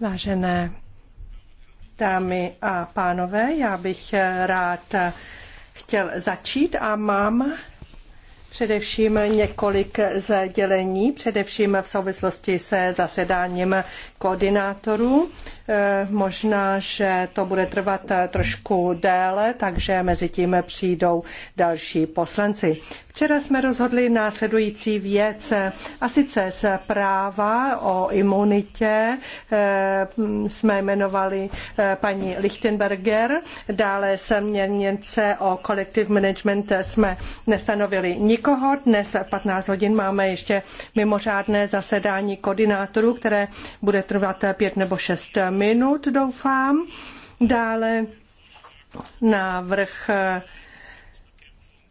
Vážené dámy a pánové, já bych rád chtěl začít a mám především několik sdělení, především v souvislosti se zasedáním koordinátorů. Eh, možná, že to bude trvat eh, trošku déle, takže mezi tím přijdou další poslanci. Včera jsme rozhodli následující věc, a sice z práva o imunitě eh, jsme jmenovali paní Lichtenberger, dále směrnice o collective management jsme nestanovili nikoho. Dnes v 15 hodin máme ještě mimořádné zasedání koordinátorů, které bude trvat 5 nebo 6 minut, doufám. Dále návrh eh,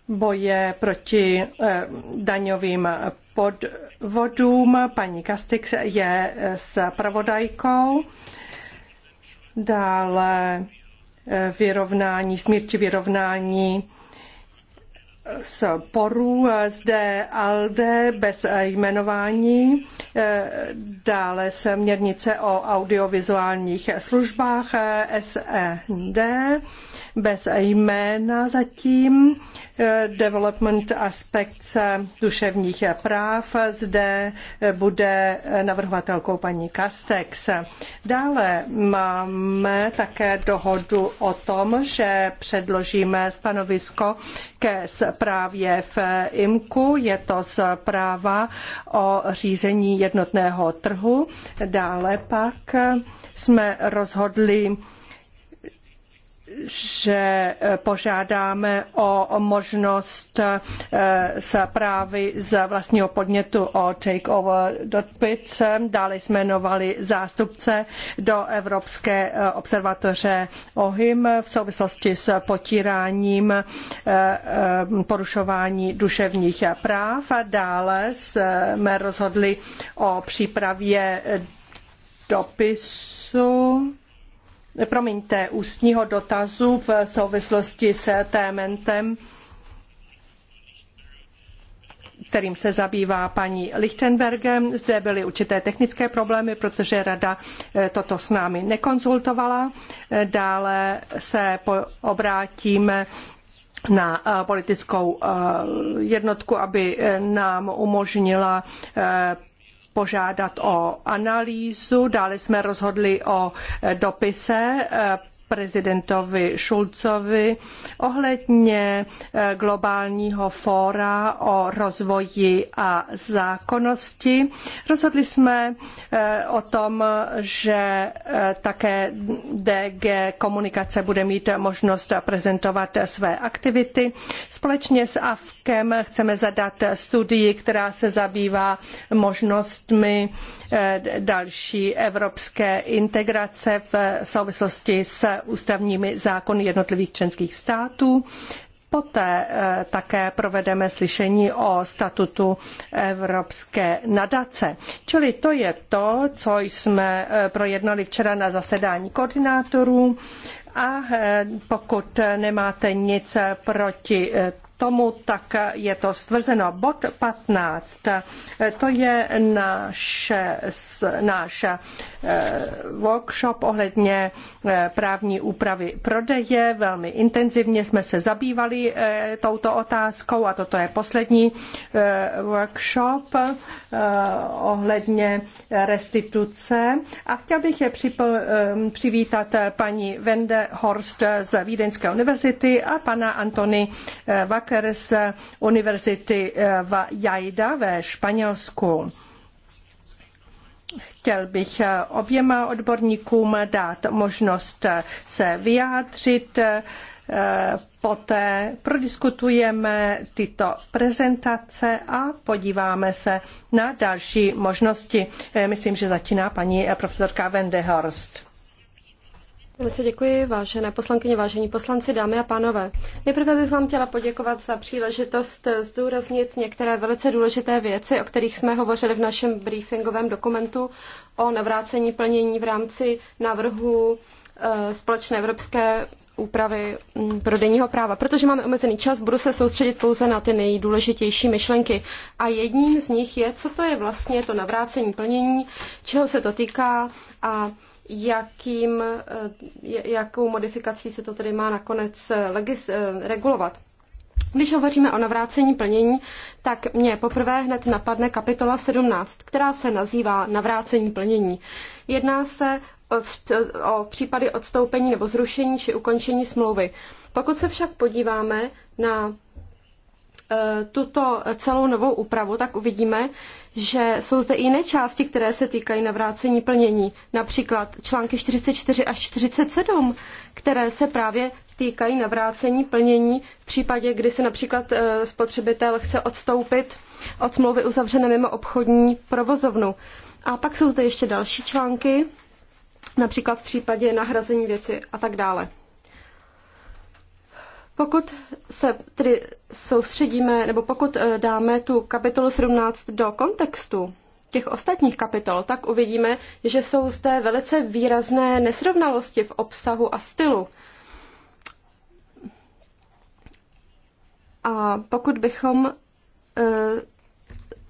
boje proti eh, daňovým podvodům. Paní Kastix je s eh, pravodajkou. Dále vyrovnání, smírči vyrovnání porů zde ALDE bez jmenování, dále směrnice o audiovizuálních službách SED, bez jména zatím. Eh, development Aspects duševních práv zde eh, bude navrhovatelkou paní Kastex. Dále máme také dohodu o tom, že předložíme stanovisko ke zprávě v IMKU. Je to zpráva o řízení jednotného trhu. Dále pak jsme rozhodli že eh, požádáme o možnost eh, zprávy z vlastního podnětu o over dotpic. Dále jsme jmenovali zástupce do Evropské eh, observatoře OHIM v souvislosti s potíráním porušování duševních práv. a Dále jsme rozhodli o přípravě dopisu promiňte, ústního dotazu v souvislosti s tématem, kterým se zabývá paní Lichtenbergem. Zde byly určité technické problémy, protože rada eh, toto s námi nekonzultovala. Eh, dále se obrátím na eh, politickou jednotku, aby nám umožnila požádat o analýzu, dále jsme rozhodli o dopise eh, prezidentovi Schulzovi ohledně eh, globálního fóra o rozvoji a zákonnosti. Rozhodli jsme eh, o tom, že eh, také DG komunikace bude mít možnost prezentovat své aktivity. Společně s AFKem chceme zadat studii, která se zabývá možnostmi další evropské integrace v souvislosti s ústavními zákony jednotlivých členských států. Poté eh, také provedeme slyšení o statutu Evropské nadace. Čili to je to, co jsme eh, projednali včera na zasedání koordinátorů. A eh, pokud nemáte nic proti tomu tak je to stvrzeno. Bod 15, to je náš, náš eh, workshop ohledně eh, právní úpravy prodeje. Velmi intenzivně jsme se zabývali eh, touto otázkou a toto je poslední workshop ohledně restituce. A chtěl bych je přivítat paní Wende Horst z Vídeňské univerzity a pana Antony Vakr Walker z univerzity eh, v Jajda ve Španělsku. Chtěl bych eh, oběma odborníkům dát možnost eh, se vyjádřit. Poté prodiskutujeme tyto prezentace a podíváme se na další možnosti. Myslím, že začíná paní profesorka Wendehorst. Velice děkuji, vážené poslankyně, vážení poslanci, dámy a pánové. Nejprve bych vám chtěla poděkovat za příležitost zdůraznit některé velice důležité věci, o kterých jsme hovořili v našem briefingovém dokumentu o navrácení plnění v rámci návrhu eh, společné evropské úpravy mm, prodejního práva. Protože máme omezený čas, budu se soustředit pouze na ty nejdůležitější myšlenky. A jedním z nich je, co to je vlastně to navrácení plnění, čeho se to týká a jakým, eh, jakou modifikací se to tedy má nakonec eh, legis, eh, regulovat. Když hovoříme o navrácení plnění, tak mě poprvé hned napadne kapitola 17, která se nazývá navrácení plnění. Jedná se o případy odstoupení nebo zrušení či ukončení smlouvy. Pokud se však podíváme na tuto celou novou úpravu, tak uvidíme, že jsou zde i jiné části, které se týkají navrácení plnění. Například články 44 až 47, které se právě týkají navrácení plnění v případě, kdy se například eh, spotřebitel chce odstoupit od smlouvy uzavřené mimo obchodní provozovnu. A pak jsou zde ještě další články, například v případě nahrazení věci a tak dále. Pokud se tedy soustředíme, nebo pokud eh, dáme tu kapitolu 17 do kontextu těch ostatních kapitol, tak uvidíme, že jsou zde velice výrazné nesrovnalosti v obsahu a stylu. A pokud bychom eh,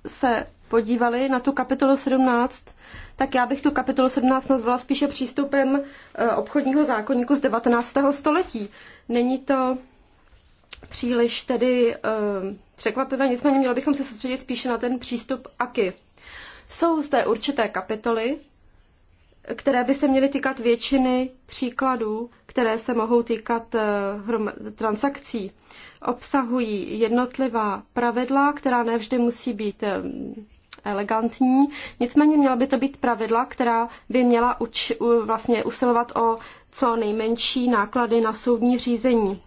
se podívali na tu kapitolu 17, tak já bych tu kapitolu 17 nazvala spíše přístupem eh, obchodního zákonníku z 19. století. Není to příliš tedy eh, překvapivé, nicméně měli bychom se soustředit spíše na ten přístup AKY. Jsou zde určité kapitoly, které by se měly týkat většiny příkladů, které se mohou týkat eh, transakcí. Obsahují jednotlivá pravidla, která nevždy musí být eh, elegantní, nicméně měla by to být pravidla, která by měla uč, vlastně usilovat o co nejmenší náklady na soudní řízení.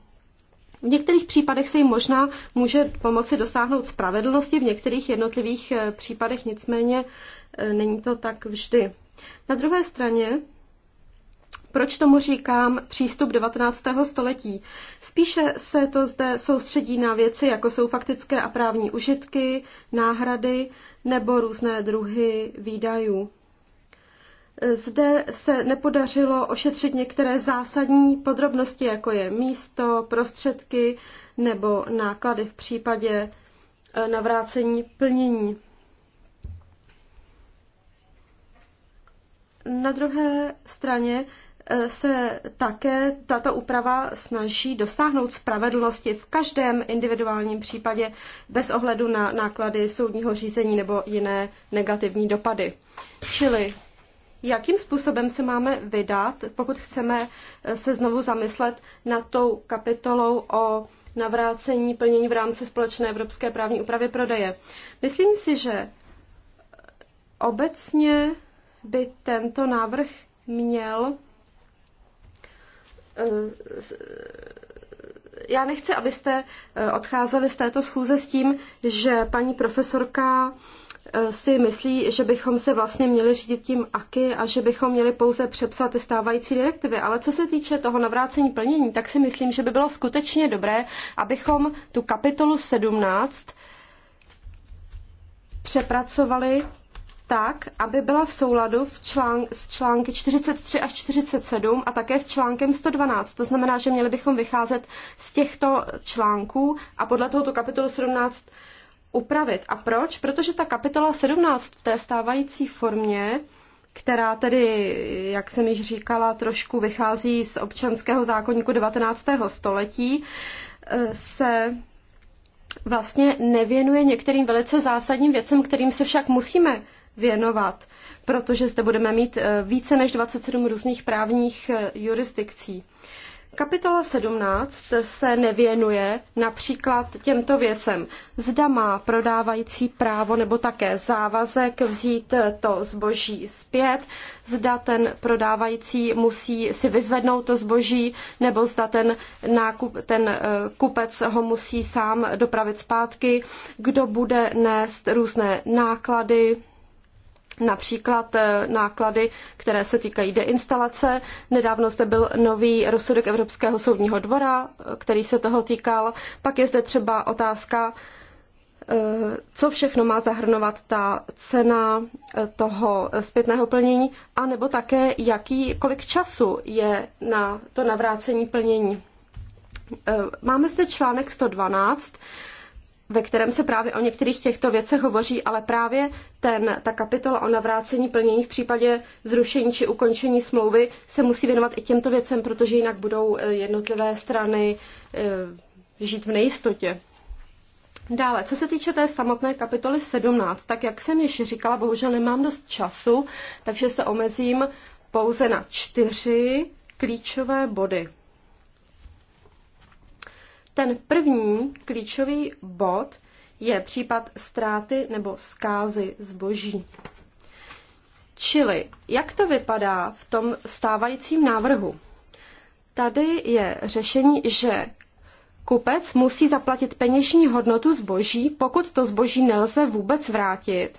V některých případech se jim možná může pomoci dosáhnout spravedlnosti, v některých jednotlivých eh, případech nicméně eh, není to tak vždy. Na druhé straně, proč tomu říkám přístup 19. století? Spíše se to zde soustředí na věci, jako jsou faktické a právní užitky, náhrady nebo různé druhy výdajů. Zde se nepodařilo ošetřit některé zásadní podrobnosti, jako je místo, prostředky nebo náklady v případě eh, navrácení plnění. Na druhé straně eh, se také tato úprava snaží dosáhnout spravedlnosti v každém individuálním případě bez ohledu na náklady soudního řízení nebo jiné negativní dopady. Čili jakým způsobem se máme vydat, pokud chceme eh, se znovu zamyslet nad tou kapitolou o navrácení plnění v rámci společné evropské právní úpravy prodeje. Myslím si, že eh, obecně by tento návrh měl eh, já nechci, abyste odcházeli z této schůze s tím, že paní profesorka Eh, si myslí, že bychom se vlastně měli řídit tím AKY a že bychom měli pouze přepsat ty stávající direktivy. Ale co se týče toho navrácení plnění, tak si myslím, že by bylo skutečně dobré, abychom tu kapitolu 17 přepracovali tak, aby byla v souladu v člán, s články 43 až 47 a také s článkem 112. To znamená, že měli bychom vycházet z těchto článků a podle tohoto kapitolu 17 upravit. A proč? Protože ta kapitola 17 v té stávající formě, která tedy, jak jsem již říkala, trošku vychází z občanského zákonníku 19. století, eh, se vlastně nevěnuje některým velice zásadním věcem, kterým se však musíme věnovat, protože zde budeme mít eh, více než 27 různých právních eh, jurisdikcí. Kapitola 17 se nevěnuje například těmto věcem. Zda má prodávající právo nebo také závazek vzít to zboží zpět, zda ten prodávající musí si vyzvednout to zboží, nebo zda ten, nákup, ten eh, kupec ho musí sám dopravit zpátky, kdo bude nést různé náklady například eh, náklady, které se týkají deinstalace. Nedávno zde byl nový rozsudek Evropského soudního dvora, eh, který se toho týkal. Pak je zde třeba otázka, eh, co všechno má zahrnovat ta cena toho zpětného plnění, a nebo také, jaký, kolik času je na to navrácení plnění. Máme zde článek 112, ve kterém se právě o některých těchto věcech hovoří, ale právě ten, ta kapitola o navrácení plnění v případě zrušení či ukončení smlouvy se musí věnovat i těmto věcem, protože jinak budou eh, jednotlivé strany eh, žít v nejistotě. Dále, co se týče té samotné kapitoly 17, tak jak jsem již říkala, bohužel nemám dost času, takže se omezím pouze na čtyři klíčové body. Ten první klíčový bod je případ ztráty nebo skázy zboží. Čili, jak to vypadá v tom stávajícím návrhu? Tady je řešení, že kupec musí zaplatit peněžní hodnotu zboží, pokud to zboží nelze vůbec vrátit.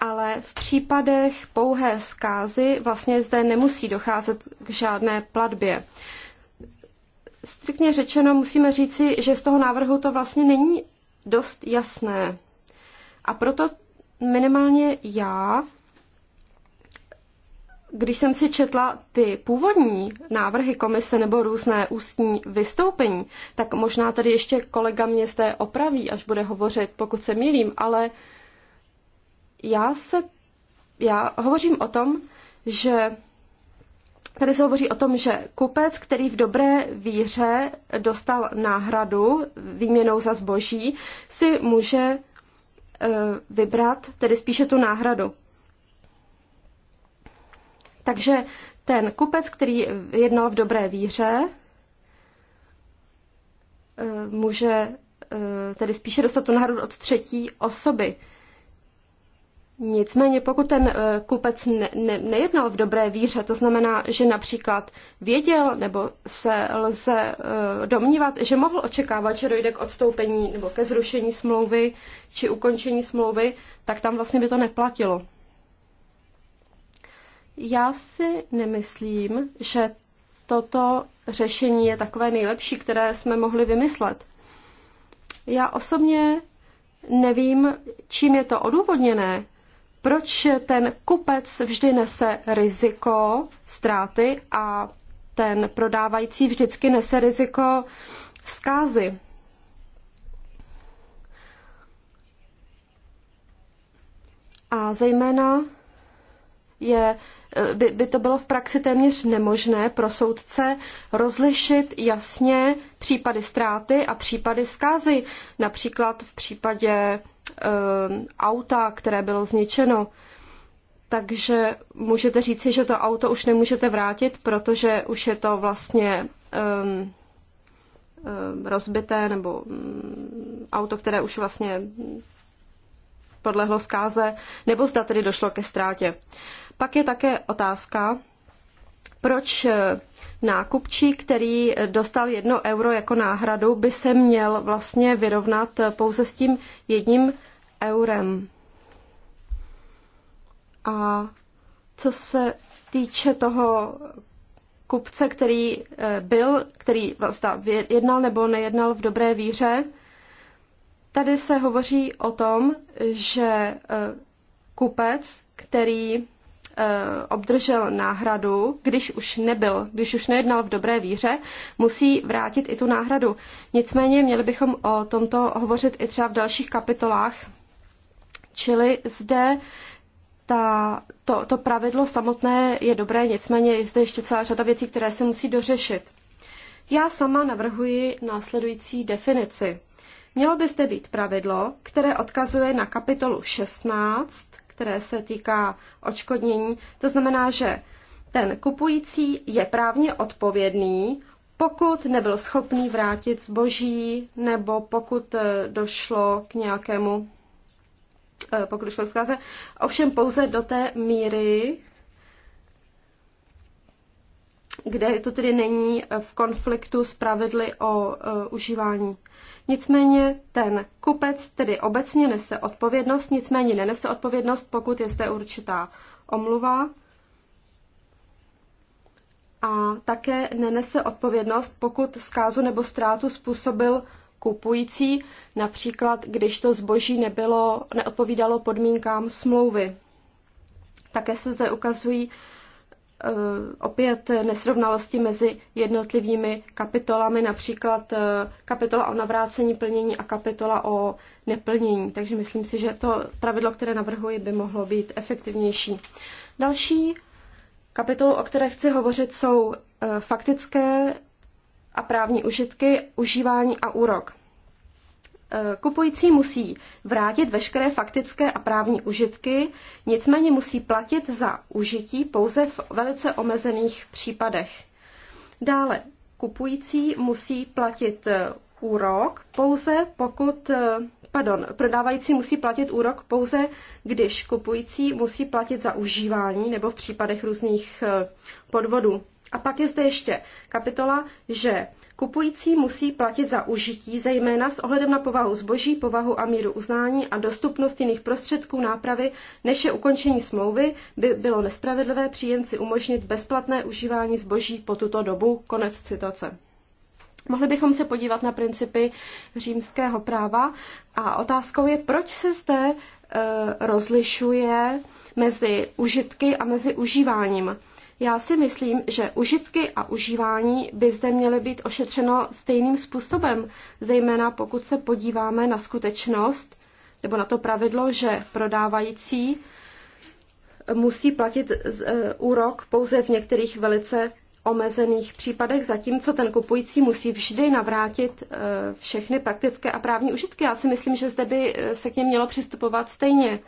Ale v případech pouhé zkázy vlastně zde nemusí docházet k žádné platbě striktně řečeno musíme říci, že z toho návrhu to vlastně není dost jasné. A proto minimálně já, když jsem si četla ty původní návrhy komise nebo různé ústní vystoupení, tak možná tady ještě kolega mě té opraví, až bude hovořit, pokud se mýlím, ale já se, já hovořím o tom, že Tady se hovoří o tom, že kupec, který v dobré víře dostal náhradu výměnou za zboží, si může e, vybrat tedy spíše tu náhradu. Takže ten kupec, který jednal v dobré víře, e, může e, tedy spíše dostat tu náhradu od třetí osoby. Nicméně pokud ten eh, kupec ne, ne, nejednal v dobré víře, to znamená, že například věděl nebo se lze eh, domnívat, že mohl očekávat, že dojde k odstoupení nebo ke zrušení smlouvy či ukončení smlouvy, tak tam vlastně by to neplatilo. Já si nemyslím, že toto řešení je takové nejlepší, které jsme mohli vymyslet. Já osobně nevím, čím je to odůvodněné, proč ten kupec vždy nese riziko ztráty a ten prodávající vždycky nese riziko zkázy. A zejména je, by, by to bylo v praxi téměř nemožné pro soudce rozlišit jasně případy ztráty a případy zkázy. Například v případě Eh, auta, které bylo zničeno. Takže můžete říci, že to auto už nemůžete vrátit, protože už je to vlastně um, um, rozbité nebo um, auto, které už vlastně podlehlo zkáze, nebo zda tedy došlo ke ztrátě. Pak je také otázka, proč eh, nákupčí, který eh, dostal jedno euro jako náhradu, by se měl vlastně vyrovnat eh, pouze s tím jedním eurem? A co se týče toho kupce, který byl, který vlastně jednal nebo nejednal v dobré víře, tady se hovoří o tom, že kupec, který Eh, obdržel náhradu, když už nebyl, když už nejednal v dobré víře, musí vrátit i tu náhradu. Nicméně měli bychom o tomto hovořit i třeba v dalších kapitolách. Čili zde ta, to, to pravidlo samotné je dobré, nicméně je zde ještě celá řada věcí, které se musí dořešit. Já sama navrhuji následující definici. Mělo by zde být pravidlo, které odkazuje na kapitolu 16 které se týká očkodnění. To znamená, že ten kupující je právně odpovědný, pokud nebyl schopný vrátit zboží nebo pokud eh, došlo k nějakému eh, pokud došlo k zkáze, ovšem pouze do té míry, kde to tedy není v konfliktu s pravidly o uh, užívání. Nicméně ten kupec tedy obecně nese odpovědnost, nicméně nenese odpovědnost, pokud je zde určitá omluva a také nenese odpovědnost, pokud zkázu nebo ztrátu způsobil kupující, například když to zboží nebylo, neodpovídalo podmínkám smlouvy. Také se zde ukazují uh, Eh, opět nesrovnalosti mezi jednotlivými kapitolami, například eh, kapitola o navrácení plnění a kapitola o neplnění. Takže myslím si, že to pravidlo, které navrhuji, by mohlo být efektivnější. Další kapitolu, o které chci hovořit, jsou eh, faktické a právní užitky, užívání a úrok. Eh, kupující musí vrátit veškeré faktické a právní užitky, nicméně musí platit za užití pouze v velice omezených případech. Dále kupující musí platit eh, úrok pouze pokud, eh, pardon, prodávající musí platit úrok pouze, když kupující musí platit za užívání nebo v případech různých podvodů. A pak je zde ještě kapitola, že kupující musí platit za užití, zejména s ohledem na povahu zboží, povahu a míru uznání a dostupnost jiných prostředků nápravy, než je ukončení smlouvy, by bylo nespravedlivé příjemci umožnit bezplatné užívání zboží po tuto dobu. Konec citace. Mohli bychom se podívat na principy římského práva a otázkou je, proč se zde eh, rozlišuje mezi užitky a mezi užíváním. Já si myslím, že užitky a užívání by zde měly být ošetřeno stejným způsobem, zejména pokud se podíváme na skutečnost nebo na to pravidlo, že prodávající musí platit e, úrok pouze v některých velice omezených případech, zatímco ten kupující musí vždy navrátit e, všechny praktické a právní užitky. Já si myslím, že zde by e, se k něm mělo přistupovat stejně.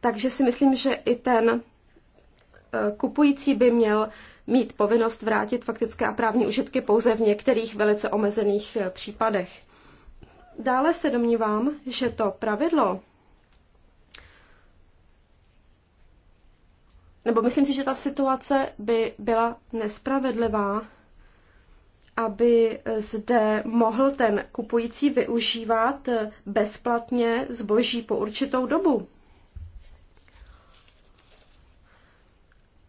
Takže si myslím, že i ten Eh, kupující by měl mít povinnost vrátit faktické a právní užitky pouze v některých velice omezených eh, případech. Dále se domnívám, že to pravidlo, nebo myslím si, že ta situace by byla nespravedlivá, aby zde mohl ten kupující využívat eh, bezplatně zboží po určitou dobu.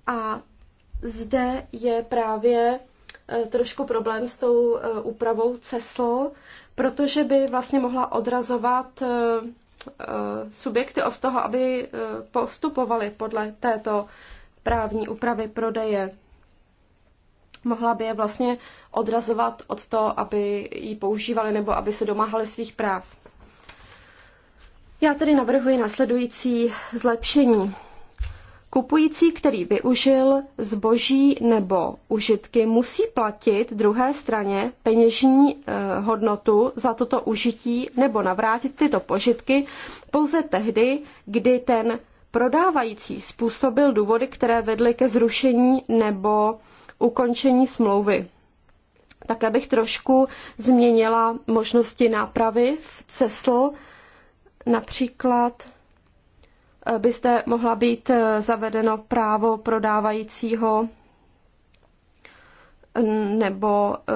A zde je právě eh, trošku problém s tou eh, úpravou CESL, protože by vlastně mohla odrazovat eh, subjekty od toho, aby postupovali podle této právní úpravy prodeje. Mohla by je vlastně odrazovat od toho, aby ji používali nebo aby se domáhali svých práv. Já tedy navrhuji následující zlepšení. Kupující, který využil zboží nebo užitky, musí platit druhé straně peněžní eh, hodnotu za toto užití nebo navrátit tyto požitky pouze tehdy, kdy ten prodávající způsobil důvody, které vedly ke zrušení nebo ukončení smlouvy. Také bych trošku změnila možnosti nápravy v CESL, například by zde mohla být eh, zavedeno právo prodávajícího nebo eh,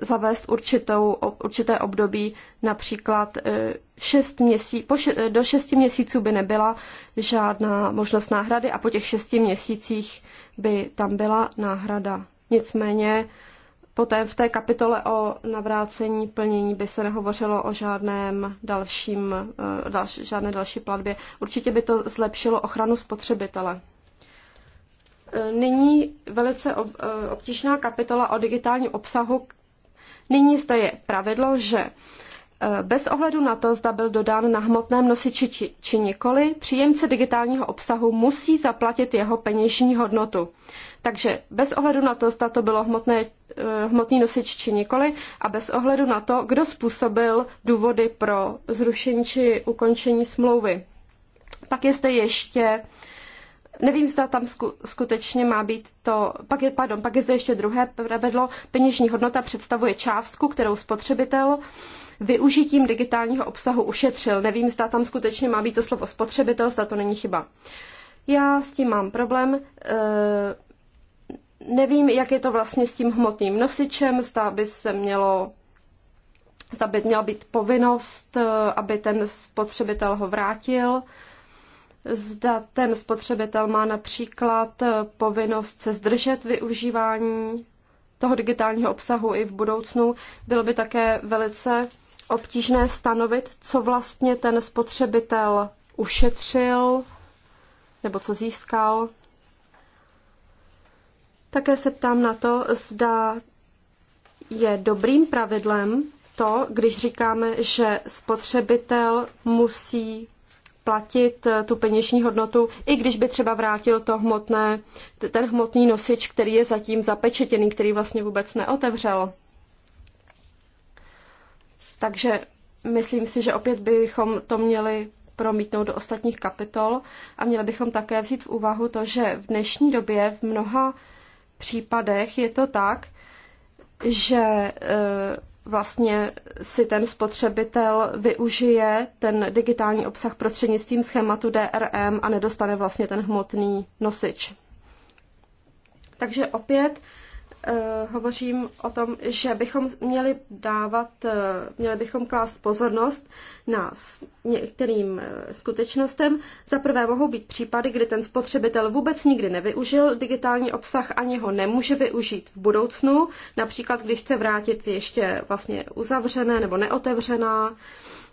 zavést určitou, určité období, například eh, šest měsíc, po do šesti měsíců by nebyla žádná možnost náhrady a po těch šesti měsících by tam byla náhrada. Nicméně Poté v té kapitole o navrácení plnění by se nehovořilo o žádném dalším, eh, další, žádné další platbě. Určitě by to zlepšilo ochranu spotřebitele. Eh, nyní velice eh, obtížná kapitola o digitálním obsahu. Nyní zde je pravidlo, že Eh, bez ohledu na to, zda byl dodán na hmotném nosiči či, či nikoli, příjemce digitálního obsahu musí zaplatit jeho peněžní hodnotu. Takže bez ohledu na to, zda to bylo hmotné, eh, hmotný nosič či nikoli, a bez ohledu na to, kdo způsobil důvody pro zrušení či ukončení smlouvy. Pak je zde ještě Nevím, zda tam skutečně má být to, pak je, pardon, pak je zde ještě druhé pravidlo, peněžní hodnota představuje částku, kterou spotřebitel využitím digitálního obsahu ušetřil. Nevím, zda tam skutečně má být to slovo spotřebitel, zda to není chyba. Já s tím mám problém. Eh, nevím, jak je to vlastně s tím hmotným nosičem, zda by se mělo zda by měla být povinnost, eh, aby ten spotřebitel ho vrátil. Zda ten spotřebitel má například eh, povinnost se zdržet využívání toho digitálního obsahu i v budoucnu. Bylo by také velice obtížné stanovit, co vlastně ten spotřebitel ušetřil nebo co získal. Také se ptám na to, zda je dobrým pravidlem to, když říkáme, že spotřebitel musí platit eh, tu peněžní hodnotu, i když by třeba vrátil to hmotné, ten hmotný nosič, který je zatím zapečetěný, který vlastně vůbec neotevřel. Takže myslím si, že opět bychom to měli promítnout do ostatních kapitol a měli bychom také vzít v úvahu to, že v dnešní době v mnoha případech je to tak, že e, vlastně si ten spotřebitel využije ten digitální obsah prostřednictvím schématu DRM a nedostane vlastně ten hmotný nosič. Takže opět Eh, hovořím o tom, že bychom měli dávat, eh, měli bychom klást pozornost na některým eh, skutečnostem. Za prvé mohou být případy, kdy ten spotřebitel vůbec nikdy nevyužil digitální obsah ani ho nemůže využít v budoucnu, například když chce vrátit ještě vlastně uzavřené nebo neotevřená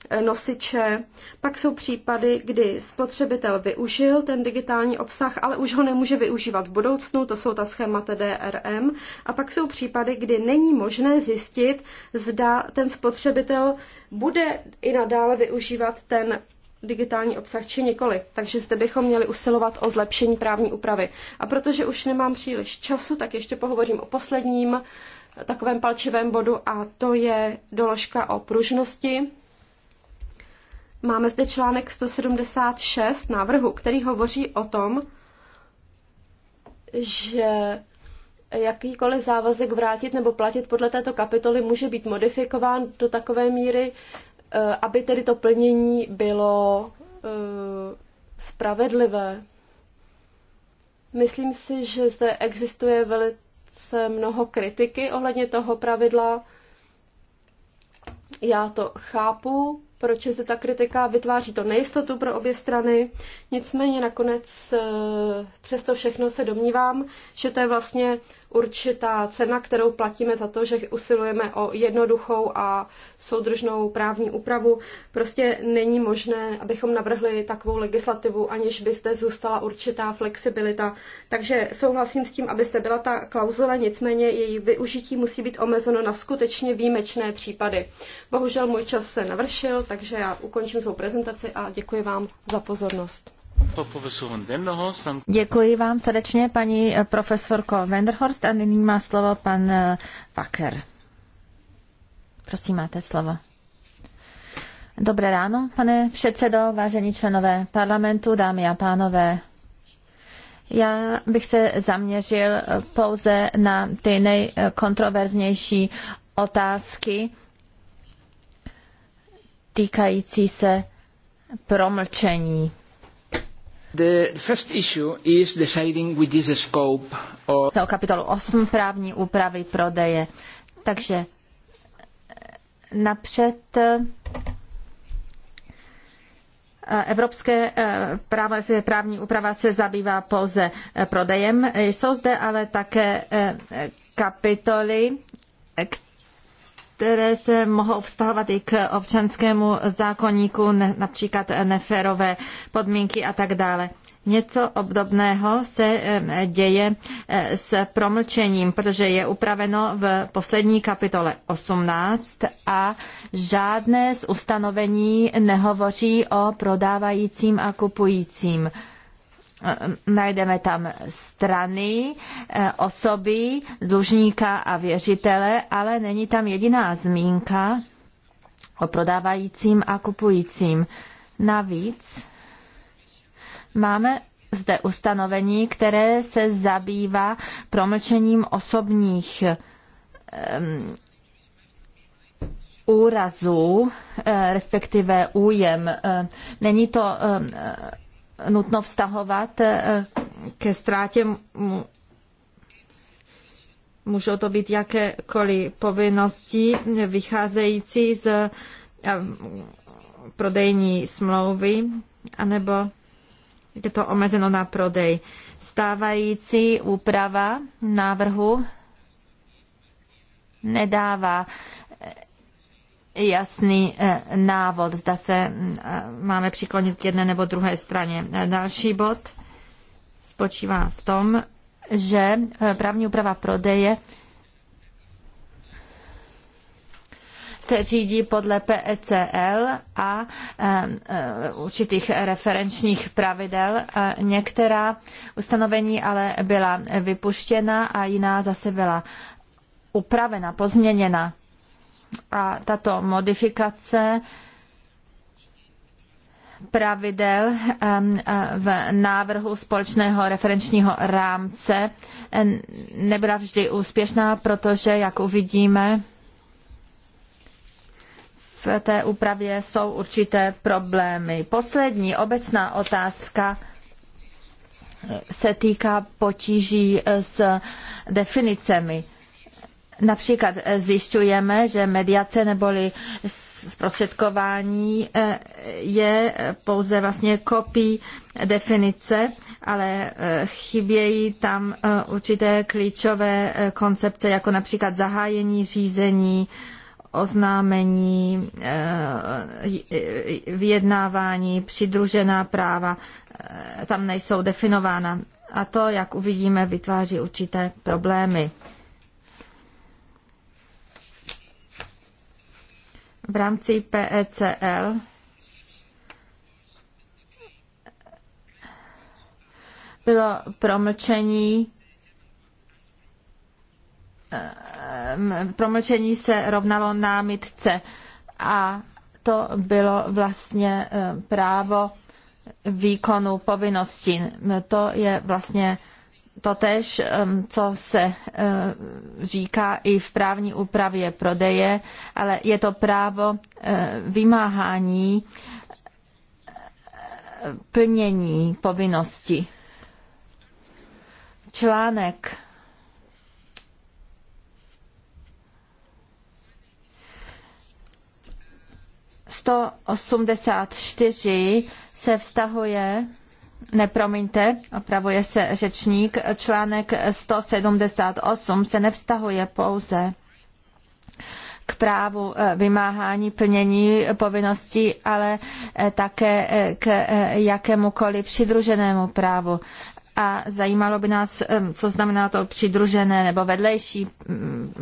Eh, nosiče. Pak jsou případy, kdy spotřebitel využil ten digitální obsah, ale už ho nemůže využívat v budoucnu, to jsou ta schémata DRM. A pak jsou případy, kdy není možné zjistit, zda ten spotřebitel bude i nadále využívat ten digitální obsah či nikoli. Takže zde bychom měli usilovat o zlepšení právní úpravy. A protože už nemám příliš času, tak ještě pohovořím o posledním takovém palčivém bodu a to je doložka o pružnosti Máme zde článek 176 návrhu, který hovoří o tom, že jakýkoliv závazek vrátit nebo platit podle této kapitoly může být modifikován do takové míry, eh, aby tedy to plnění bylo eh, spravedlivé. Myslím si, že zde existuje velice mnoho kritiky ohledně toho pravidla. Já to chápu, proč je zde ta kritika, vytváří to nejistotu pro obě strany. Nicméně nakonec eh, přesto všechno se domnívám, že to je vlastně určitá cena, kterou platíme za to, že usilujeme o jednoduchou a soudržnou právní úpravu. Prostě není možné, abychom navrhli takovou legislativu, aniž by zde zůstala určitá flexibilita. Takže souhlasím s tím, abyste byla ta klauzule, nicméně její využití musí být omezeno na skutečně výjimečné případy. Bohužel můj čas se navršil, takže já ukončím svou prezentaci a děkuji vám za pozornost. Děkuji vám srdečně, paní eh, profesorko Wenderhorst, a nyní má slovo pan Packer. Eh, Prosím, máte slovo. Dobré ráno, pane předsedo, vážení členové parlamentu, dámy a pánové. Já bych se zaměřil eh, pouze na ty nejkontroverznější otázky týkající se promlčení. The kapitolu 8 právní úpravy prodeje. Takže eh, napřed eh, Evropské eh, právo, právní úprava se zabývá pouze prodejem. Jsou zde ale také kapitoly, které se mohou vztahovat i k občanskému zákoníku, například neférové podmínky a tak dále. Něco obdobného se děje eh, s promlčením, protože je upraveno v poslední kapitole 18 a žádné z ustanovení nehovoří o prodávajícím a kupujícím najdeme tam strany, eh, osoby, dlužníka a věřitele, ale není tam jediná zmínka o prodávajícím a kupujícím. Navíc máme zde ustanovení, které se zabývá promlčením osobních um, úrazů, eh, respektive újem. Eh, není to um, nutno vztahovat eh, ke ztrátě. Můžou to být jakékoliv povinnosti vycházející z eh, prodejní smlouvy, anebo je to omezeno na prodej. Stávající úprava návrhu nedává jasný eh, návod, zda se mm, eh, máme přiklonit k jedné nebo druhé straně. Eh, další bod spočívá v tom, že právní úprava prodeje se řídí podle PECL a určitých referenčních pravidel. Některá ustanovení ale byla vypuštěna a jiná zase byla upravena, pozměněna. A tato modifikace pravidel e, v návrhu společného referenčního rámce nebyla vždy úspěšná, protože, jak uvidíme, v té úpravě jsou určité problémy. Poslední obecná otázka se týká potíží s definicemi. Například eh, zjišťujeme, že mediace neboli zprostředkování eh, je eh, pouze vlastně kopií definice, ale chybějí tam určité klíčové koncepce, jako například zahájení řízení, oznámení, vyjednávání, přidružená práva, tam nejsou definována. A to, jak uvidíme, vytváří určité problémy. v rámci PECL bylo promlčení eh, promlčení se rovnalo námitce a to bylo vlastně eh, právo výkonu povinností. To je vlastně totež, co se říká i v právní úpravě prodeje, ale je to právo vymáhání plnění povinnosti. Článek 184 se vztahuje Nepromiňte, opravuje se řečník, článek 178 se nevztahuje pouze k právu eh, vymáhání plnění povinností, ale eh, také eh, k jakémukoliv přidruženému právu a zajímalo by nás, co znamená to přidružené nebo vedlejší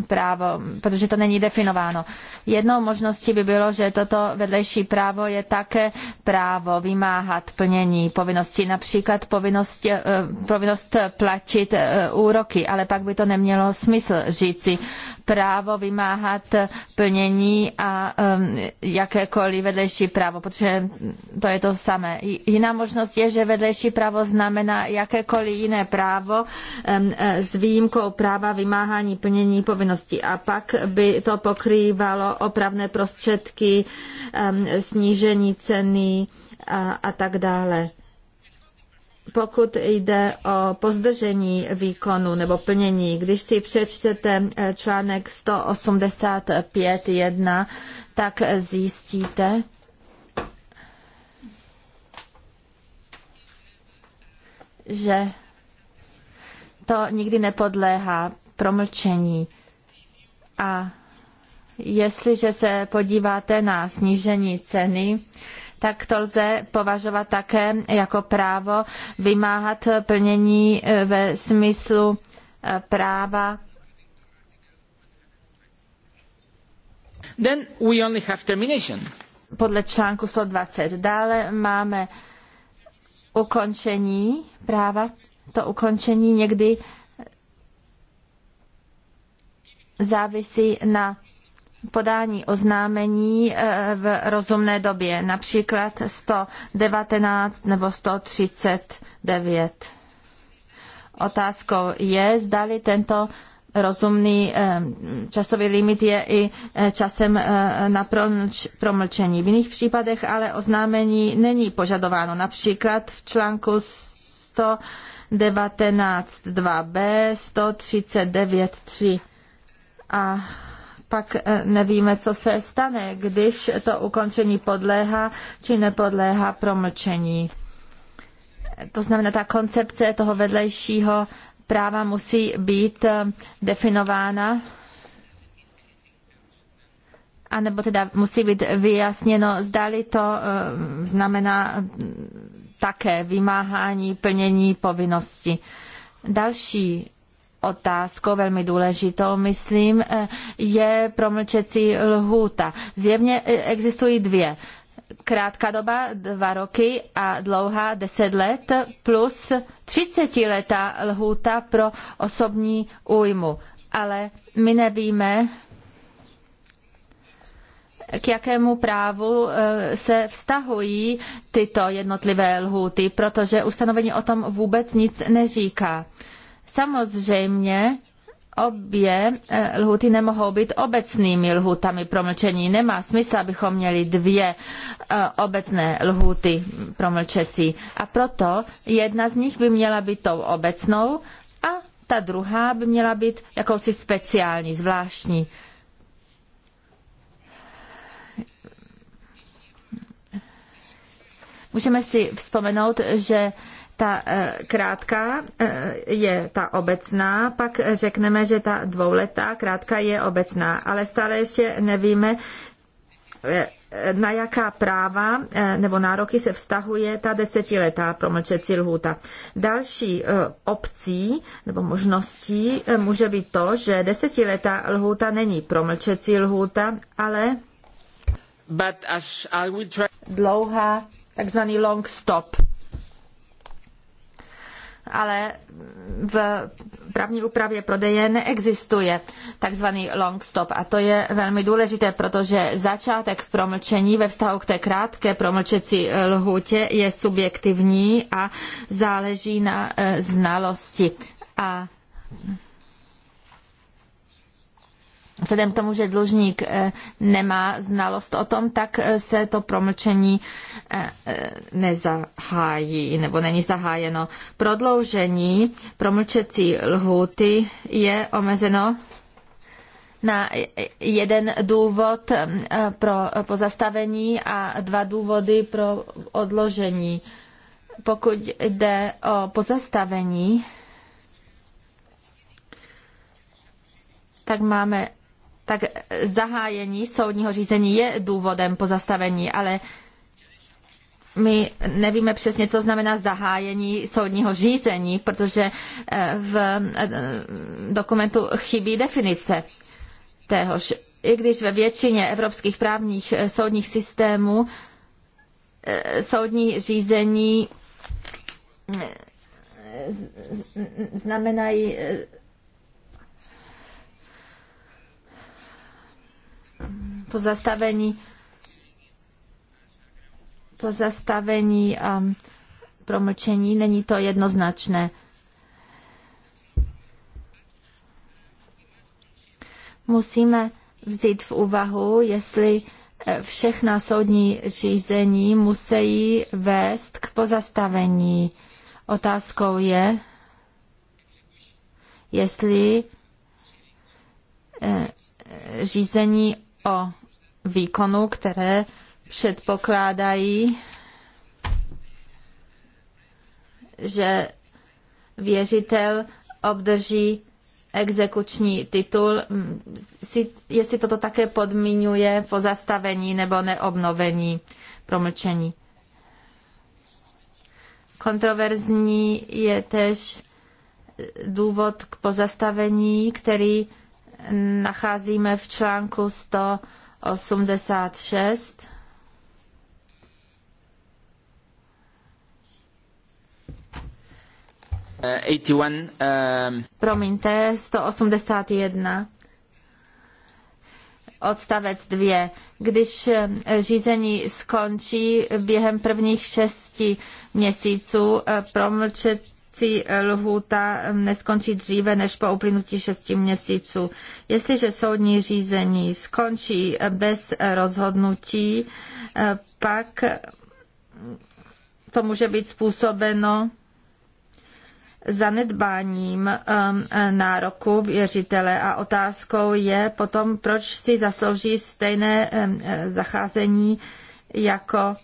právo, protože to není definováno. Jednou možností by bylo, že toto vedlejší právo je také právo vymáhat plnění povinností, například povinnost, e, povinnost platit e, úroky, ale pak by to nemělo smysl říci právo vymáhat plnění a jakékoliv vedlejší právo, protože to je to samé. Jiná možnost je, že vedlejší právo znamená jaké jakékoliv jiné právo s výjimkou práva vymáhání plnění povinností. A pak by to pokrývalo opravné prostředky, snížení ceny a, a tak dále pokud jde o pozdržení výkonu nebo plnění, když si přečtete článek 185.1, tak zjistíte, že to nikdy nepodléhá promlčení. A jestliže se podíváte na snížení ceny, tak to lze považovat také jako právo vymáhat plnění eh, ve smyslu eh, práva. Then we only have termination. Podle článku 120. Dále máme ukončení práva, to ukončení někdy závisí na podání oznámení eh, v rozumné době, například 119 nebo 139. Otázkou je, zdali tento rozumný eh, časový limit je i eh, časem eh, na promlčení. V jiných případech ale oznámení není požadováno. Například v článku 119 2b, 139 3 a pak nevíme, co se stane, když to ukončení podléhá či nepodléhá promlčení. To znamená, ta koncepce toho vedlejšího práva musí být eh, definována anebo teda musí být vyjasněno, zdali to eh, znamená mm, také vymáhání plnění povinnosti. Další otázkou, velmi důležitou, myslím, eh, je promlčecí lhůta. Zjevně existují dvě krátká doba, dva roky a dlouhá deset let plus 30 letá lhůta pro osobní újmu. Ale my nevíme, k jakému právu eh, se vztahují tyto jednotlivé lhůty, protože ustanovení o tom vůbec nic neříká. Samozřejmě obě eh, lhuty nemohou být obecnými lhutami promlčení. Nemá smysl, abychom měli dvě eh, obecné lhuty promlčecí. A proto jedna z nich by měla být tou obecnou a ta druhá by měla být jakousi speciální, zvláštní. Můžeme si vzpomenout, že ta eh, krátká eh, je ta obecná, pak řekneme, že ta dvouletá krátká je obecná, ale stále ještě nevíme, eh, na jaká práva nebo nároky se vztahuje ta desetiletá promlčecí lhůta. Další opcí nebo možností může být to, že desetiletá lhůta není promlčecí lhůta, ale dlouhá, takzvaný long stop ale v právní úpravě prodeje neexistuje takzvaný long stop a to je velmi důležité, protože začátek promlčení ve vztahu k té krátké promlčecí eh, lhůtě je subjektivní a záleží na eh, znalosti a Vzhledem k tomu, že dlužník eh, nemá znalost o tom, tak eh, se to promlčení eh, nezahájí nebo není zahájeno. Prodloužení promlčecí lhůty je omezeno na jeden důvod pro pozastavení a dva důvody pro odložení. Pokud jde o pozastavení, tak máme tak zahájení soudního řízení je důvodem pozastavení, ale my nevíme přesně, co znamená zahájení soudního řízení, protože eh, v eh, dokumentu chybí definice téhož. I když ve většině evropských právních eh, soudních systémů soudní řízení znamenají pozastavení pozastavení um, promlčení, není to jednoznačné. Musíme vzít v úvahu, jestli eh, všechna soudní řízení musí vést k pozastavení. Otázkou je, jestli eh, řízení o výkonu, které předpokládají, že věřitel obdrží exekuční titul, jestli toto také podmiňuje pozastavení nebo neobnovení promlčení. Kontroverzní je tež důvod k pozastavení, který nacházíme v článku 100 86. 81, eh, ehm, Promiňte, 181 odstavec 2. Když eh, řízení skončí během prvních šesti měsíců, eh, promlčet vypršecí lhůta neskončí dříve než po uplynutí šesti měsíců. Jestliže soudní řízení skončí bez rozhodnutí, pak to může být způsobeno zanedbáním um, nároku věřitele a otázkou je potom, proč si zaslouží stejné um, zacházení, jako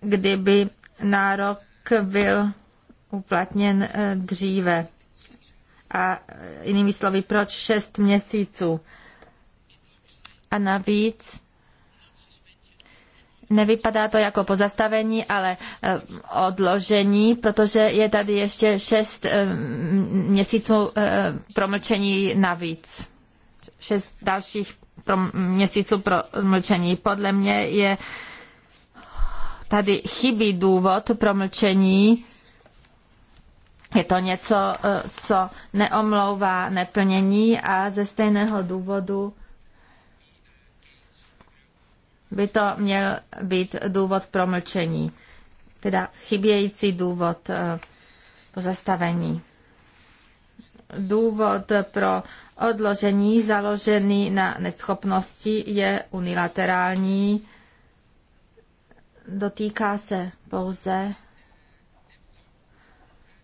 kdyby nárok byl uplatněn eh, dříve. A eh, jinými slovy, proč šest měsíců? A navíc nevypadá to jako pozastavení, ale eh, odložení, protože je tady ještě šest měsíců promlčení navíc. Šest dalších měsíců promlčení. Podle mě je tady chybí důvod promlčení, je to něco, eh, co neomlouvá neplnění a ze stejného důvodu by to měl být důvod promlčení, teda chybějící důvod eh, pozastavení. Důvod pro odložení založený na neschopnosti je unilaterální, dotýká se pouze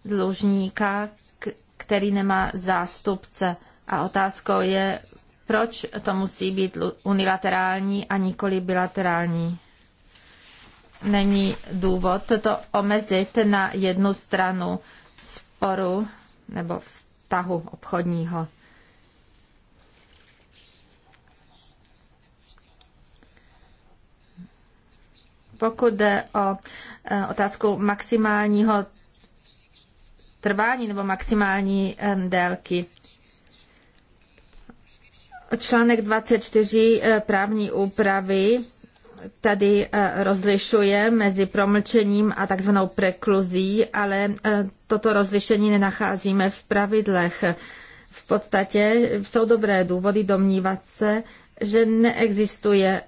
dlužníka, který nemá zástupce. A otázkou je, proč to musí být unilaterální a nikoli bilaterální. Není důvod to omezit na jednu stranu sporu nebo vztahu obchodního. Pokud jde o e, otázku maximálního trvání nebo maximální délky. Článek 24 e, právní úpravy tady e, rozlišuje mezi promlčením a takzvanou prekluzí, ale e, toto rozlišení nenacházíme v pravidlech. V podstatě jsou dobré důvody domnívat se, že neexistuje eh,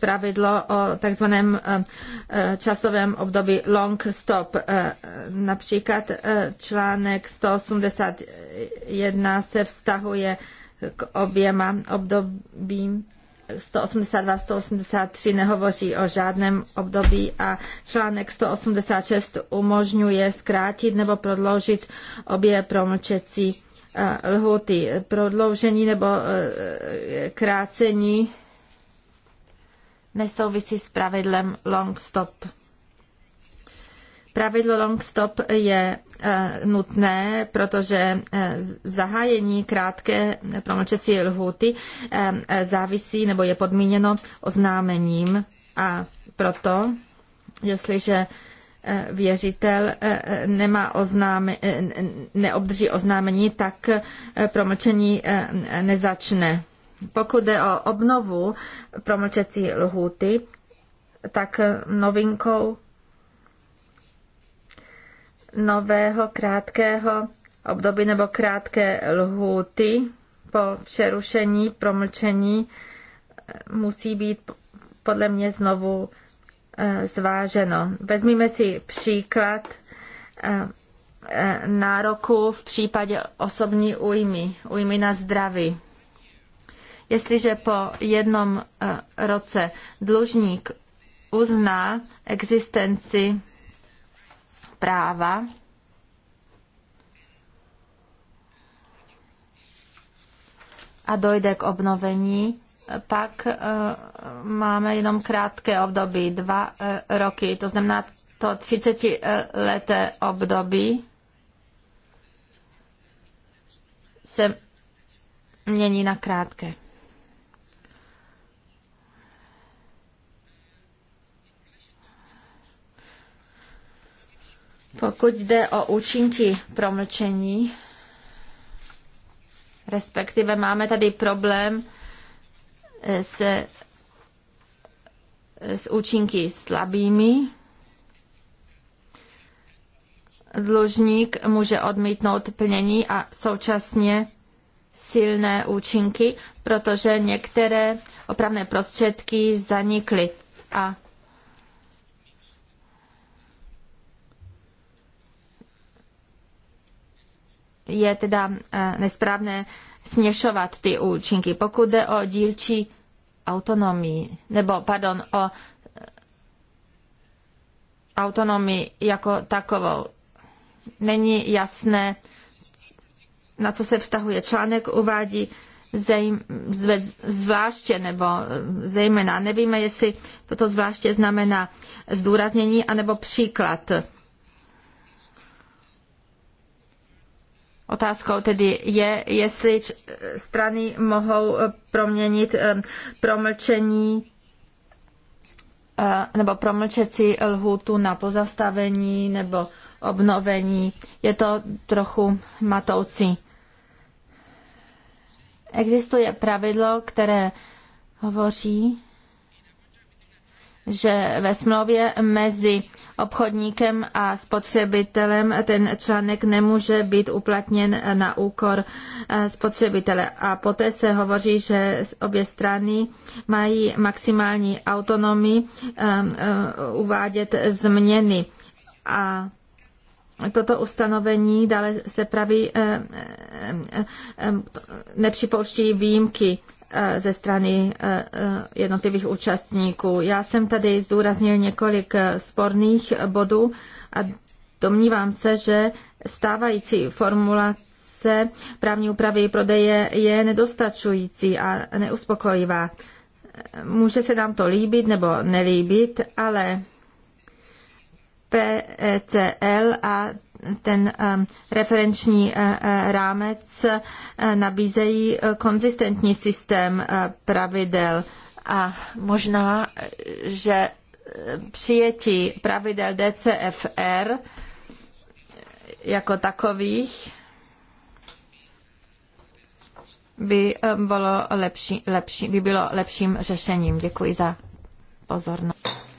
pravidlo o takzvaném eh, eh, časovém období long stop. Například článek 181 se vztahuje k oběma obdobím 182, 183 nehovoří o žádném období a článek 186 umožňuje zkrátit nebo prodloužit obě promlčecí lhuty, prodloužení nebo e, krácení nesouvisí s pravidlem long stop. Pravidlo long stop je e, nutné, protože e, zahájení krátké promlčecí lhůty závisí nebo je podmíněno oznámením a proto, jestliže Eh, věřitel eh, eh, nemá neobdrží oznámení, tak promlčení nezačne. Pokud jde o obnovu promlčecí lhůty, tak novinkou nového krátkého období nebo krátké lhůty po přerušení promlčení musí být podle mě znovu Eh, zváženo. Vezmeme si příklad eh, eh, nároku v případě osobní újmy, újmy na zdraví. Jestliže po jednom roce dlužník uzná existenci práva, a dojde k obnovení pak eh, máme jenom krátké období, dva eh, roky, to znamená to 30-leté období se mění na krátké. Pokud jde o účinky promlčení, respektive máme tady problém s účinky slabými. Dlužník může odmítnout plnění a současně silné účinky, protože některé opravné prostředky zanikly a je teda eh, nesprávné směšovat ty účinky. Pokud jde o dílčí autonomii, nebo pardon, o eh, autonomii jako takovou, není jasné, na co se vztahuje. Článek uvádí zejm, zve, zvláště nebo eh, zejména. Nevíme, jestli toto zvláště znamená zdůraznění anebo příklad. Otázkou tedy je, jestli strany mohou eh, proměnit eh, promlčení eh, nebo promlčecí lhůtu na pozastavení nebo obnovení. Je to trochu matoucí. Existuje pravidlo, které hovoří že ve smlouvě mezi obchodníkem a spotřebitelem ten článek nemůže být uplatněn na úkor eh, spotřebitele. A poté se hovoří, že obě strany mají maximální autonomii ehm, eh, uvádět změny. A toto ustanovení dále se praví, eh, nepřipouští výjimky Eh, ze strany eh, eh, jednotlivých účastníků. Já jsem tady zdůraznil několik sporných bodů a domnívám se, že stávající formulace právní úpravy prodeje je nedostačující a neuspokojivá. Může se nám to líbit nebo nelíbit, ale PCL e a ten eh, referenční eh, eh, rámec nabízejí konzistentní systém pravidel a možná, že přijetí pravidel DCFR jako takových by bylo, lepší, lepší, by bylo lepším řešením. Děkuji za pozornost.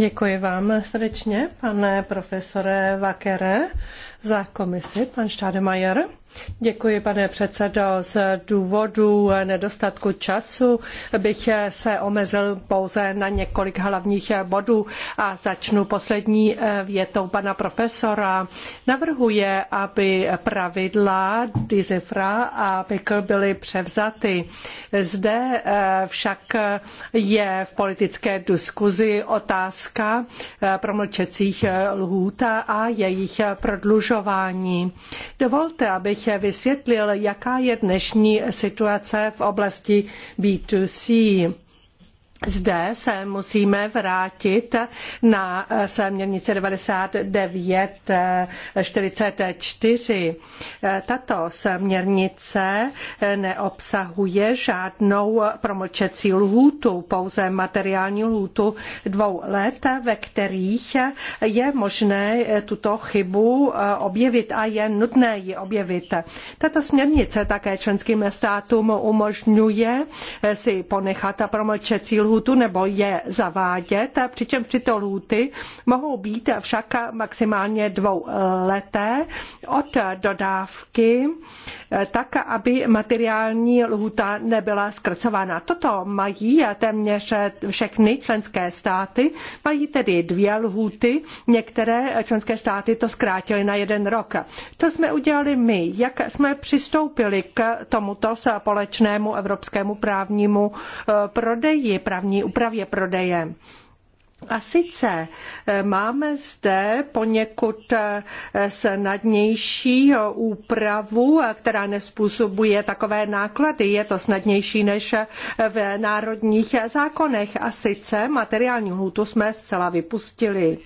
Děkuji vám srdečně, pane profesore Vakere, za komisi, pan Stademajer pane předsedající Z důvodu nedostatku času bych se omezil pouze na několik hlavních bodů a začnu poslední větou pana profesora. Navrhuje, aby pravidla Dizifra a pickle byly převzaty. Zde však je v politické diskuzi otázka promlčecích lhůt a jejich prodlužování. Dovolte, abych abych vysvětlil, jaká je dnešní situace v oblasti B2C. Zde se musíme vrátit na eh, směrnici eh, 9944. Eh, tato směrnice neobsahuje žádnou promlčecí lhůtu, pouze materiální lhůtu dvou let, ve kterých je možné tuto chybu objevit a je nutné ji objevit. Tato směrnice také členským státům umožňuje si ponechat promlčecí lhůtu lhůtu nebo je zavádět, přičemž tyto lhůty mohou být však maximálně dvouleté od dodávky, tak aby materiální lhůta nebyla zkracována. Toto mají téměř všechny členské státy, mají tedy dvě lhůty, některé členské státy to zkrátily na jeden rok. Co jsme udělali my? Jak jsme přistoupili k tomuto společnému evropskému právnímu eh, prodeji? Právě právní úpravě prodeje. A sice eh, máme zde poněkud eh, snadnější eh, úpravu, která nespůsobuje takové náklady. Je to snadnější než v národních zákonech. A sice materiální lhůtu jsme zcela vypustili.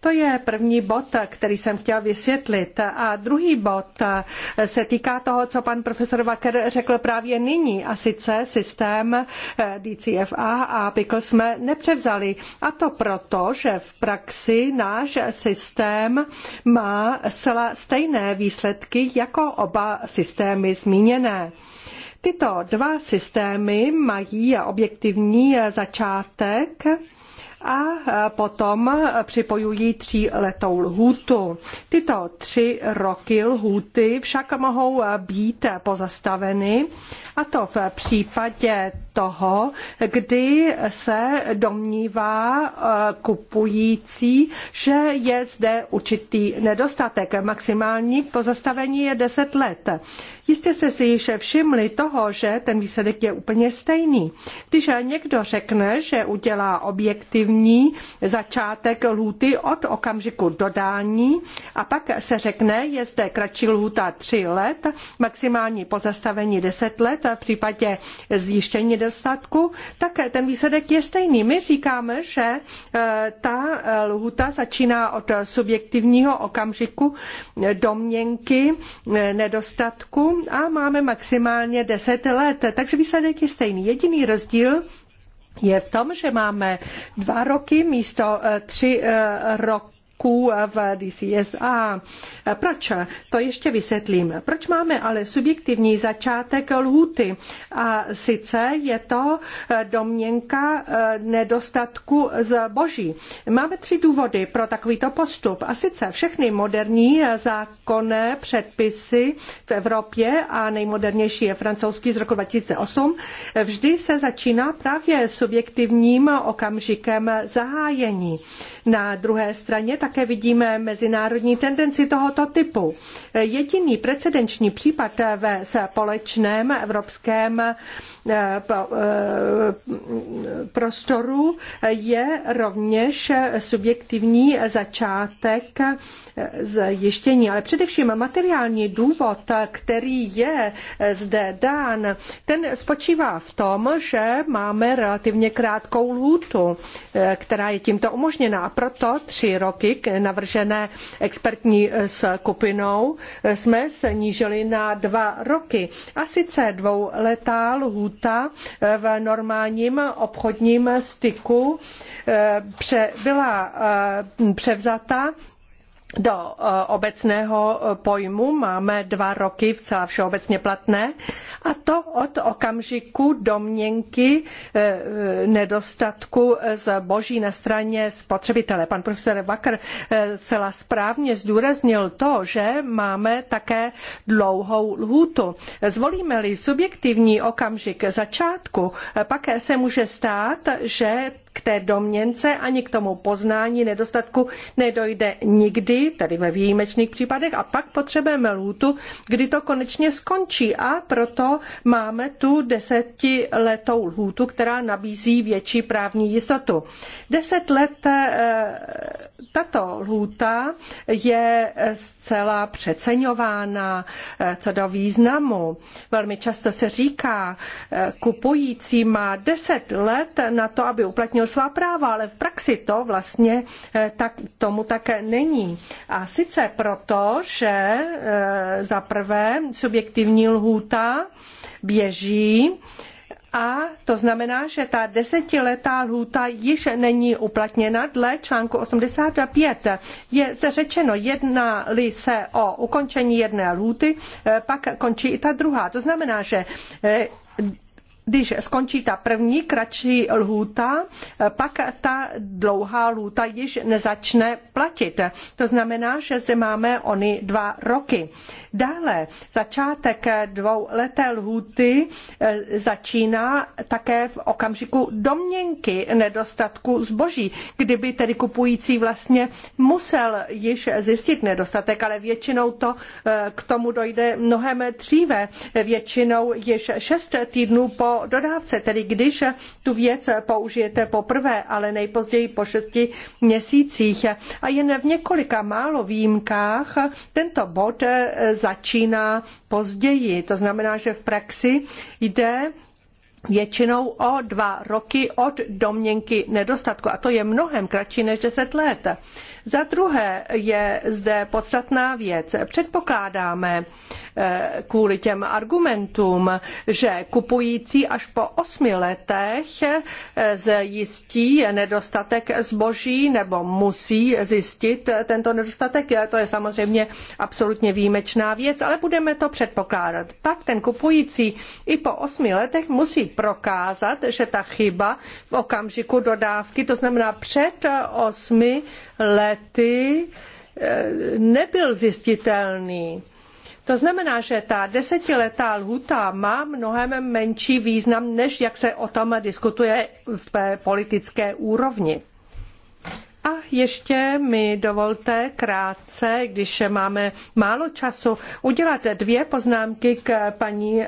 To je první bod, který jsem chtěla vysvětlit. A druhý bod se týká toho, co pan profesor Vaker řekl právě nyní, a sice systém eh, DCFA a PICL jsme nepřevzali. A to proto, že v praxi náš systém má zcela stejné výsledky jako oba systémy zmíněné. Tyto dva systémy mají objektivní začátek a potom připojují tříletou lhůtu. Tyto tři roky lhůty však mohou být pozastaveny a to v případě toho, kdy se domnívá eh, kupující, že je zde určitý nedostatek. Maximální pozastavení je 10 let. Jistě jste si již všimli toho, že ten výsledek je úplně stejný. Když někdo řekne, že udělá objektivní začátek lhůty od okamžiku dodání a pak se řekne, je zde kratší lhůta 3 let, maximální pozastavení 10 let v případě zjištění nedostatku, tak ten výsledek je stejný. My říkáme, že eh, ta eh, lhuta začíná od subjektivního okamžiku eh, domněnky nedostatku a máme maximálně 10 let, takže výsledek je stejný. Jediný rozdíl je v tom, že máme dva roky místo tři roky prvků v DCSA. Proč? To ještě vysvětlím. Proč máme ale subjektivní začátek lhůty? A sice je to eh, domněnka eh, nedostatku zboží. Máme tři důvody pro takovýto postup. A sice všechny moderní eh, zákonné předpisy v Evropě a nejmodernější je francouzský z roku 2008, vždy se začíná právě subjektivním okamžikem zahájení. Na druhé straně také vidíme mezinárodní tendenci tohoto typu. Jediný precedenční případ ve společném evropském eh, eh, prostoru je rovněž subjektivní začátek eh, zjištění, ale především materiální důvod, který je zde dán, ten spočívá v tom, že máme relativně krátkou lhůtu, která je tímto umožněna proto tři roky navržené expertní eh, skupinou eh, jsme snížili na dva roky. A sice dvouletá lhůta eh, v normálním obchodním styku byla převzata do eh, obecného eh, pojmu máme dva roky vcela všeobecně platné a to od okamžiku domněnky eh, nedostatku zboží na straně spotřebitele. Pan profesor Vakr celá správně zdůraznil to, že máme také dlouhou lhůtu. Zvolíme-li subjektivní okamžik začátku, pak se může stát, že k té domněnce ani k tomu poznání nedostatku nedojde nikdy, tedy ve výjimečných případech, a pak potřebujeme lůtu, kdy to konečně skončí. A proto máme tu desetiletou lhůtu, která nabízí větší právní jistotu. Deset let eh, tato lhůta je zcela přeceňována eh, co do významu. Velmi často se říká, eh, kupující má deset let na to, aby uplatnil měl svá práva, ale v praxi to vlastně eh, tak, tomu také není. A sice proto, že eh, za prvé subjektivní lhůta běží, a to znamená, že ta desetiletá lhůta již není uplatněna dle článku 85. Je řečeno, jedná-li se o ukončení jedné lhůty, eh, pak končí i ta druhá. To znamená, že když skončí ta první kratší lhůta, eh, pak ta dlouhá lhůta již nezačne platit. To znamená, že zde máme ony dva roky. Dále začátek dvouleté lhůty eh, začíná také v okamžiku domněnky nedostatku zboží. Kdyby tedy kupující vlastně musel již zjistit nedostatek, ale většinou to eh, k tomu dojde mnohem dříve. Většinou již šest týdnů po dodávce, tedy když tu věc použijete poprvé, ale nejpozději po šesti měsících. A jen v několika málo výjimkách tento bod eh, začíná později. To znamená, že v praxi jde většinou o dva roky od domněnky nedostatku. A to je mnohem kratší než deset let. Za druhé je zde podstatná věc. Předpokládáme eh, kvůli těm argumentům, že kupující až po osmi letech eh, zjistí nedostatek zboží nebo musí zjistit tento nedostatek. Eh, to je samozřejmě absolutně výjimečná věc, ale budeme to předpokládat. Pak ten kupující i po osmi letech musí prokázat, že ta chyba v okamžiku dodávky, to znamená před osmi lety, lety eh, nebyl zjistitelný. To znamená, že ta desetiletá lhuta má mnohem menší význam, než jak se o tom diskutuje v politické úrovni. A ještě mi dovolte krátce, když máme málo času, udělat dvě poznámky k paní,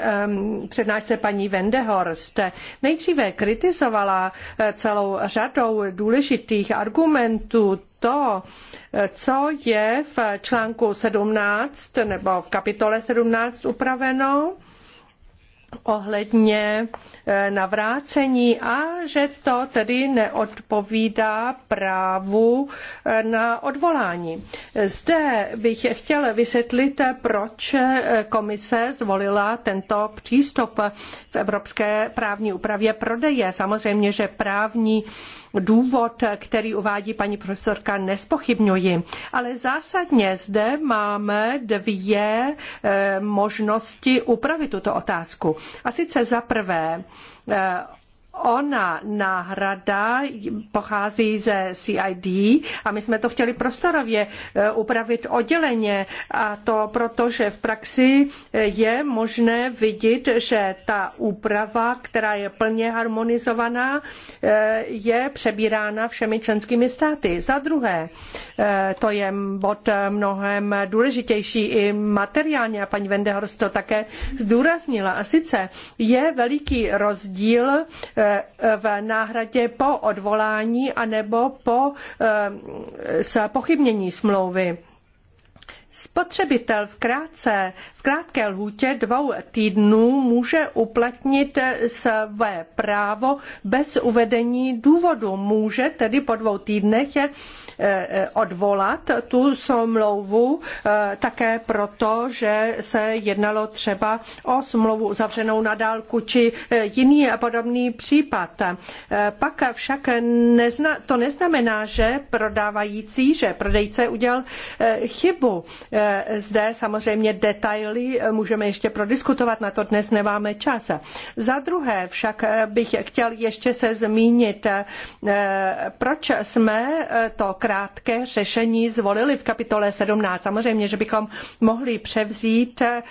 přednášce paní Vendehorst. Nejdříve kritizovala eh, celou řadou důležitých argumentů to, eh, co je v článku 17 nebo v kapitole 17 upraveno ohledně eh, navrácení a že to tedy neodpovídá právu eh, na odvolání. Zde bych chtěla vysvětlit, proč eh, komise zvolila tento přístup v evropské právní úpravě prodeje. Samozřejmě, že právní důvod, který uvádí paní profesorka, nespochybňuji. Ale zásadně zde máme dvě eh, možnosti upravit tuto otázku. A sice za prvé eh, ona náhrada pochází ze CID a my jsme to chtěli prostorově eh, upravit odděleně a to proto, že v praxi eh, je možné vidět, že ta úprava, která je plně harmonizovaná, eh, je přebírána všemi členskými státy. Za druhé, to je bod mnohem důležitější i materiálně a paní Vendehorst to také zdůraznila. A sice je veliký rozdíl v náhradě po odvolání anebo po eh, pochybnění smlouvy. Spotřebitel v, krátce, v krátké lhůtě dvou týdnů může uplatnit své právo bez uvedení důvodu. Může tedy po dvou týdnech Eh, eh, odvolat tu smlouvu eh, také proto, že se jednalo třeba o smlouvu uzavřenou na dálku či jiný podobný případ. Pak však nezna, to neznamená, že prodávající, že prodejce udělal chybu. Zde samozřejmě detaily můžeme ještě prodiskutovat, na to dnes nemáme čas. Za druhé však bych chtěl ještě se zmínit, proč jsme to krátké řešení zvolili v kapitole 17. Samozřejmě, že bychom mohli převzít eh,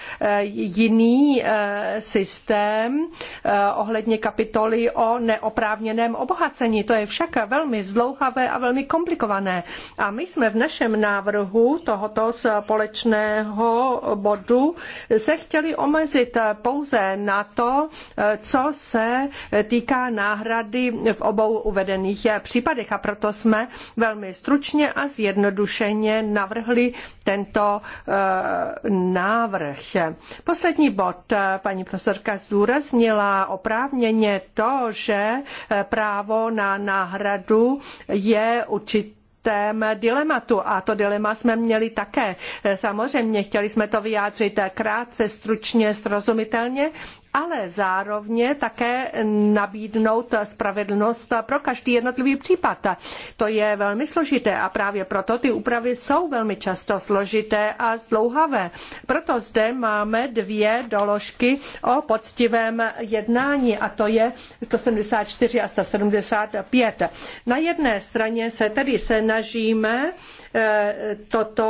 jiný eh, systém eh, ohledně kapitoly o neoprávněném obohacení. To je však velmi zdlouhavé a velmi komplikované. A my jsme v našem návrhu tohoto společného bodu se chtěli omezit pouze na to, co se týká náhrady v obou uvedených případech. A proto jsme velmi stručně a zjednodušeně navrhli tento eh, návrh. Poslední bod eh, paní profesorka zdůraznila oprávněně to, že eh, právo na náhradu je určitě dilematu a to dilema jsme měli také. Samozřejmě chtěli jsme to vyjádřit krátce, stručně, srozumitelně ale zároveň také nabídnout spravedlnost pro každý jednotlivý případ. To je velmi složité a právě proto ty úpravy jsou velmi často složité a zdlouhavé. Proto zde máme dvě doložky o poctivém jednání a to je 174 a 175. Na jedné straně se tedy snažíme eh, toto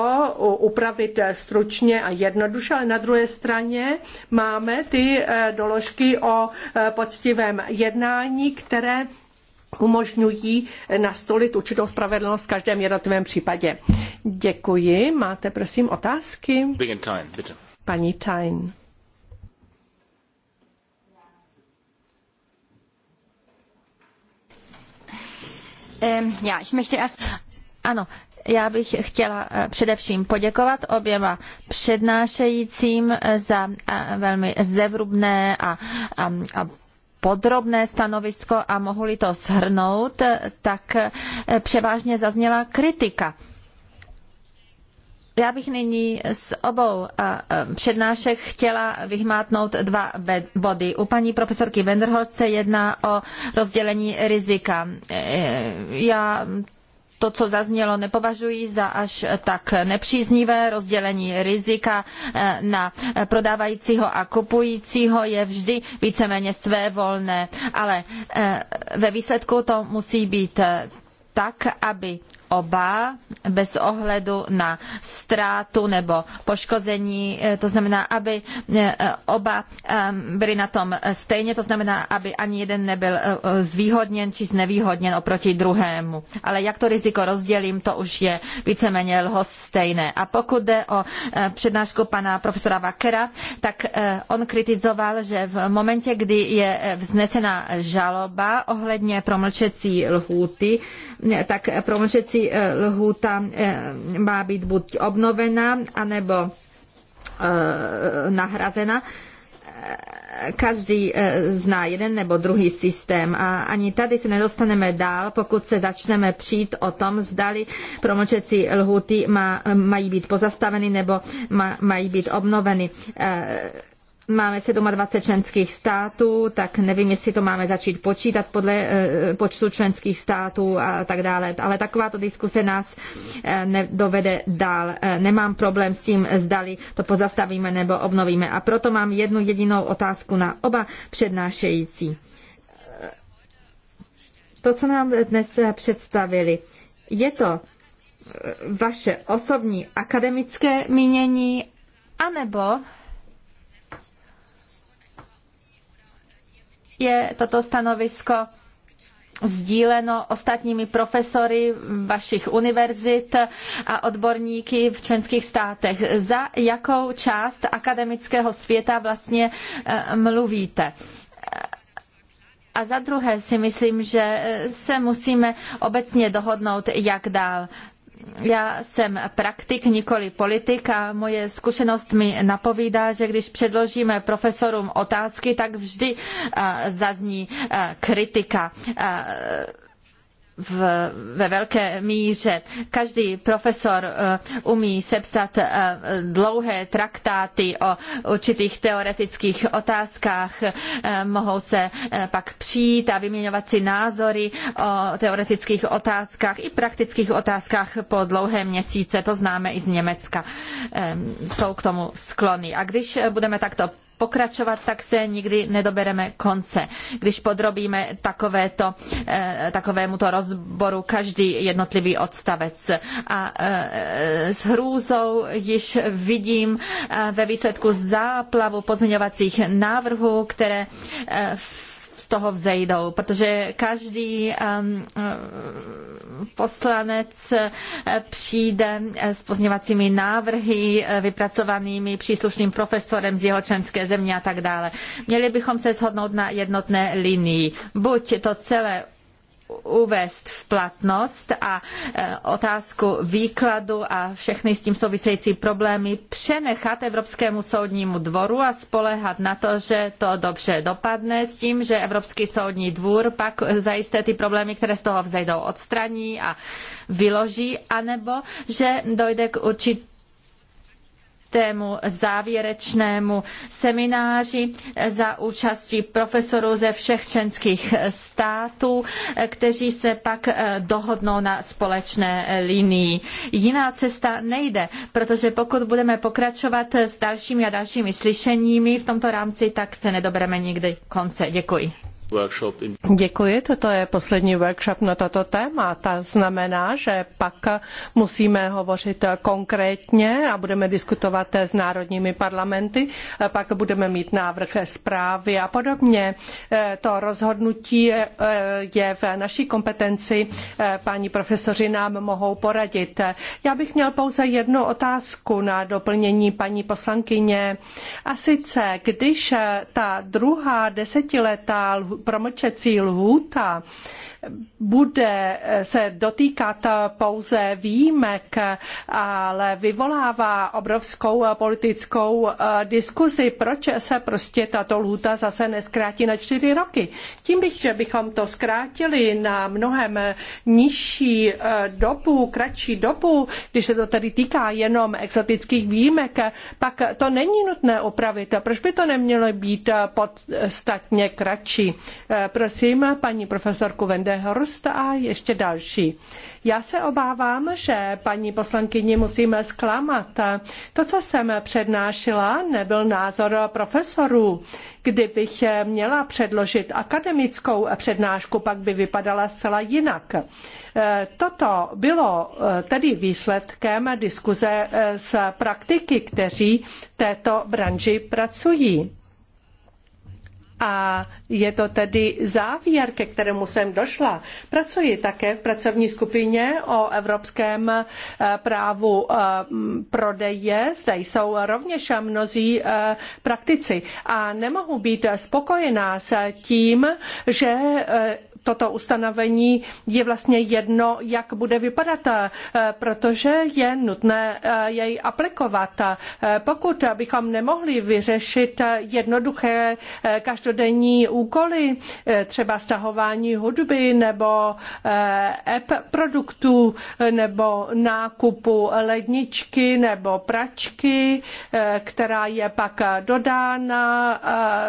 upravit stručně a jednoduše, ale na druhé straně máme ty eh, doložky o e, poctivém jednání, které umožňují nastolit určitou spravedlnost v každém jednotlivém případě. Děkuji. Máte prosím otázky? Paní Tain. Ano, já bych chtěla eh, především poděkovat oběma přednášejícím eh, za eh, velmi zevrubné a, a, a podrobné stanovisko a mohu-li to shrnout, tak převážně zazněla kritika. Já bych nyní z obou přednášek chtěla vyhmátnout dva body. U paní profesorky Wenderholz se jedná o rozdělení rizika. Já to, co zaznělo, nepovažuji za až tak nepříznivé. Rozdělení rizika eh, na prodávajícího a kupujícího je vždy víceméně svévolné, ale eh, ve výsledku to musí být eh, tak, aby oba bez ohledu na ztrátu nebo poškození, eh, to znamená, aby eh, oba eh, byli na tom stejně, to znamená, aby ani jeden nebyl zvýhodněn či znevýhodněn oproti druhému. Ale jak to riziko rozdělím, to už je víceméně lhostejné. A pokud jde o přednášku pana profesora Vakera, tak on kritizoval, že v momentě, kdy je vznesena žaloba ohledně promlčecí lhůty, tak promlčecí eh, lhůta eh, má být buď obnovena, anebo eh, nahrazena každý zná jeden nebo druhý systém a ani tady se nedostaneme dál, pokud se začneme přijít o tom, zdali promlčecí lhuty má, mají být pozastaveny nebo má, mají být obnoveny. Máme 27 členských států, tak nevím, jestli to máme začít počítat podle eh, počtu členských států a tak dále. Ale takováto diskuse nás eh, nedovede dál. Eh, nemám problém s tím, zdali to pozastavíme nebo obnovíme. A proto mám jednu jedinou otázku na oba přednášející. To, co nám dnes představili, je to vaše osobní akademické mínění, anebo je toto stanovisko sdíleno ostatními profesory vašich univerzit a odborníky v členských státech. Za jakou část akademického světa vlastně eh, mluvíte? A za druhé si myslím, že eh, se musíme obecně dohodnout, jak dál já jsem praktik, nikoli politik a moje zkušenost mi napovídá, že když předložíme profesorům otázky, tak vždy zazní kritika v, ve velké míře. Každý profesor eh, umí sepsat eh, dlouhé traktáty o určitých teoretických otázkách, eh, mohou se pak přijít a vyměňovat si názory o teoretických otázkách i praktických otázkách po dlouhé měsíce, to známe i z Německa. Jsou k tomu sklony. A když budeme takto pokračovat, tak se nikdy nedobereme konce. Když podrobíme takovéto, eh, takovémuto rozboru každý jednotlivý odstavec. A eh, s hrůzou již vidím eh, ve výsledku záplavu pozměňovacích návrhů, které v toho vzejdou, protože každý um, uh, poslanec uh, přijde uh, s pozněvacími návrhy vypracovanými příslušným profesorem z jeho členské země a tak dále. Měli bychom se shodnout na jednotné linii. Buď to celé uvést v platnost a e, otázku výkladu a všechny s tím související problémy přenechat Evropskému soudnímu dvoru a spolehat na to, že to dobře dopadne s tím, že Evropský soudní dvůr pak zajisté ty problémy, které z toho vzejdou, odstraní a vyloží, anebo že dojde k určitě čtvrtému závěrečnému semináři za účasti profesorů ze všech členských států, kteří se pak eh, dohodnou na společné linii. Jiná cesta nejde, protože pokud budeme pokračovat s dalšími a dalšími slyšeními v tomto rámci, tak se nedobereme nikdy konce. Děkuji. Děkuji, toto je poslední workshop na toto téma. To znamená, že pak musíme hovořit konkrétně a budeme diskutovat s národními parlamenty, pak budeme mít návrh zprávy a podobně. To rozhodnutí je v naší kompetenci, páni profesoři nám mohou poradit. Já bych měl pouze jednu otázku na doplnění paní poslankyně. A sice, když ta druhá desetiletá promlčecí lhůta bude se dotýkat pouze výjimek, ale vyvolává obrovskou politickou eh, diskusi, proč se prostě tato lhůta zase neskrátí na čtyři roky. Tím bych, že bychom to zkrátili na mnohem nižší eh, dobu, kratší dobu, když se to tedy týká jenom exotických výjimek, pak to není nutné upravit. Proč by to nemělo být podstatně kratší? Eh, prosím, paní profesorku Vende Horst a ještě další. Já se obávám, že paní poslankyni musíme zklamat. To, co jsem přednášela, nebyl názor profesorů. Kdybych měla předložit akademickou přednášku, pak by vypadala zcela jinak. Toto bylo tedy výsledkem diskuze s praktiky, kteří v této branži pracují. A je to tedy závěr, ke kterému jsem došla. Pracuji také v pracovní skupině o evropském eh, právu eh, prodeje. Zde jsou rovněž mnozí eh, praktici. A nemohu být spokojená s tím, že toto ustanovení je vlastně jedno, jak bude vypadat, eh, protože je nutné eh, jej aplikovat. Eh, pokud bychom nemohli vyřešit jednoduché každodenní úkoly, třeba stahování hudby nebo app produktů nebo nákupu ledničky nebo pračky, která je pak dodána,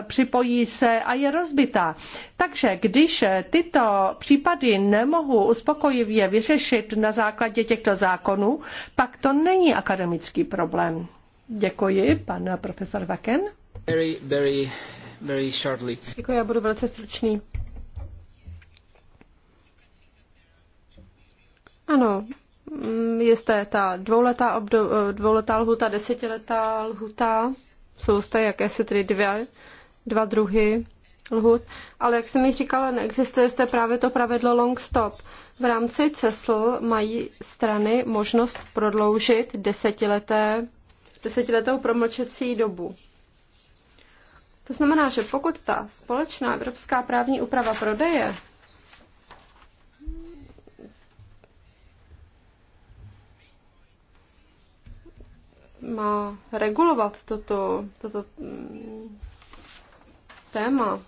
připojí se a je rozbitá. Takže když tyto případy nemohu uspokojivě vyřešit na základě těchto zákonů, pak to není akademický problém. Děkuji, pan profesor Vaken. Very, very, very shortly. Děkuji, já budu velice stručný. Ano, mm, je zde ta dvouletá, obdo, eh, dvouletá lhuta, desetiletá lhuta. Jsou zde jakési tedy dvě, dva druhy lhut, ale jak jsem mi říkala, neexistuje zde právě to pravidlo long stop. V rámci CESL mají strany možnost prodloužit desetileté, desetiletou promlčecí dobu. To znamená, že pokud ta společná evropská právní úprava prodeje má regulovat toto, toto mm, téma,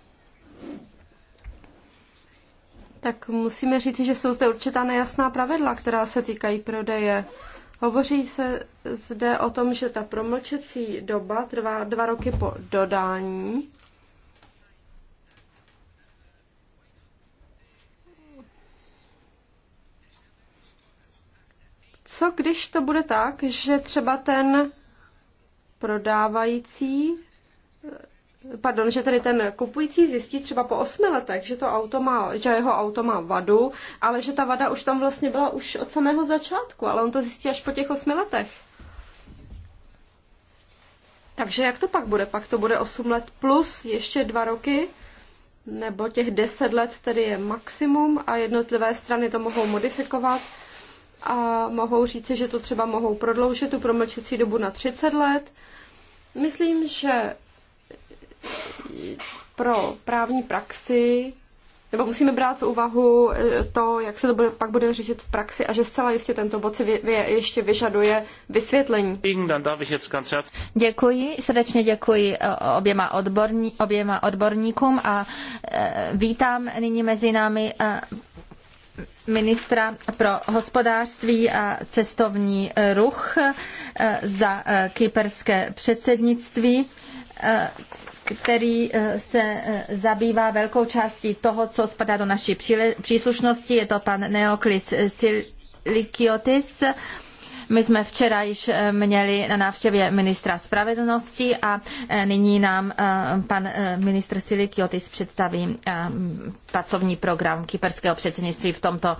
tak musíme říct, že jsou zde určitá nejasná pravidla, která se týkají prodeje. Hovoří se zde o tom, že ta promlčecí doba trvá dva roky po dodání. Co když to bude tak, že třeba ten prodávající pardon, že tedy ten kupující zjistí třeba po osmi letech, že to auto má, že jeho auto má vadu, ale že ta vada už tam vlastně byla už od samého začátku, ale on to zjistí až po těch osmi letech. Takže jak to pak bude? Pak to bude 8 let plus ještě dva roky, nebo těch 10 let tedy je maximum a jednotlivé strany to mohou modifikovat a mohou říci, že to třeba mohou prodloužit tu promlčecí dobu na 30 let. Myslím, že pro právní praxi, nebo musíme brát v úvahu e, to, jak se to bude, pak bude řešit v praxi a že zcela jistě tento bod si vy, vy, ještě vyžaduje vysvětlení. Děkuji, srdečně děkuji e, oběma, odborní, oběma odborníkům a e, vítám nyní mezi námi ministra pro hospodářství a cestovní ruch za kyperské předsednictví který eh, se eh, zabývá velkou částí toho, co spadá do naší příslušnosti. Je to pan Neoklis Silikiotis. My jsme včera již eh, měli na návštěvě ministra spravedlnosti a nyní nám pan ministr Silikiotis představí pracovní program kyperského předsednictví v tomto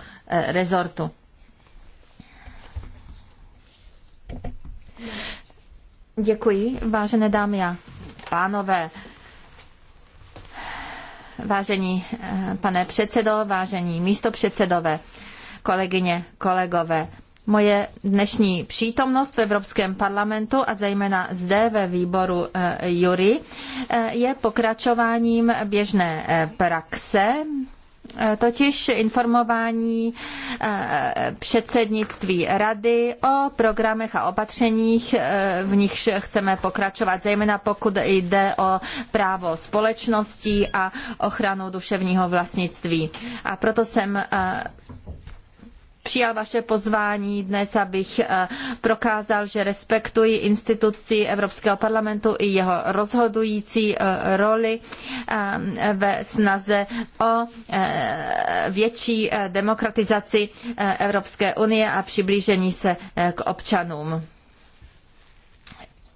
rezortu. Děkuji, vážené dámy a pánové. Vážení eh, pane předsedo, vážení místopředsedové, kolegyně, kolegové, moje dnešní přítomnost v Evropském parlamentu a zejména zde ve výboru eh, Jury eh, je pokračováním běžné praxe Eh, totiž informování eh, předsednictví rady o programech a opatřeních, eh, v nichž chceme pokračovat, zejména pokud jde o právo společností a ochranu duševního vlastnictví. A proto jsem přijal vaše pozvání dnes, abych eh, prokázal, že respektuji instituci Evropského parlamentu i jeho rozhodující eh, roli eh, ve snaze o větší demokratizaci Evropské unie a přiblížení se k občanům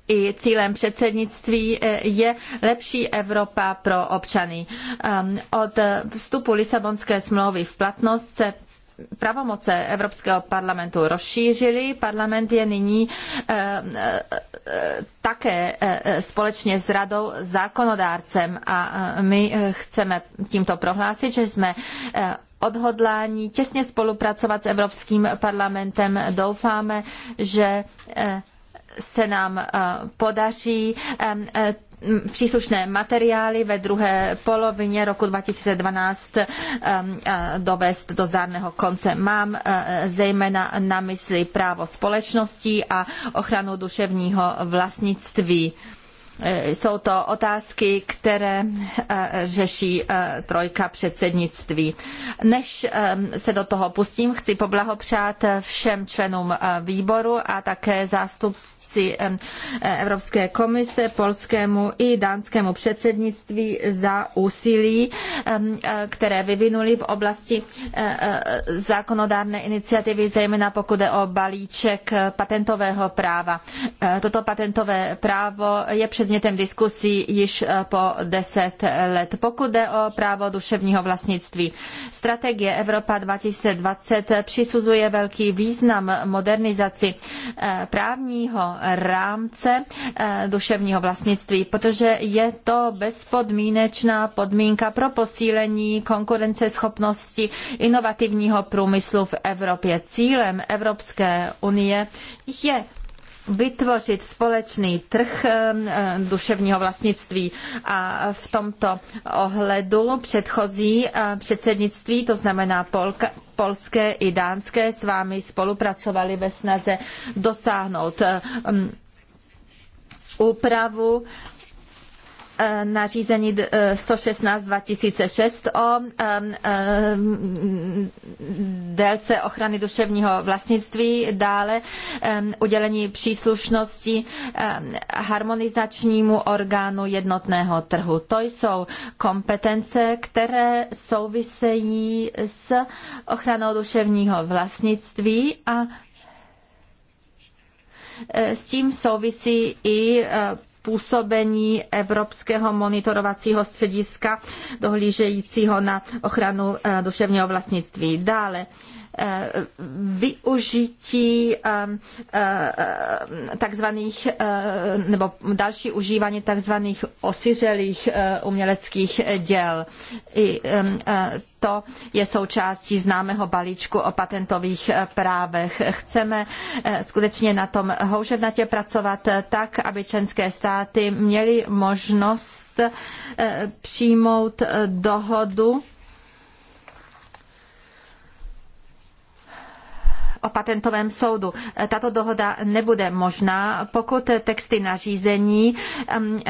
i cílem předsednictví je lepší Evropa pro občany. Ehm, od vstupu Lisabonské smlouvy v platnost se pravomoce Evropského parlamentu rozšířily. Parlament je nyní eh, eh, také eh, společně s radou zákonodárcem a my chceme tímto prohlásit, že jsme odhodlání těsně spolupracovat s Evropským parlamentem. Doufáme, že se nám podaří příslušné materiály ve druhé polovině roku 2012 um, uh, dovést do zdárného konce. Mám uh, zejména na mysli právo společností a ochranu duševního vlastnictví. E, jsou to otázky, které uh, řeší trojka předsednictví. Než um, se do toho pustím, chci poblahopřát všem členům výboru a také zástup rámci e, Evropské komise, polskému i dánskému předsednictví za úsilí, e, které vyvinuli v oblasti e, zákonodárné iniciativy, zejména pokud je o balíček patentového práva. Toto patentové právo je předmětem diskusí již po deset let. Pokud jde o právo duševního vlastnictví, strategie Evropa 2020 přisuzuje velký význam modernizaci právního rámce eh, duševního vlastnictví, protože je to bezpodmínečná podmínka pro posílení konkurenceschopnosti inovativního průmyslu v Evropě. Cílem Evropské unie je vytvořit společný trh eh, duševního vlastnictví a v tomto ohledu předchozí eh, předsednictví, to znamená Polka, polské i dánské s vámi spolupracovali ve snaze dosáhnout eh, úpravu Eh, nařízení 116-2006 eh, o eh, délce ochrany duševního vlastnictví, dále udělení příslušnosti harmonizačnímu orgánu jednotného trhu. To jsou kompetence, které souvisejí s ochranou duševního vlastnictví a s tím souvisí i působení Evropského monitorovacího střediska dohlížejícího na ochranu eh, duševního vlastnictví. Dále Eh, využití eh, eh, takzvaných nebo další užívání takzvaných osiřelých uměleckých děl. I to je součástí známého balíčku o patentových právech. Chceme skutečně na tom houževnatě pracovat tak, aby členské státy měly možnost přijmout dohodu o patentovém soudu. Tato dohoda nebude možná, pokud texty nařízení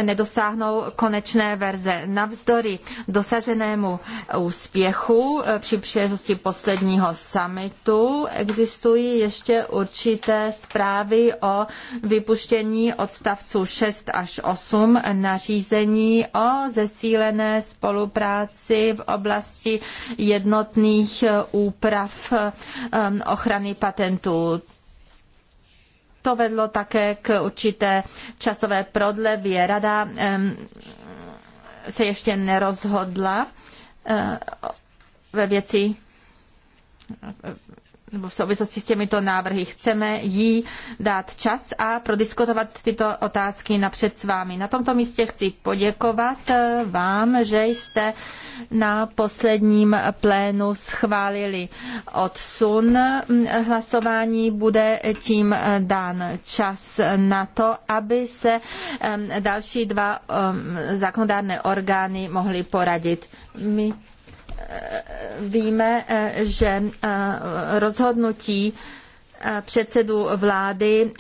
nedosáhnou konečné verze. Navzdory dosaženému úspěchu eh, při příležitosti posledního summitu existují ještě určité zprávy o vypuštění odstavců 6 až 8 nařízení o zesílené spolupráci v oblasti jednotných eh, úprav eh, ochrany patentů. To vedlo také k určité časové prodlevě. Rada se ještě nerozhodla eh, ve věci v souvislosti s těmito návrhy. Chceme jí dát čas a prodiskutovat tyto otázky napřed s vámi. Na tomto místě chci poděkovat eh, vám, že jste na posledním plénu schválili odsun. Hlasování bude tím eh, dán čas na to, aby se eh, další dva zákonodárné orgány mohly poradit. My víme, eh, že eh, rozhodnutí eh, předsedu vlády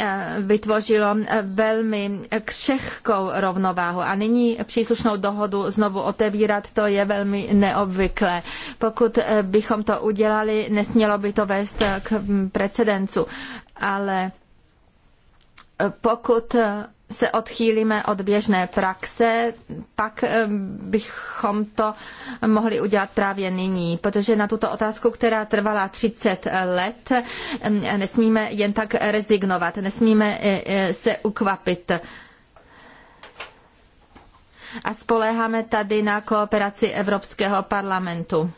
vytvořilo velmi křehkou rovnováhu. A nyní příslušnou dohodu znovu otevírat, to je velmi neobvyklé. Pokud bychom to udělali, nesmělo by to vést k hm, precedencu. Ale pokud se odchýlíme od běžné praxe, pak eh, bychom to mohli udělat právě nyní, protože na tuto otázku, která trvala 30 let, eh, nesmíme jen tak rezignovat, nesmíme eh, se ukvapit. A spoléháme tady na kooperaci Evropského parlamentu.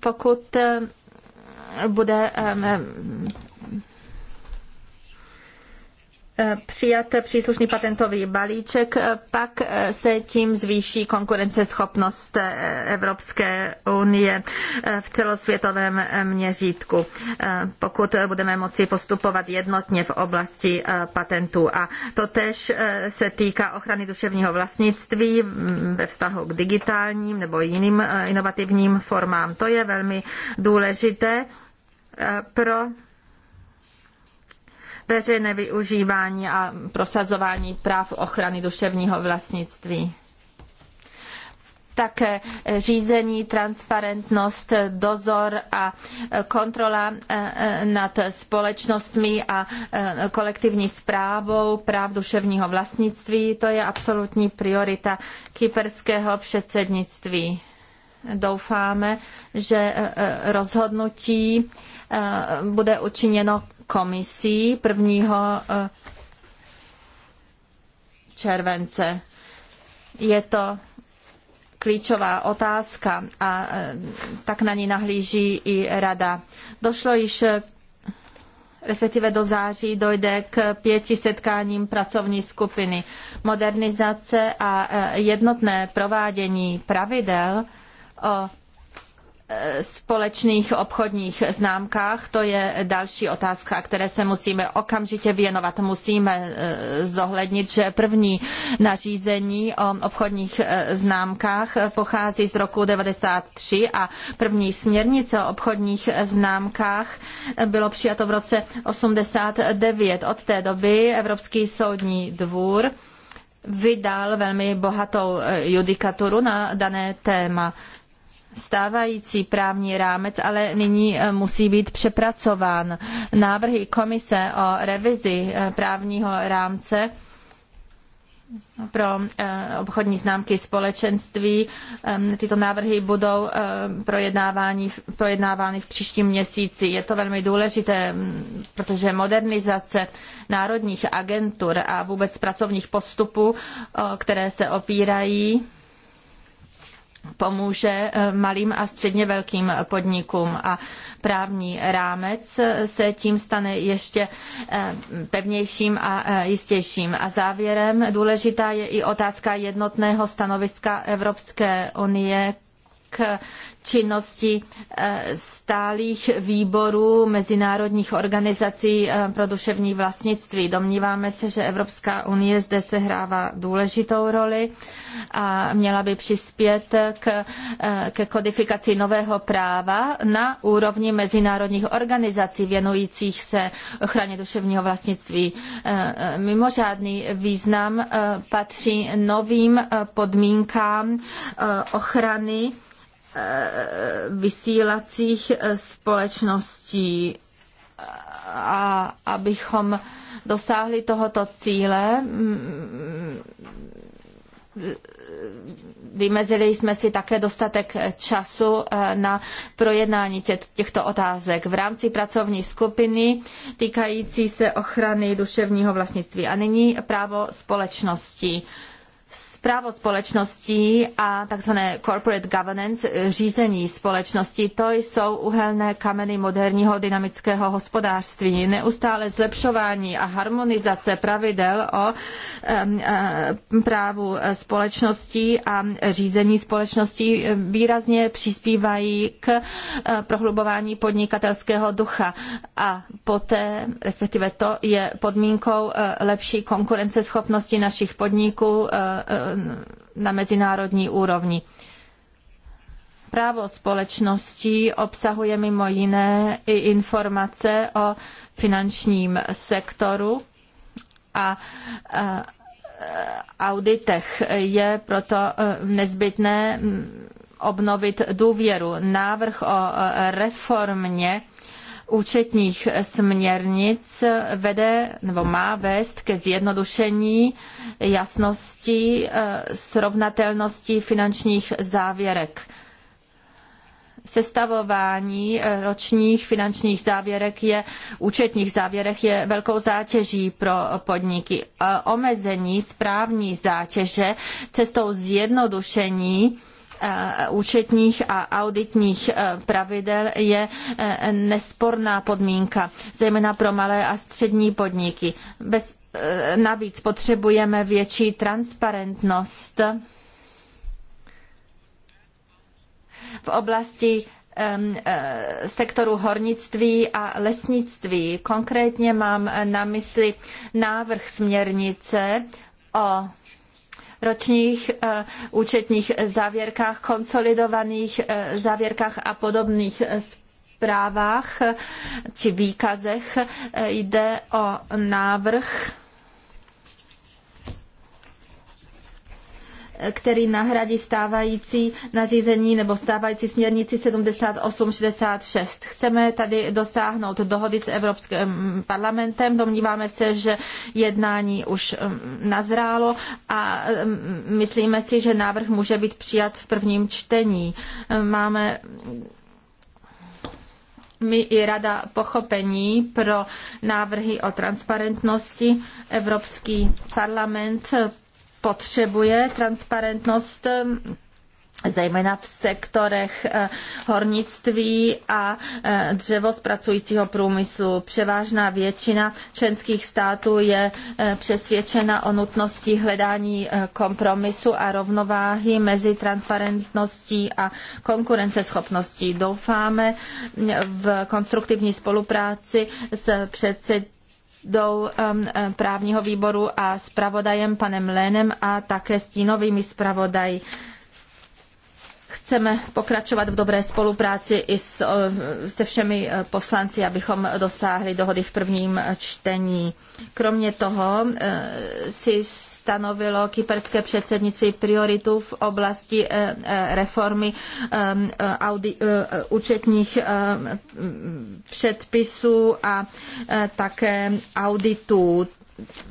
Pokud bude přijat příslušný patentový balíček, eh, pak eh, se tím zvýší konkurenceschopnost eh, Evropské unie v celosvětovém měřítku, pokud budeme moci postupovat jednotně v oblasti patentů. A to tež se týká ochrany duševního vlastnictví ve vztahu k digitálním nebo jiným inovativním formám. To je velmi důležité pro veřejné využívání a prosazování práv ochrany duševního vlastnictví také řízení, transparentnost, dozor a kontrola eh, nad společnostmi a eh, kolektivní správou práv duševního vlastnictví. To je absolutní priorita kyperského předsednictví. Doufáme, že eh, rozhodnutí Eh, bude učiněno komisí 1. Eh, července. Je to klíčová otázka a eh, tak na ní nahlíží i rada. Došlo již respektive do září dojde k pěti setkáním pracovní skupiny. Modernizace a jednotné provádění pravidel o společných obchodních známkách, to je další otázka, které se musíme okamžitě věnovat. Musíme eh, zohlednit, že první nařízení o obchodních eh, známkách pochází z roku 93 a první směrnice o obchodních známkách bylo přijato v roce 89. Od té doby Evropský soudní dvůr vydal velmi bohatou eh, judikaturu na dané téma stávající právní rámec, ale nyní e, musí být přepracován. Návrhy komise o revizi e, právního rámce pro e, obchodní známky společenství. Tyto návrhy budou projednávány v příštím měsíci. Je to velmi důležité, protože modernizace národních agentur a vůbec pracovních postupů, které se opírají pomůže eh, malým a středně velkým podnikům a právní rámec eh, se tím stane ještě eh, pevnějším a jistějším. A závěrem důležitá je i otázka jednotného stanoviska Evropské unie k činnosti eh, stálých výborů mezinárodních organizací eh, pro duševní vlastnictví. Domníváme se, že Evropská unie zde sehrává důležitou roli a měla by přispět k, eh, ke kodifikaci nového práva na úrovni mezinárodních organizací věnujících se ochraně duševního vlastnictví. Mimořádný význam patří novým podmínkám ochrany Eh, vysílacích eh, společností eh, a abychom dosáhli tohoto cíle, mm, vymezili jsme si také dostatek času na projednání těchto otázek v rámci pracovní skupiny týkající se ochrany duševního vlastnictví. A nyní právo společnosti. Zprávo společností a tzv. corporate governance, eh, řízení společností, to jsou uhelné kameny moderního dynamického hospodářství. Neustále zlepšování a harmonizace pravidel o eh, právu eh, společností a řízení společností výrazně přispívají k prohlubování podnikatelského ducha a poté, respektive to je podmínkou lepší konkurenceschopnosti našich podniků, na mezinárodní úrovni. Právo společností obsahuje mimo jiné i informace o finančním sektoru a, auditech. Je proto e, nezbytné obnovit důvěru. Návrh o e, reformě účetních směrnic vede nebo má vést ke zjednodušení jasnosti, eh, srovnatelnosti finančních závěrek. Sestavování eh, ročních finančních závěrek je, účetních závěrek je velkou zátěží pro podniky. Eh, omezení správní zátěže cestou zjednodušení Eh, účetních a auditních eh, pravidel je eh, nesporná podmínka, zejména pro malé a střední podniky. Bez, navíc potřebujeme větší transparentnost v oblasti sektoru hornictví a lesnictví. Konkrétně mám na mysli návrh směrnice o ročních eh, účetních závěrkách, konsolidovaných eh, závěrkách a podobných eh, zprávách či výkazech jde o návrh který nahradí stávající nařízení nebo stávající směrnici 7866. Chceme tady dosáhnout dohody s Evropským parlamentem. Domníváme se, že jednání už um, nazrálo a um, myslíme si, že návrh může být přijat v prvním čtení. Máme my i Rada pochopení pro návrhy o transparentnosti. Evropský parlament potřebuje transparentnost eh, zejména v sektorech eh, hornictví a eh, dřevospracujícího průmyslu. Převážná většina členských států je přesvědčena o nutnosti hledání kompromisu a rovnováhy mezi transparentností a konkurenceschopností. Doufáme v konstruktivní spolupráci s předsednictvím předsedou um, um, právního výboru a zpravodajem panem Lénem a také stínovými zpravodaji. Chceme pokračovat v dobré spolupráci i s, se všemi e, poslanci, abychom dosáhli dohody v prvním čtení. Kromě toho e, si stanovilo kyperské předsednictví prioritu v oblasti eh, eh, reformy eh, účetních předpisů a také auditů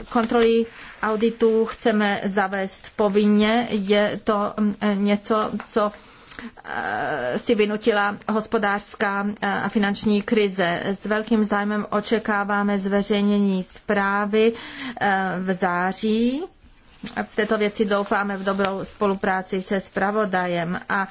kontroly auditů chceme zavést povinně. Je to něco, co si vynutila hospodářská a finanční krize. S velkým zájmem očekáváme zveřejnění zprávy v září v této věci doufáme v dobrou spolupráci se spravodajem a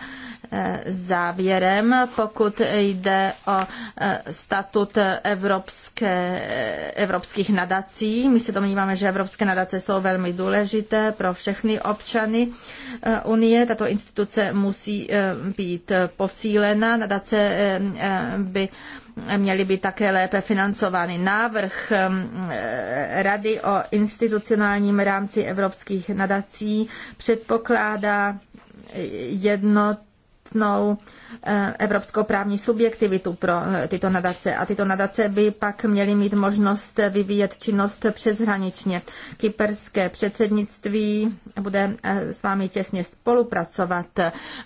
e, závěrem, pokud jde o e, statut evropské, e, evropských nadací. My se domníváme, že evropské nadace jsou velmi důležité pro všechny občany Unie. Tato instituce musí být posílena. Nadace by měly být také lépe financovány. Návrh um, eh, Rady o institucionálním rámci evropských nadací předpokládá jednotnou eh, evropskou právní subjektivitu pro eh, tyto nadace. A tyto nadace by pak měly mít možnost vyvíjet činnost přeshraničně. Kyperské předsednictví bude s vámi těsně spolupracovat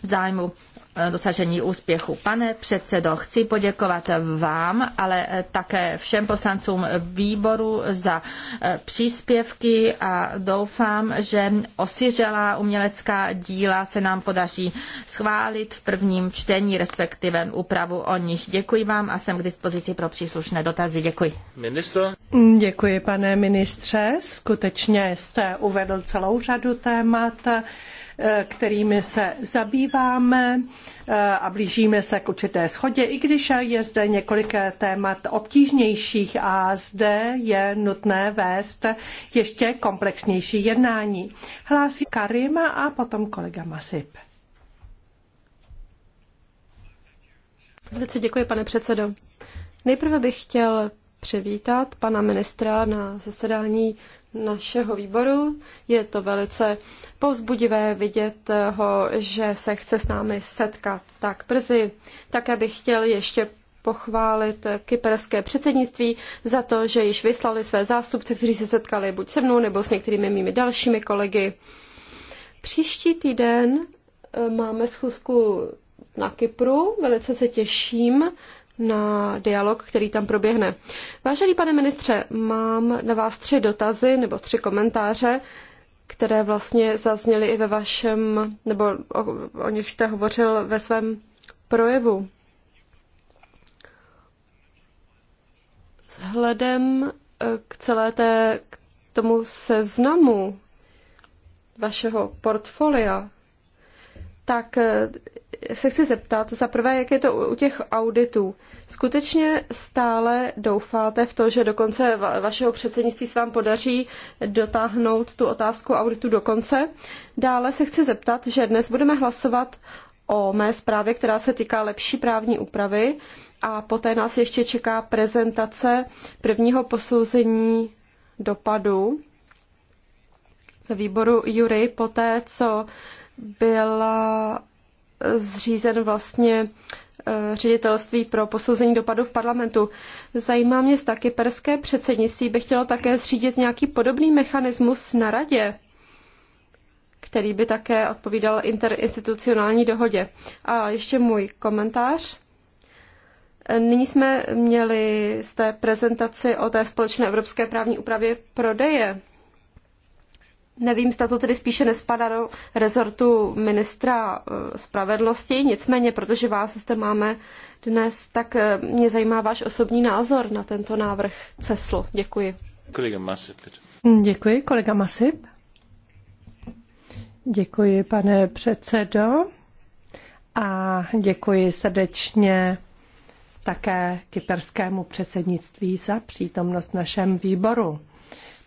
v zájmu Eh, dosažení úspěchu. Pane předsedo, chci poděkovat vám, ale eh, také všem poslancům výboru za eh, příspěvky a doufám, že osiřelá umělecká díla se nám podaří schválit v prvním čtení, respektive úpravu o nich. Děkuji vám a jsem k dispozici pro příslušné dotazy. Děkuji. Minister. Děkuji, pane ministře. Skutečně jste uvedl celou řadu témat kterými se zabýváme eh, a blížíme se k určité schodě, i když je zde několik témat obtížnějších a zde je nutné vést ještě komplexnější jednání. Hlásí Karim a potom kolega Masip. Velice děkuji, pane předsedo. Nejprve bych chtěl přivítat pana ministra na zasedání našeho výboru. Je to velice povzbudivé vidět ho, že se chce s námi setkat tak brzy. Také bych chtěl ještě pochválit kyperské předsednictví za to, že již vyslali své zástupce, kteří se setkali buď se mnou nebo s některými mými dalšími kolegy. Příští týden eh, máme schůzku na Kypru, velice se těším na dialog, který tam proběhne. Vážený pane ministře, mám na vás tři dotazy nebo tři komentáře, které vlastně zazněly i ve vašem, nebo o, o něž jste hovořil ve svém projevu. Vzhledem eh, k celé té, k tomu seznamu vašeho portfolia, tak eh, se chci zeptat, za prvé, jak je to u těch auditů. Skutečně stále doufáte v to, že do konce vašeho předsednictví se vám podaří dotáhnout tu otázku auditu do konce? Dále se chci zeptat, že dnes budeme hlasovat o mé zprávě, která se týká lepší právní úpravy a poté nás ještě čeká prezentace prvního posouzení dopadu ve výboru Jury, poté co byla zřízen vlastně eh, ředitelství pro posouzení dopadu v parlamentu. Zajímá mě taky perské předsednictví by chtělo také zřídit nějaký podobný mechanismus na radě, který by také odpovídal interinstitucionální dohodě. A ještě můj komentář. Nyní jsme měli z té prezentaci o té společné evropské právní úpravě prodeje. Nevím, zda to tedy spíše nespadá do rezortu ministra eh, spravedlnosti, nicméně, protože vás zde máme dnes, tak eh, mě zajímá váš osobní názor na tento návrh CESL. Děkuji. Kolega Masip. Mm, děkuji, kolega Masip. Děkuji, pane předsedo. A děkuji srdečně také kyperskému předsednictví za přítomnost v našem výboru.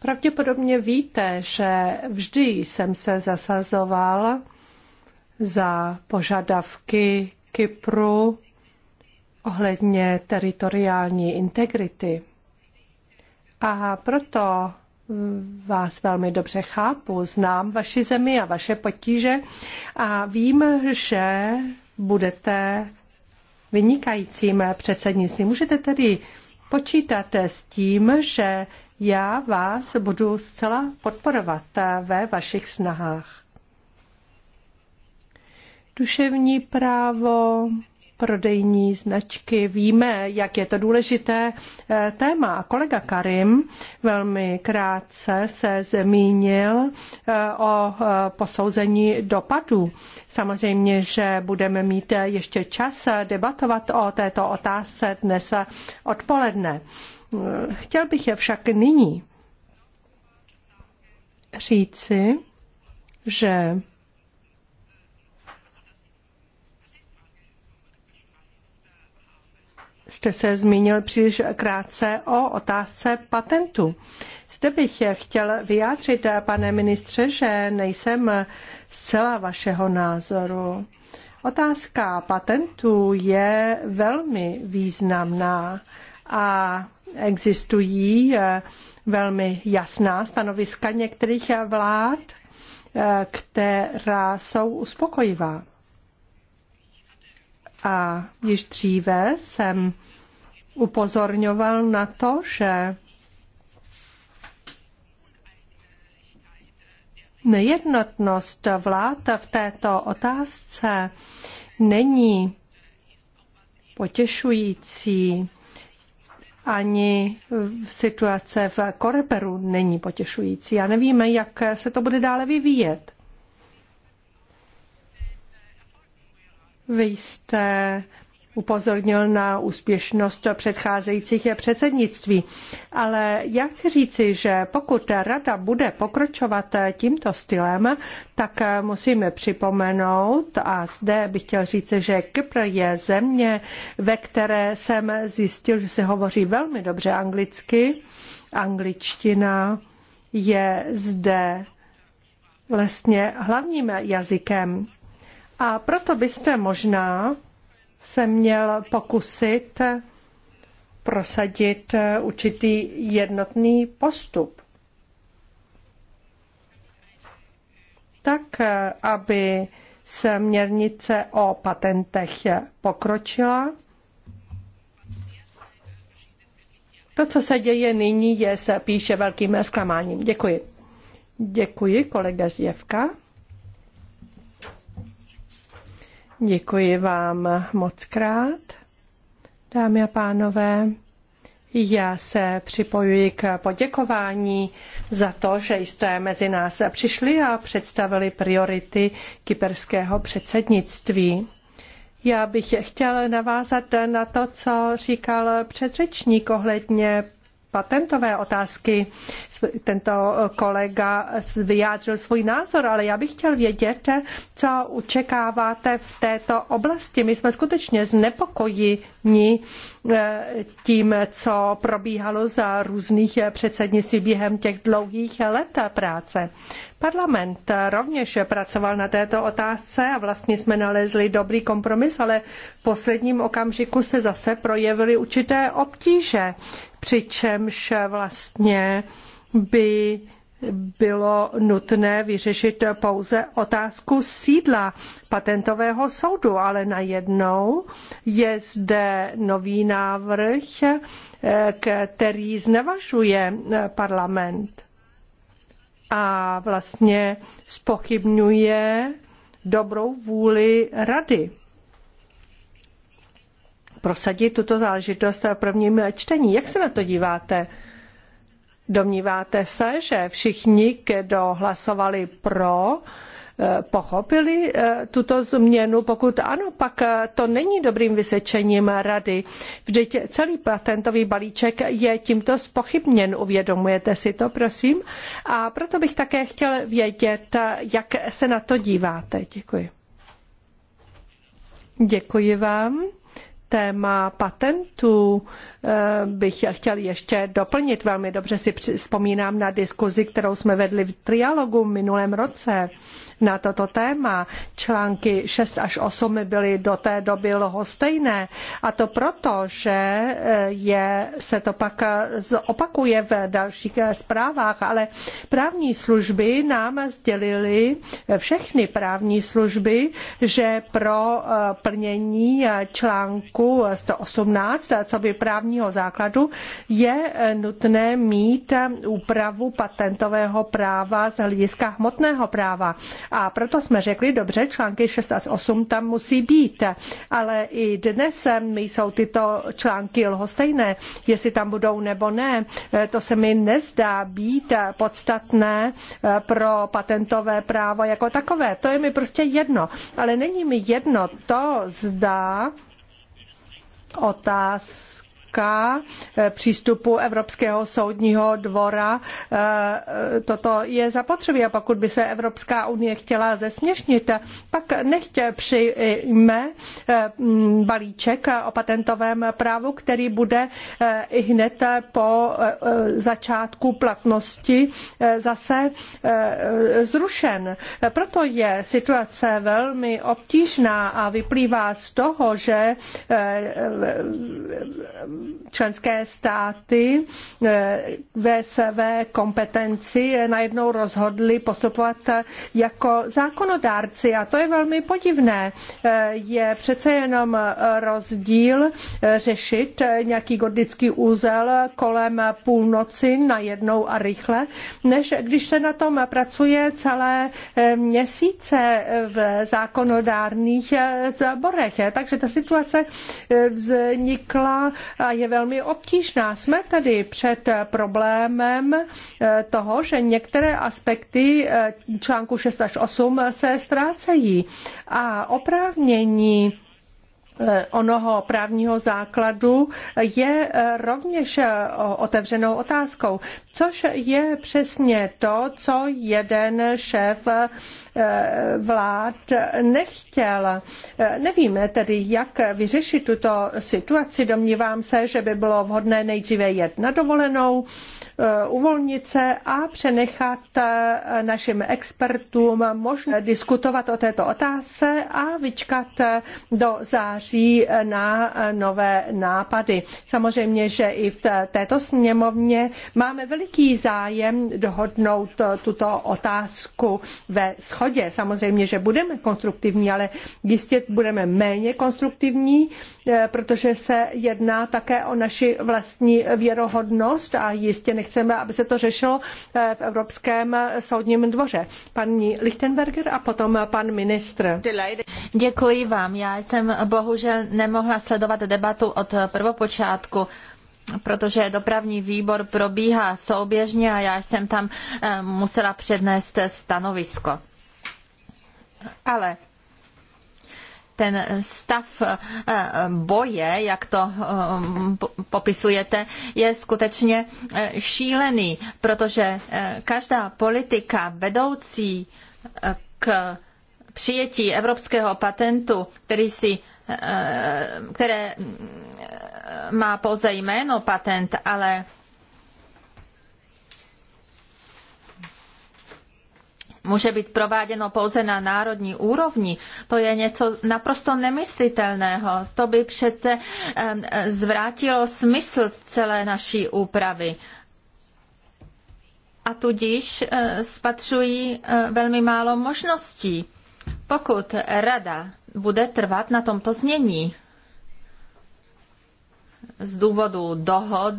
Pravděpodobně víte, že vždy jsem se zasazoval za požadavky Kypru ohledně teritoriální integrity. A proto vás velmi dobře chápu, znám vaši zemi a vaše potíže a vím, že budete vynikajícím předsednictvím. Můžete tedy počítat s tím, že já vás budu zcela podporovat ve vašich snahách. Duševní právo, prodejní značky. Víme, jak je to důležité eh, téma. Kolega Karim velmi krátce se zmínil eh, o eh, posouzení dopadů. Samozřejmě, že budeme mít ještě čas debatovat o této otázce dnes odpoledne. Chtěl bych je však nyní říci, že jste se zmínil příliš krátce o otázce patentu. Zde bych chtěl vyjádřit, pane ministře, že nejsem zcela vašeho názoru. Otázka patentů je velmi významná a existují eh, velmi jasná stanoviska některých eh, vlád, eh, která jsou uspokojivá. A již dříve jsem upozorňoval na to, že nejednotnost vlád v této otázce není potěšující ani situace v Koreperu není potěšující a nevíme, jak se to bude dále vyvíjet. Vy jste upozornil na úspěšnost předcházejících předsednictví. Ale já chci říci, že pokud rada bude pokročovat tímto stylem, tak musíme připomenout, a zde bych chtěl říci, že Kypr je země, ve které jsem zjistil, že se hovoří velmi dobře anglicky. Angličtina je zde vlastně hlavním jazykem. A proto byste možná se měl pokusit prosadit určitý jednotný postup. Tak, aby směrnice o patentech pokročila. To, co se děje nyní, je se píše velkým zklamáním. Děkuji. Děkuji, kolega Zjevka. Děkuji vám moc krát, dámy a pánové. Já se připojuji k poděkování za to, že jste mezi nás přišli a představili priority kyperského předsednictví. Já bych chtěl navázat na to, co říkal předřečník ohledně patentové otázky. Tento kolega vyjádřil svůj názor, ale já bych chtěl vědět, co očekáváte v této oblasti. My jsme skutečně znepokojeni eh, tím, co probíhalo za různých předsednictví během těch dlouhých let práce. Parlament rovněž pracoval na této otázce a vlastně jsme nalezli dobrý kompromis, ale v posledním okamžiku se zase projevily určité obtíže přičemž vlastně by bylo nutné vyřešit pouze otázku sídla patentového soudu, ale najednou je zde nový návrh, který znevažuje parlament a vlastně spochybňuje dobrou vůli rady prosadit tuto záležitost v prvním čtení. Jak se na to díváte? Domníváte se, že všichni, kdo hlasovali pro, eh, pochopili eh, tuto změnu? Pokud ano, pak eh, to není dobrým vysečením rady. Vždyť celý patentový balíček je tímto spochybněn. Uvědomujete si to, prosím? A proto bych také chtěl vědět, jak se na to díváte. Děkuji. Děkuji vám téma patentů eh, bych chtěl ještě doplnit. Velmi dobře si vzpomínám na diskuzi, kterou jsme vedli v trialogu v minulém roce na toto téma. Články 6 až 8 byly do té doby lhostejné a to proto, že eh, je, se to pak eh, opakuje v dalších eh, zprávách, ale právní služby nám sdělily všechny právní služby, že pro plnění článku 118, co by právního základu, je nutné mít úpravu patentového práva z hlediska hmotného práva. A proto jsme řekli, dobře, články 6 a 8 tam musí být. Ale i dnes jsou tyto články lhostejné, jestli tam budou nebo ne. To se mi nezdá být podstatné eh, pro patentové právo jako takové. To je mi prostě jedno. Ale není mi jedno to, zda otáz týká eh, přístupu Evropského soudního dvora, eh, toto je zapotřebí. A pokud by se Evropská unie chtěla zesměšnit, pak nechť přijme eh, balíček o patentovém právu, který bude i hned po začátku platnosti zase zrušen. Proto je situace velmi obtížná a vyplývá z toho, že členské státy eh, ve své kompetenci eh, najednou rozhodly postupovat eh, jako zákonodárci a to je velmi podivné. Je přece jenom rozdíl řešit nějaký gordický úzel kolem půlnoci najednou a rychle, než když se na tom pracuje celé měsíce v zákonodárných sborech. Takže ta situace vznikla a je velmi obtížná. Jsme tady před problémem eh, toho, že některé aspekty eh, článku 6 až 8 se ztrácejí a oprávnění Eh, onoho právního základu je eh, rovněž eh, otevřenou otázkou, což je přesně to, co jeden šéf vlád nechtěl. Nevíme tedy, jak vyřešit tuto situaci. Domnívám se, že by bylo vhodné nejdříve jet na dovolenou, Eh, uvolnit se a přenechat eh, našim expertům možnost diskutovat o této otázce a vyčkat eh, do září na nové nápady. Samozřejmě, že i v této sněmovně máme veliký zájem dohodnout tuto otázku ve shodě. Samozřejmě, že budeme konstruktivní, ale jistě budeme méně konstruktivní, protože se jedná také o naši vlastní věrohodnost a jistě chceme, aby se to řešilo eh, v Evropském eh, soudním dvoře. Paní Lichtenberger a potom pan ministr. Děkuji vám. Já jsem bohužel nemohla sledovat debatu od prvopočátku protože dopravní výbor probíhá souběžně a já jsem tam eh, musela přednést stanovisko. Ale ten stav eh, boje, jak to eh, popisujete, je skutečně eh, šílený, protože každá politika vedoucí k přijetí evropského patentu, který si které mm, má pouze jméno patent, ale může být prováděno pouze na národní úrovni, to je něco naprosto nemyslitelného. To by přece zvrátilo smysl celé naší úpravy. A tudíž e, spatřují e, velmi málo možností. Pokud rada bude trvat na tomto znění z důvodu dohod,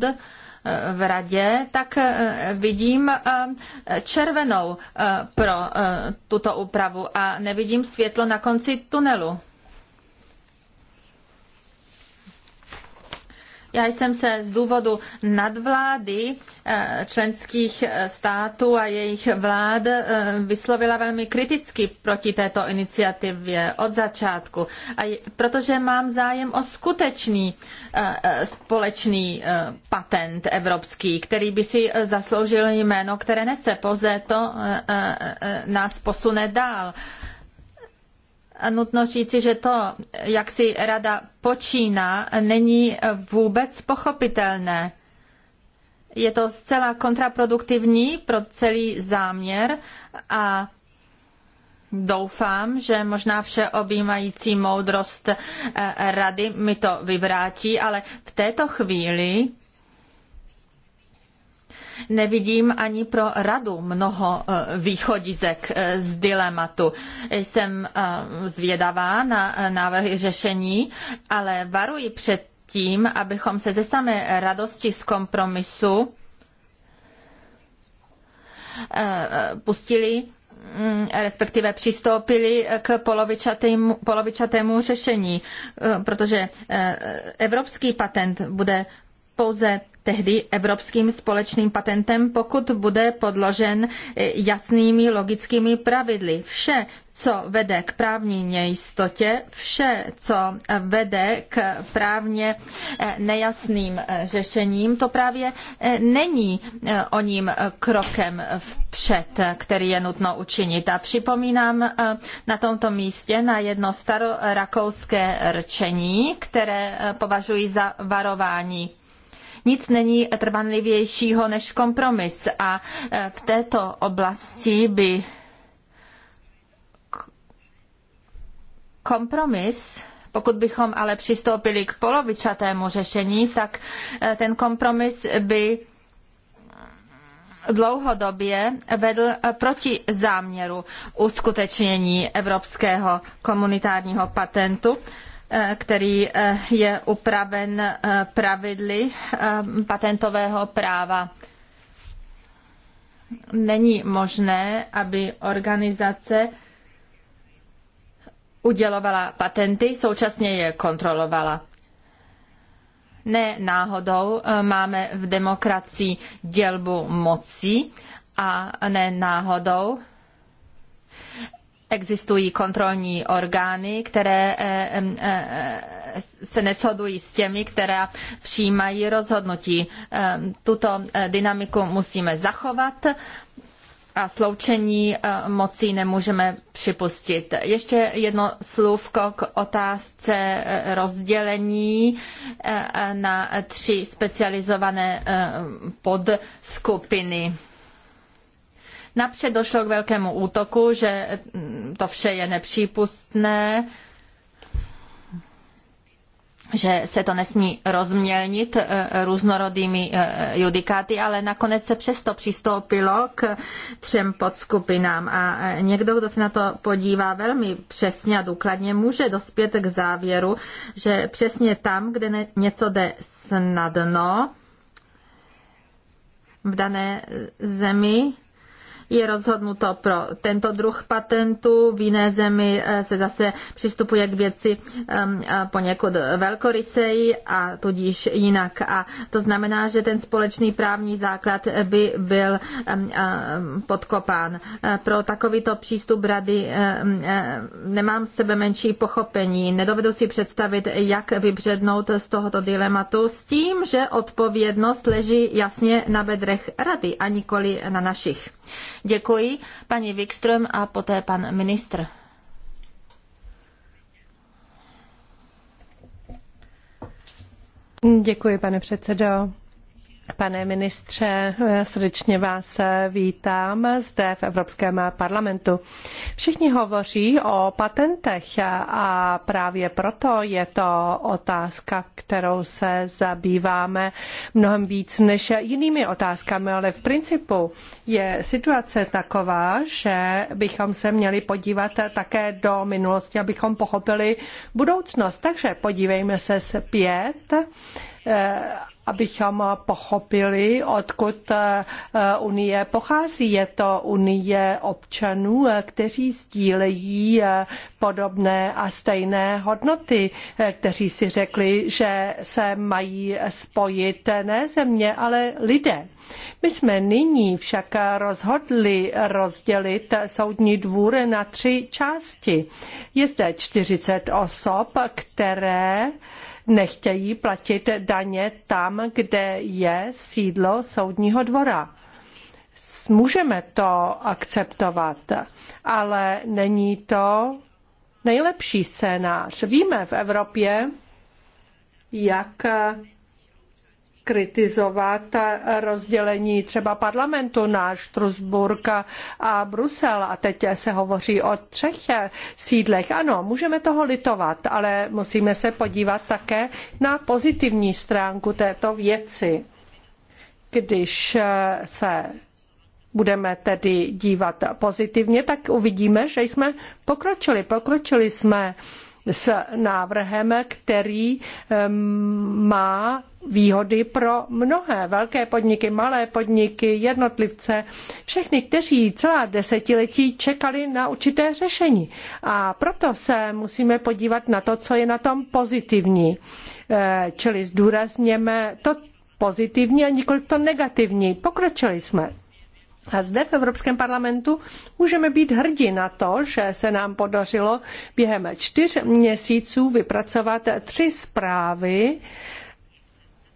v radě, tak eh, vidím eh, červenou eh, pro tuto úpravu a nevidím světlo na konci tunelu. Já jsem se z důvodu nadvlády eh, členských eh, států a jejich vlád eh, vyslovila velmi kriticky proti této iniciativě od začátku, a protože mám zájem o skutečný společný patent evropský, který by si zasloužil jméno, které nese. Pouze to nás posune dál nutno říci, že to, jak si rada počíná, není vůbec pochopitelné. Je to zcela kontraproduktivní pro celý záměr a Doufám, že možná všeobjímající moudrost eh, rady mi to vyvrátí, ale v této chvíli nevidím ani pro radu mnoho eh, východisek eh, z dilematu. Jsem eh, zvědavá na návrhy řešení, ale varuji před tím, abychom se ze samé radosti z kompromisu pustili mm, respektive přistoupili k polovičatému, polovičatému řešení, protože evropský patent bude pouze tehdy evropským společným patentem, pokud bude podložen e, jasnými logickými pravidly. Vše, co vede k právní nejistotě, vše, co vede k právně e, nejasným e, řešením, to právě není o ním krokem vpřed, který je nutno učinit. A připomínám na tomto místě na jedno starorakouské rčení, které považuji za varování nic není trvanlivějšího než kompromis a e, v této oblasti by kompromis pokud bychom ale přistoupili k polovičatému řešení, tak e, ten kompromis by dlouhodobě vedl e, proti záměru uskutečnění evropského komunitárního patentu Eh, který eh, je upraven eh, pravidly patentového práva. Není možné, aby organizace udělovala patenty, současně je kontrolovala. Ne náhodou máme v demokracii dělbu mocí a ne náhodou Existují kontrolní orgány, které eh, eh, se neshodují s těmi, která přijímají rozhodnutí. Tuto eh, dynamiku musíme zachovat a sloučení mocí nemůžeme připustit. Ještě jedno slůvko k otázce rozdělení na tři specializované podskupiny. Napřed došlo k velkému útoku, že mm, to vše je nepřípustné, že se to nesmí rozmělnit eh, různorodými eh, judikáty, ale nakonec se přesto přistoupilo k třem podskupinám a eh, někdo, kdo se na to podívá velmi přesně a důkladně, může dospět k závěru, že přesně tam, kde něco jde snadno, v dané zemi je rozhodnuto pro tento druh patentu, v jiné zemi eh, se zase přistupuje k věci eh, poněkud velkoryseji a tudíž jinak. A to znamená, že ten společný právní základ by byl podkopán. Eh, pro takovýto přístup rady nemám sebe menší pochopení. Nedovedu si představit, jak vybřednout z tohoto dilematu s tím, že odpovědnost leží jasně na bedrech rady a nikoli na našich. Děkuji paní Wikström a poté pan ministr. Děkuji, pane předsedo. Pane ministře, srdečně vás vítám zde v Evropském parlamentu. Všichni hovoří o patentech a právě proto je to otázka, kterou se zabýváme mnohem víc než jinými otázkami, ale v principu je situace taková, že bychom se měli podívat také do minulosti, abychom pochopili budoucnost. Takže podívejme se zpět abychom pochopili, odkud eh, eh, Unie pochází. Je to Unie občanů, eh, kteří sdílejí podobné a stejné hodnoty, kteří si řekli, že se mají spojit ne země, ale lidé. My jsme nyní však rozhodli rozdělit soudní dvůr na tři části. Je zde 40 osob, které nechtějí platit daně tam, kde je sídlo soudního dvora můžeme to akceptovat, ale není to nejlepší scénář. Víme v Evropě, jak kritizovat rozdělení třeba parlamentu na Štrusburg a Brusel a teď se hovoří o třech sídlech. Ano, můžeme toho litovat, ale musíme se podívat také na pozitivní stránku této věci. Když se budeme tedy dívat pozitivně, tak uvidíme, že jsme pokročili. Pokročili jsme s návrhem, který má výhody pro mnohé velké podniky, malé podniky, jednotlivce, všechny, kteří celá desetiletí čekali na určité řešení. A proto se musíme podívat na to, co je na tom pozitivní. Eh, čili zdůrazněme to pozitivní a nikoli to negativní. Pokročili jsme. A zde v Evropském parlamentu můžeme být hrdí na to, že se nám podařilo během čtyř měsíců vypracovat tři zprávy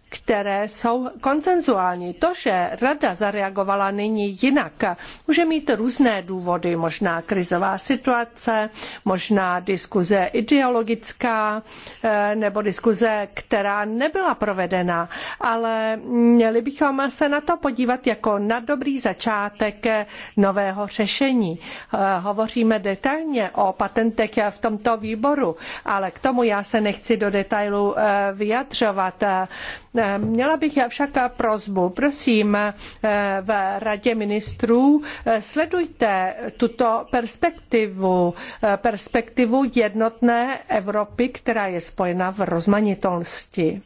které jsou koncenzuální. To, že rada zareagovala nyní jinak, může mít různé důvody, možná krizová situace, možná diskuze ideologická eh, nebo diskuze, která nebyla provedena, ale měli bychom se na to podívat jako na dobrý začátek nového řešení. Eh, hovoříme detailně o patentech v tomto výboru, ale k tomu já se nechci do detailu eh, vyjadřovat Eh, měla bych však prozbu. Prosím, eh, v Radě ministrů eh, sledujte tuto perspektivu, perspektivu jednotné Evropy, která je spojena v rozmanitosti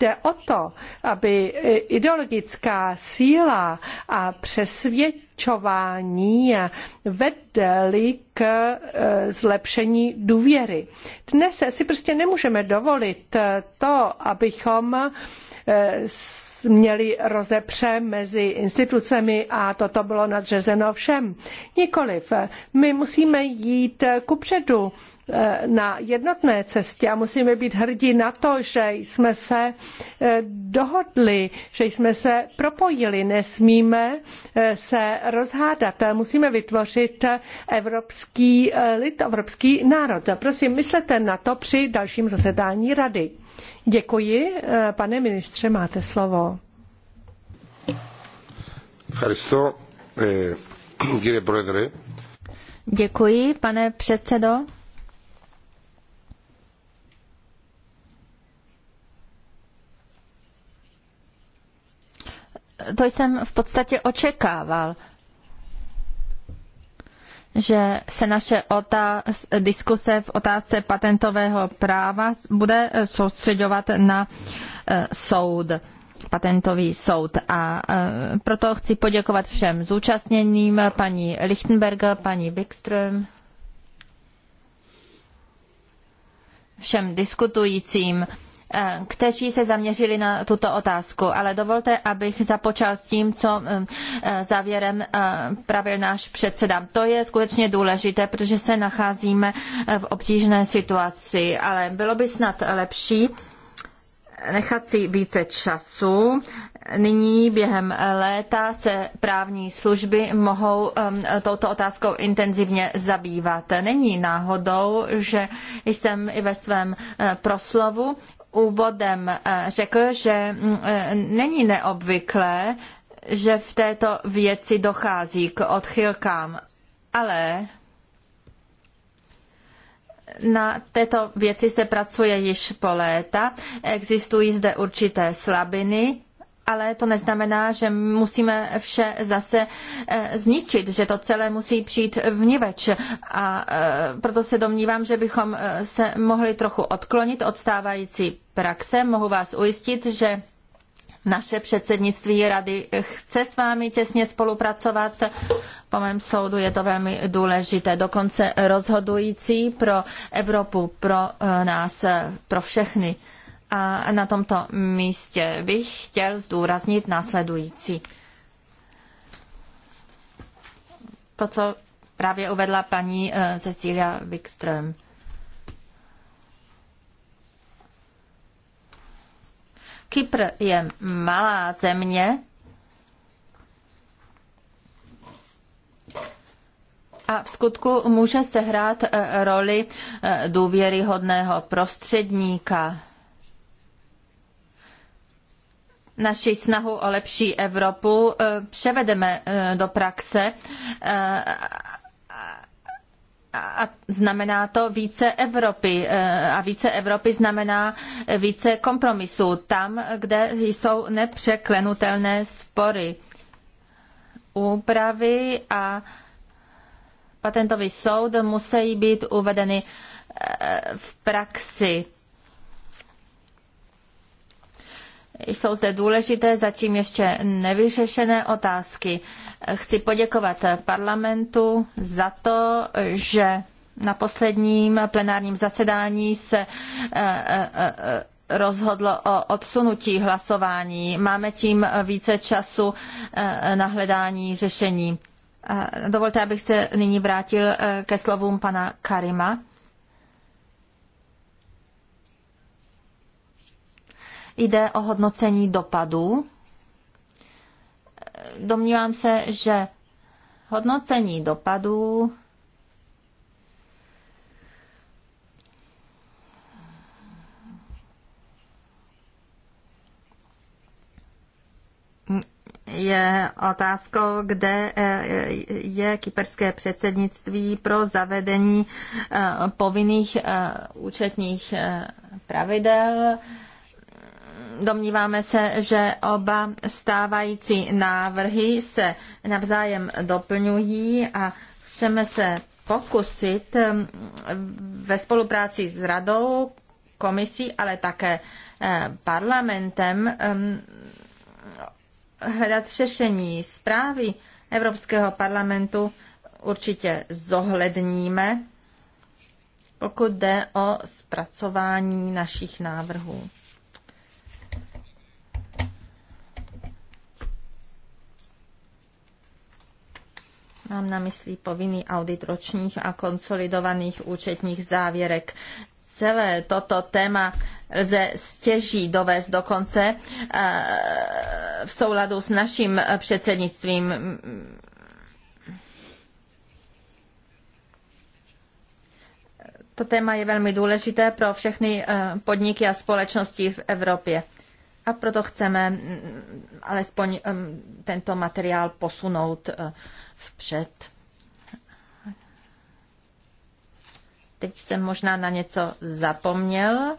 jde o to, aby ideologická síla a přesvědčování vedly k zlepšení důvěry. Dnes si prostě nemůžeme dovolit to, abychom Eh, měli rozepře mezi institucemi a toto bylo nadřezeno všem. Nikoliv. My musíme jít kupředu eh, na jednotné cestě a musíme být hrdí na to, že jsme se eh, dohodli, že jsme se propojili. Nesmíme se rozhádat. Musíme vytvořit evropský lid, evropský národ. Prosím, myslete na to při dalším zasedání rady. Děkuji. Eh, pane ministře, máte slovo. Děkuji, pane předsedo. To jsem v podstatě očekával že se naše otáz, diskuse v otázce patentového práva bude soustředovat na e, soud patentový soud. A e, proto chci poděkovat všem zúčastněným, paní Lichtenberger, paní Wikström, všem diskutujícím. Eh, kteří se zaměřili na tuto otázku. Ale dovolte, abych započal s tím, co eh, eh, závěrem pravil náš předseda. To je skutečně důležité, protože se nacházíme v obtížné situaci, ale bylo by snad lepší nechat si více času, Nyní během léta se právní služby mohou um, touto otázkou intenzivně zabývat. Není náhodou, že jsem i ve svém uh, proslovu úvodem eh, řekl, že mm, eh, není neobvyklé, že v této věci dochází k odchylkám, ale na této věci se pracuje již po léta. Existují zde určité slabiny, ale to neznamená, že musíme vše zase e, zničit, že to celé musí přijít vniveč. A e, proto se domnívám, že bychom e, se mohli trochu odklonit od stávající praxe. Mohu vás ujistit, že naše předsednictví rady chce s vámi těsně spolupracovat. Po mém soudu je to velmi důležité, dokonce rozhodující pro Evropu, pro nás, pro všechny. A na tomto místě bych chtěl zdůraznit následující. To, co právě uvedla paní eh, Cecilia Wikström. Kypr je malá země a v skutku může sehrát eh, roli eh, důvěryhodného prostředníka naši snahu o lepší Evropu eh, převedeme eh, do praxe eh, a znamená to více Evropy. A více Evropy znamená více kompromisů tam, kde jsou nepřeklenutelné spory. Úpravy a patentový soud musí být uvedeny v praxi Jsou zde důležité, zatím ještě nevyřešené otázky. Chci poděkovat parlamentu za to, že na posledním plenárním zasedání se e, e, e, rozhodlo o odsunutí hlasování. Máme tím více času na hledání řešení. Dovolte, abych se nyní vrátil ke slovům pana Karima. jde o hodnocení dopadů. Domnívám se, že hodnocení dopadů je otázkou, kde eh, je kyperské předsednictví pro zavedení eh, povinných eh, účetních pravidel Domníváme se, že oba stávající návrhy se navzájem doplňují a chceme se pokusit ve spolupráci s radou, komisí, ale také eh, parlamentem hledat řešení zprávy Evropského parlamentu určitě zohledníme, pokud jde o zpracování našich návrhů. Mám na mysli povinný audit ročních a konsolidovaných účetních závěrek. Celé toto téma lze stěží dovést do konce eh, v souladu s naším předsednictvím. To téma je velmi důležité pro všechny eh, podniky a společnosti v Evropě. A proto chceme mm, alespoň mm, tento materiál posunout eh, vpřed. Teď jsem možná na něco zapomněl.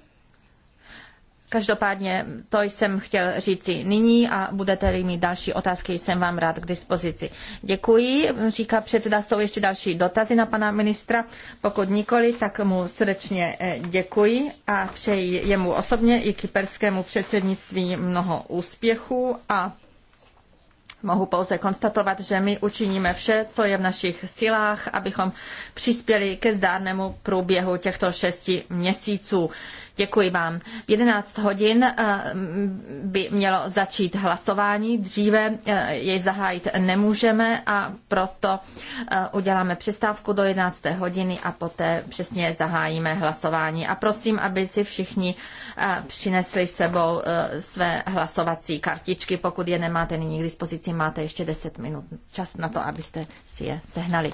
Každopádně to jsem chtěl říci nyní a budete-li mít další otázky, jsem vám rád k dispozici. Děkuji, říká předseda. Jsou ještě další dotazy na pana ministra? Pokud nikoli, tak mu srdečně eh, děkuji a přeji jemu osobně i kyperskému předsednictví mnoho úspěchů a Mohu pouze konstatovat, že my učiníme vše, co je v našich silách, abychom přispěli ke zdárnému průběhu těchto šesti měsíců. Děkuji vám. V 11 hodin eh, by mělo začít hlasování, dříve eh, jej zahájit nemůžeme a proto eh, uděláme přestávku do 11. hodiny a poté přesně zahájíme hlasování. A prosím, aby si všichni přinesli sebou své hlasovací kartičky. Pokud je nemáte nyní k dispozici, máte ještě 10 minut čas na to, abyste si je sehnali.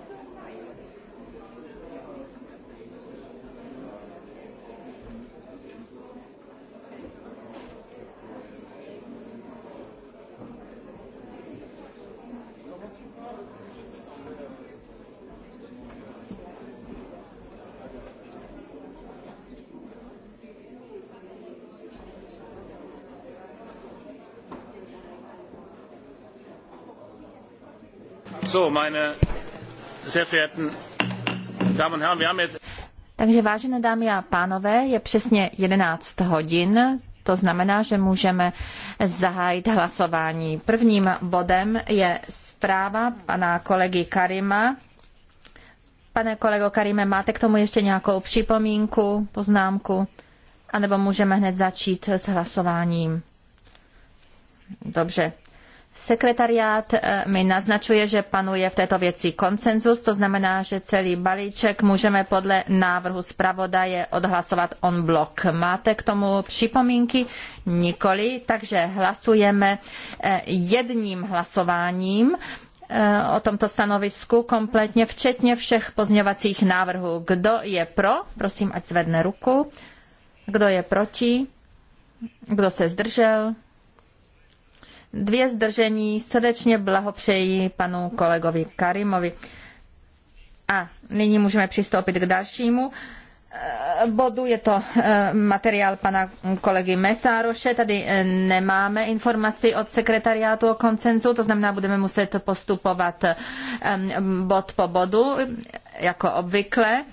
meine sehr verehrten Damen und Herren, wir haben jetzt... Takže vážené dámy a pánové, je přesně 11 hodin, to znamená, že můžeme zahájit hlasování. Prvním bodem je zpráva pana kolegy Karima. Pane kolego Karime, máte k tomu ještě nějakou připomínku, poznámku? A nebo můžeme hned začít s hlasováním? Dobře, Sekretariát eh, mi naznačuje, že panuje v této věci konsenzus, to znamená, že celý balíček můžeme podle návrhu zpravodaje odhlasovat on blok. Máte k tomu připomínky? Nikoli, takže hlasujeme eh, jedním hlasováním eh, o tomto stanovisku kompletně, včetně všech pozměňovacích návrhů. Kdo je pro? Prosím, ať zvedne ruku. Kdo je proti? Kdo se zdržel? dvě zdržení. Srdečně blahopřeji panu kolegovi Karimovi. A nyní můžeme přistoupit k dalšímu eh, bodu je to eh, materiál pana kolegy Mesároše. Tady eh, nemáme informaci od sekretariátu o koncenzu, to znamená, budeme muset postupovat bod po bodu, jako obvykle.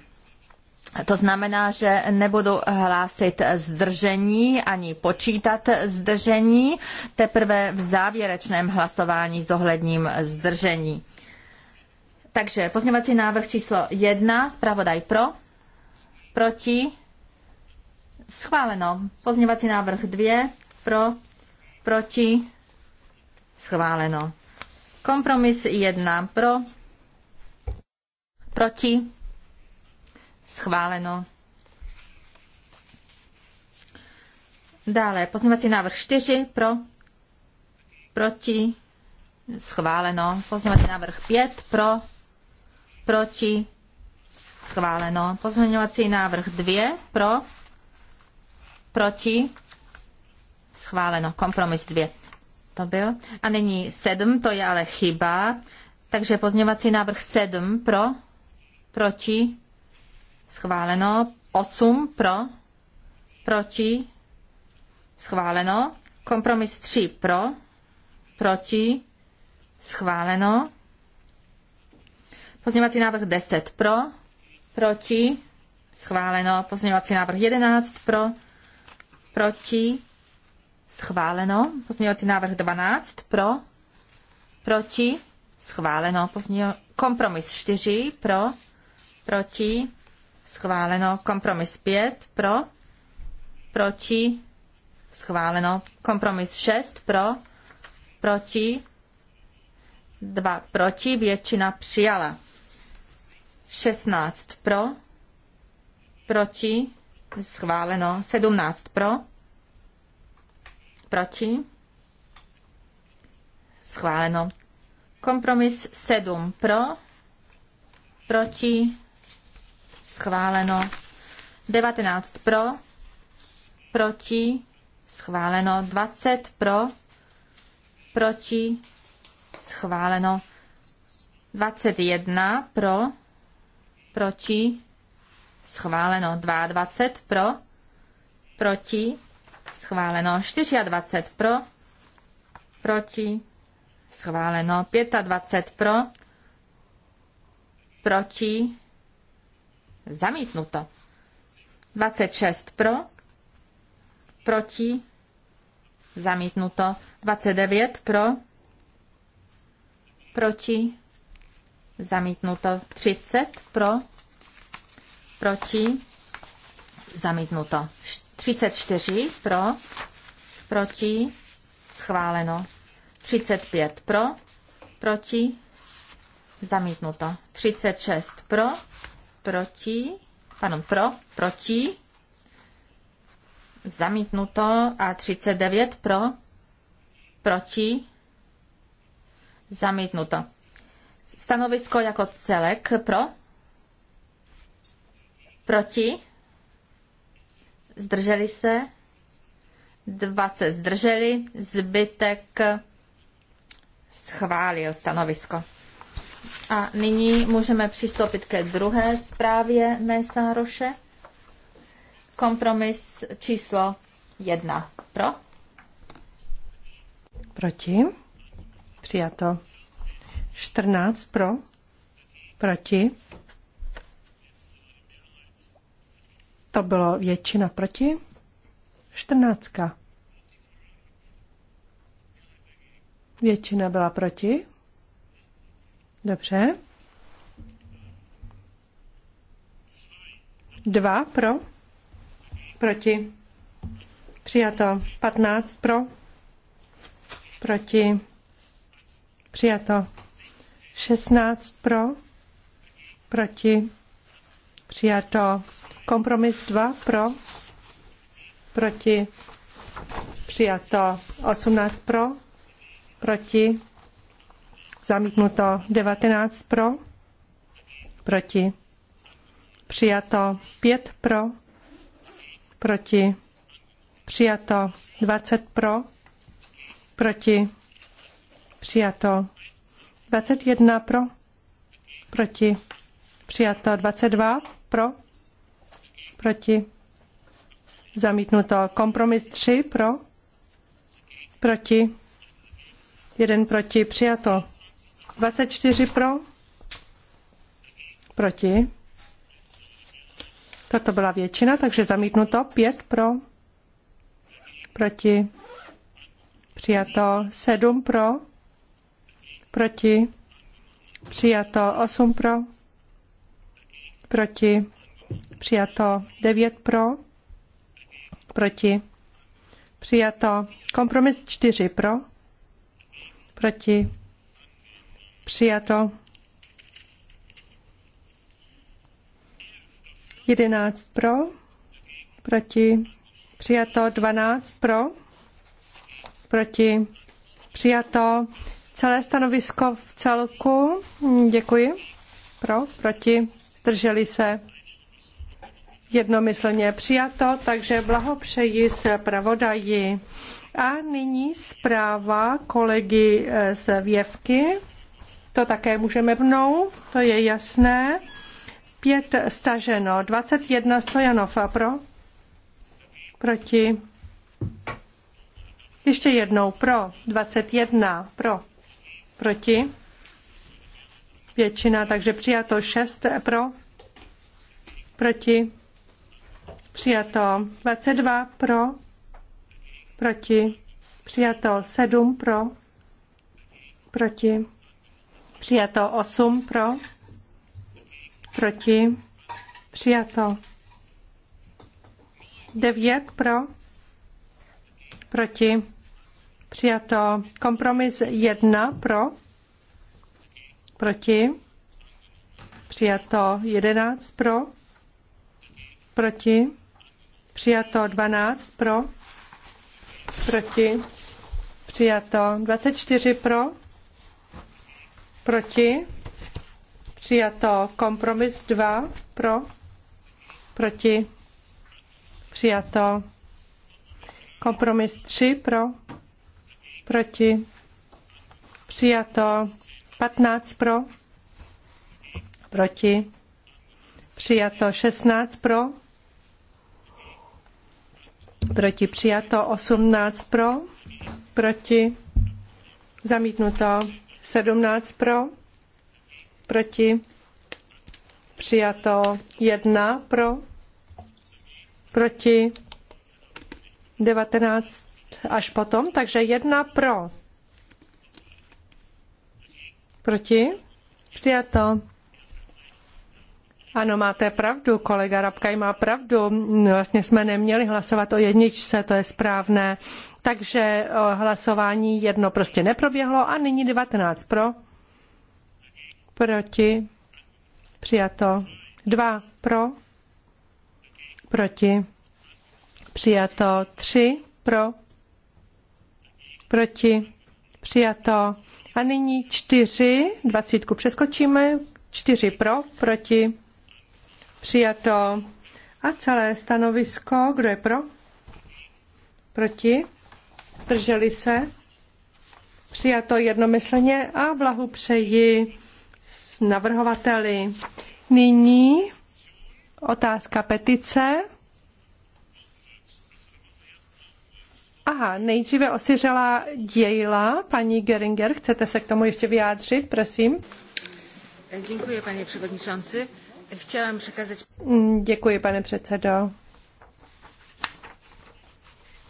To znamená, že nebudu hlásit zdržení ani počítat zdržení, teprve v závěrečném hlasování zohledním zdržení. Takže pozměňovací návrh číslo 1, zpravodaj pro, proti, schváleno. Pozměňovací návrh 2, pro, proti, schváleno. Kompromis 1, pro, proti, Schváleno. Dále pozměňovací návrh 4 pro, proti, schváleno. Pozměňovací návrh 5 pro, proti, schváleno. Pozměňovací návrh 2 pro, proti, schváleno. Kompromis 2 to byl. A nyní 7, to je ale chyba. Takže pozměňovací návrh 7 pro, proti, schváleno, 8 pro, proti, schváleno, kompromis 3 pro, proti, schváleno, pozměňovací návrh 10 pro, proti, schváleno, pozměňovací návrh 11 pro, proti, schváleno, pozměňovací návrh 12 pro, proti, schváleno, pozměňovací kompromis 4 pro, proti, schváleno. Kompromis 5 pro, proti, schváleno. Kompromis 6 pro, proti, 2 proti, většina přijala. 16 pro, proti, schváleno. 17 pro, proti, schváleno. Kompromis 7 pro, proti, schváleno. 19 pro, proti, schváleno. 20 pro, proti, schváleno. 21 pro, proti, schváleno. 22 pro, proti, schváleno. 24 pro, proti, schváleno. 25 pro, proti, Zamítnuto. 26 pro, proti, zamítnuto. 29 pro, proti, zamítnuto. 30 pro, proti, zamítnuto. 34 pro, proti, schváleno. 35 pro, proti, zamítnuto. 36 pro, proti, pardon, pro, proti, zamítnuto a 39 pro, proti, zamítnuto. Stanovisko jako celek pro, proti, zdrželi se, dva se zdrželi, zbytek schválil stanovisko. A nyní můžeme přistoupit ke druhé zprávě Roše. Kompromis číslo jedna. Pro? Proti? Přijato. 14 pro? Proti? To bylo většina proti? 14. Většina byla proti? Dobře. Dva pro. Proti. Přijato. Patnáct pro. Proti. Přijato. Šestnáct pro. Proti. Přijato. Kompromis dva pro. Proti. Přijato. Osmnáct pro. Proti. Zamítnuto 19 pro, proti. Přijato 5 pro, proti. Přijato 20 pro, proti. Přijato 21 pro, proti. Přijato 22 pro, proti. Zamítnuto kompromis 3 pro, proti. Jeden proti přijato. 24 pro, proti. Toto byla většina, takže zamítnuto. 5 pro, proti. Přijato 7 pro, proti. Přijato 8 pro, proti. Přijato 9 pro, proti. Přijato kompromis 4 pro, proti. Přijato. 11 pro, proti, přijato 12 pro, proti, přijato celé stanovisko v celku, děkuji, pro, proti, drželi se jednomyslně přijato, takže blahopřeji se pravodaji. A nyní zpráva kolegy z Věvky to také můžeme vnou, to je jasné. Pět staženo, 21 Stojanov pro, proti. Ještě jednou pro, 21 pro, proti. Většina, takže přijato 6 pro, proti. Přijato 22 pro, proti. Přijato 7 pro, proti. Přijato 8 pro, proti, přijato 9 pro, proti, přijato kompromis 1 pro, proti, přijato 11 pro, proti, přijato 12 pro, proti, přijato 24 pro, Proti? Přijato. Kompromis 2. Pro? Proti? Přijato. Kompromis 3. Pro? Proti? Přijato. 15 pro? Proti? Přijato. 16 pro? Proti přijato 18 pro, proti zamítnuto 17 pro, proti, přijato 1 pro, proti 19 až potom, takže 1 pro, proti, přijato ano, máte pravdu, kolega Rabkaj má pravdu. Vlastně jsme neměli hlasovat o jedničce, to je správné. Takže eh, hlasování jedno prostě neproběhlo a nyní 19 pro. Proti. Přijato. Dva pro. Proti. Přijato. Tři pro. Proti. Přijato. A nyní čtyři. Dvacítku přeskočíme. Čtyři pro. Proti. Přijato. A celé stanovisko, kdo je pro? Proti? Zdrželi se? Přijato jednomyslně a blahu s navrhovateli. Nyní otázka petice. Aha, nejdříve osiřela dějla. Paní Geringer, chcete se k tomu ještě vyjádřit, prosím? Děkuji, paní předsedající. Chtěla překazat... Mm, děkuji, pane předsedo.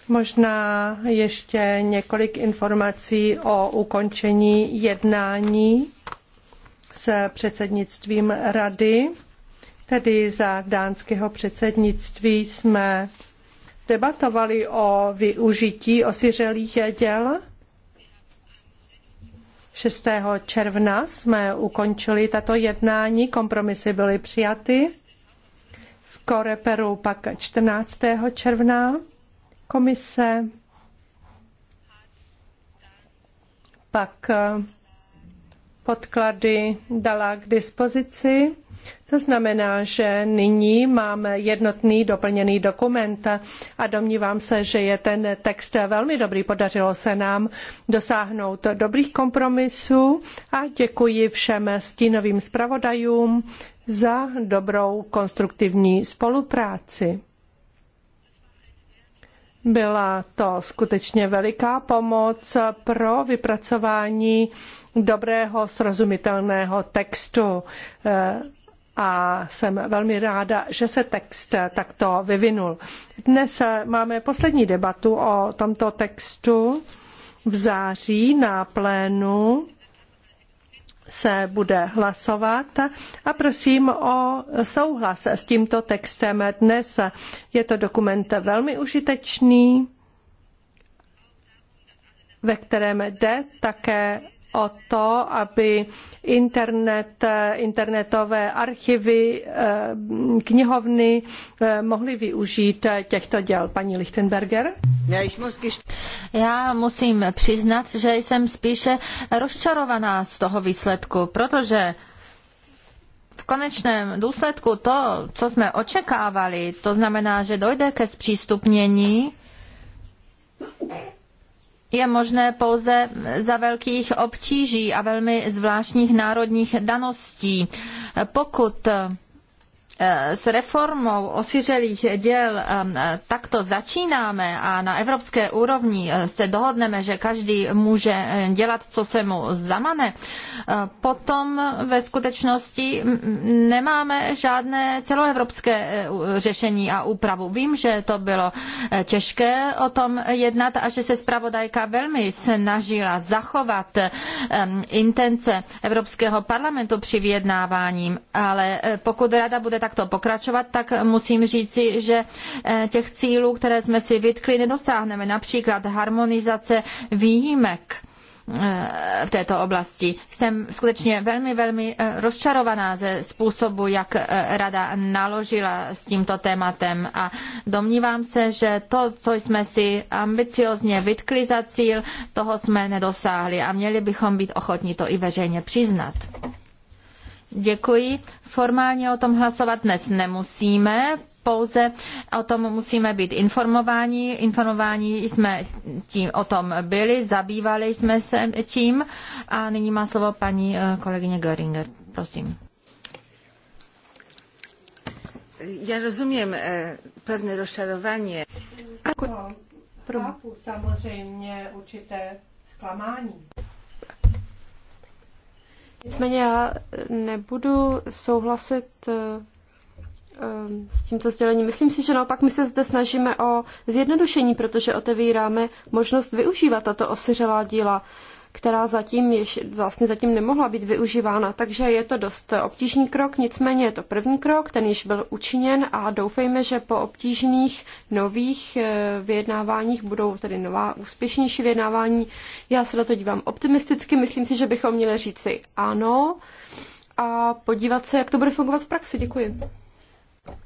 Možná ještě několik informací o ukončení jednání s předsednictvím rady. Tedy za dánského předsednictví jsme debatovali o využití osiřelých děl 6. června jsme ukončili tato jednání, kompromisy byly přijaty. V Koreperu pak 14. června komise pak podklady dala k dispozici. To znamená, že nyní máme jednotný doplněný dokument a domnívám se, že je ten text velmi dobrý. Podařilo se nám dosáhnout dobrých kompromisů a děkuji všem stínovým zpravodajům za dobrou konstruktivní spolupráci. Byla to skutečně veliká pomoc pro vypracování dobrého, srozumitelného textu a jsem velmi ráda, že se text takto vyvinul. Dnes máme poslední debatu o tomto textu. V září na plénu se bude hlasovat a prosím o souhlas s tímto textem dnes. Je to dokument velmi užitečný, ve kterém jde také o to, aby internet, internetové archivy, eh, knihovny eh, mohly využít těchto děl. Paní Lichtenberger? Já musím přiznat, že jsem spíše rozčarovaná z toho výsledku, protože v konečném důsledku to, co jsme očekávali, to znamená, že dojde ke zpřístupnění je možné pouze za velkých obtíží a velmi zvláštních národních daností. Pokud Eh, s reformou osiřelých děl eh, takto začínáme a na evropské úrovni eh, se dohodneme, že každý může dělat, co se mu zamane, potom ve skutečnosti nemáme žádné celoevropské řešení a úpravu. Vím, že to bylo těžké o tom jednat a že se zpravodajka velmi snažila zachovat intence Evropského parlamentu při vyjednávání, ale pokud rada bude tak takto pokračovat, tak musím říci, že eh, těch cílů, které jsme si vytkli, nedosáhneme. Například harmonizace výjimek eh, v této oblasti. Jsem skutečně velmi, velmi eh, rozčarovaná ze způsobu, jak rada naložila s tímto tématem a domnívám se, že to, co jsme si ambiciozně vytkli za cíl, toho jsme nedosáhli a měli bychom být ochotni to i veřejně přiznat. Děkuji. Formálně o tom hlasovat dnes nemusíme, pouze o tom musíme být informováni. Informováni jsme tím, o tom byli, zabývali jsme se tím. A nyní má slovo paní eh, kolegyně Göringer. Prosím. Já rozumím eh, pevné rozčarování. Chápu samozřejmě určité zklamání. Nicméně já nebudu souhlasit eh, eh, s tímto sdělením. Myslím si, že naopak my se zde snažíme o zjednodušení, protože otevíráme možnost využívat tato osiřelá díla která zatím jež, vlastně zatím nemohla být využívána. Takže je to dost obtížný krok, nicméně je to první krok, ten již byl učiněn a doufejme, že po obtížných nových eh, vyjednáváních budou tedy nová úspěšnější vyjednávání. Já se na to dívám optimisticky, myslím si, že bychom měli říci ano a podívat se, jak to bude fungovat v praxi. Děkuji.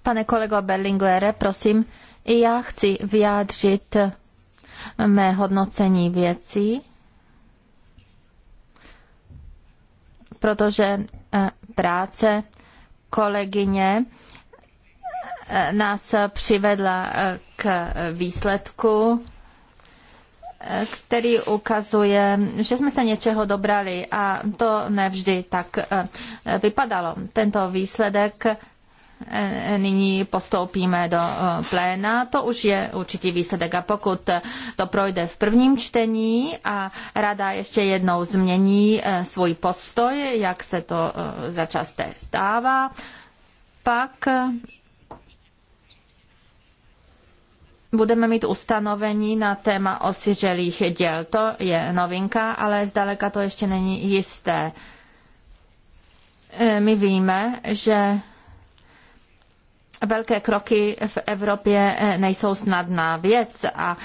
Pane kolego Berlinguere, prosím, já chci vyjádřit mé hodnocení věcí protože eh, práce kolegyně eh, nás přivedla eh, k výsledku, který ukazuje, že jsme se něčeho dobrali a to nevždy tak vypadalo. Tento výsledek Eh, nyní postoupíme do eh, pléna. To už je určitý výsledek. A pokud to projde v prvním čtení a rada ještě jednou změní eh, svůj postoj, jak se to začasté stává, pak budeme mít ustanovení na téma osiřelých děl. To je novinka, ale zdaleka to ještě není jisté. My víme, že velké kroky v Evropě eh, nejsou snadná věc a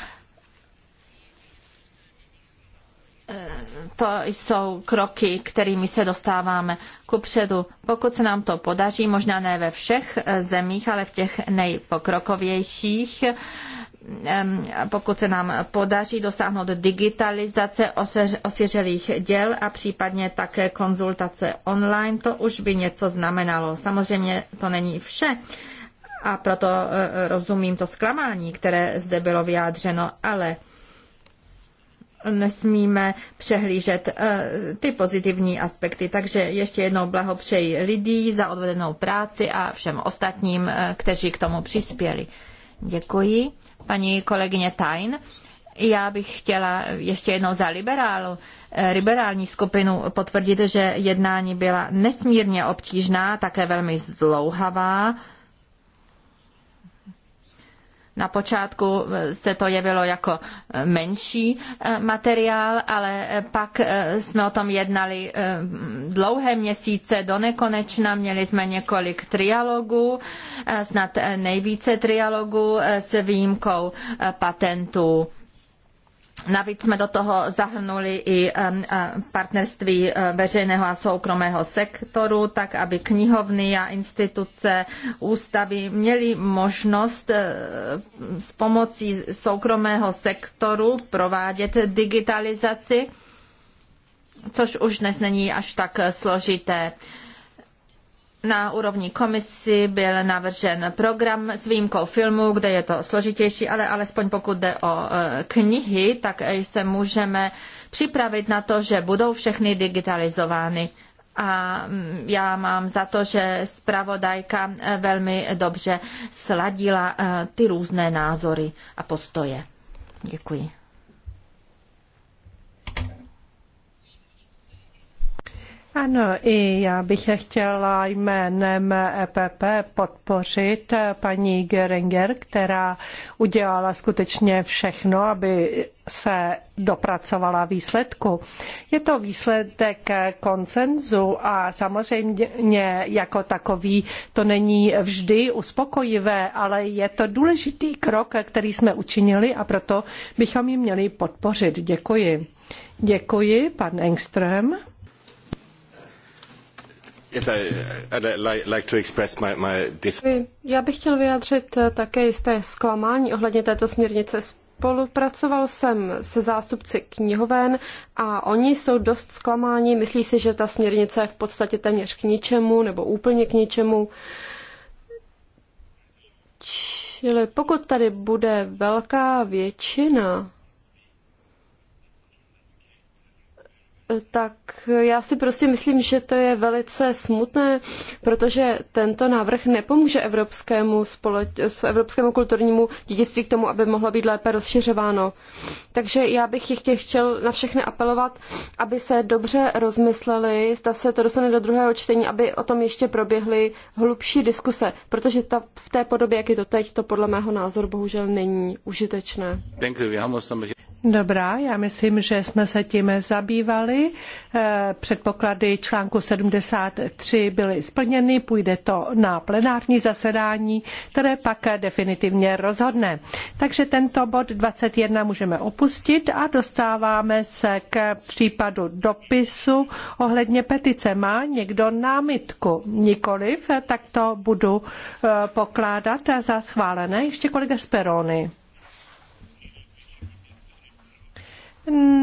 eh, to jsou kroky, kterými se dostáváme kupředu. Pokud se nám to podaří, možná ne ve všech eh, zemích, ale v těch nejpokrokovějších, pokud se nám podaří dosáhnout digitalizace osvěřelých děl a případně také konzultace online, to už by něco znamenalo. Samozřejmě to není vše a proto e, e, rozumím to zklamání, které zde bylo vyjádřeno, ale nesmíme přehlížet e, ty pozitivní aspekty. Takže ještě jednou blahopřeji lidí za odvedenou práci a všem ostatním, kteří k tomu přispěli. Děkuji. Paní kolegyně Tajn, já bych chtěla ještě jednou za liberálu, liberální skupinu potvrdit, že jednání byla nesmírně obtížná, také velmi zdlouhavá na počátku eh, se to jevilo jako eh, menší eh, materiál, ale pak jsme o tom jednali dlouhé měsíce do nekonečna. Měli jsme několik trialogů, snad nejvíce trialogů s výjimkou patentů Navíc jsme do toho zahrnuli i partnerství eh, veřejného a soukromého sektoru, tak aby knihovny a instituce, ústavy měly možnost eh, s pomocí soukromého sektoru provádět digitalizaci, což už dnes není až tak složité na úrovni komisy byl navržen program s výjimkou filmu, kde je to složitější, ale alespoň pokud jde o e, knihy, tak se můžeme připravit na to, že budou všechny digitalizovány. A mm, já mám za to, že zpravodajka e, velmi dobře sladila e, ty různé názory a postoje. Děkuji. Ano, i já bych chtěla jménem EPP podpořit paní Geringer, která udělala skutečně všechno, aby se dopracovala výsledku. Je to výsledek konsenzu a samozřejmě jako takový to není vždy uspokojivé, ale je to důležitý krok, který jsme učinili a proto bychom ji měli podpořit. Děkuji. Děkuji, pan Engström. Já bych chtěl vyjádřit eh, také jisté zklamání ohledně této směrnice. Spolupracoval jsem se zástupci knihoven a oni jsou dost zklamáni. Myslí si, že ta směrnice je v podstatě téměř k ničemu nebo úplně k ničemu. Čili pokud tady bude velká většina tak já si prostě myslím, že to je velice smutné, protože tento návrh nepomůže evropskému, společ, evropskému kulturnímu dědictví k tomu, aby mohlo být lépe rozšiřováno. Takže já bych jich chtěl na všechny apelovat, aby se dobře rozmysleli, zda se to dostane do druhého čtení, aby o tom ještě proběhly hlubší diskuse, protože ta, v té podobě, jak je to teď, to podle mého názoru bohužel není užitečné. Dobrá, já myslím, že jsme se tím zabývali. Eh, předpoklady článku 73 byly splněny, půjde to na plenární zasedání, které pak definitivně rozhodne. Takže tento bod 21 můžeme opustit a dostáváme se k případu dopisu ohledně petice. Má někdo námitku? Nikoliv, tak to budu eh, pokládat za schválené. Ještě kolega Sperony.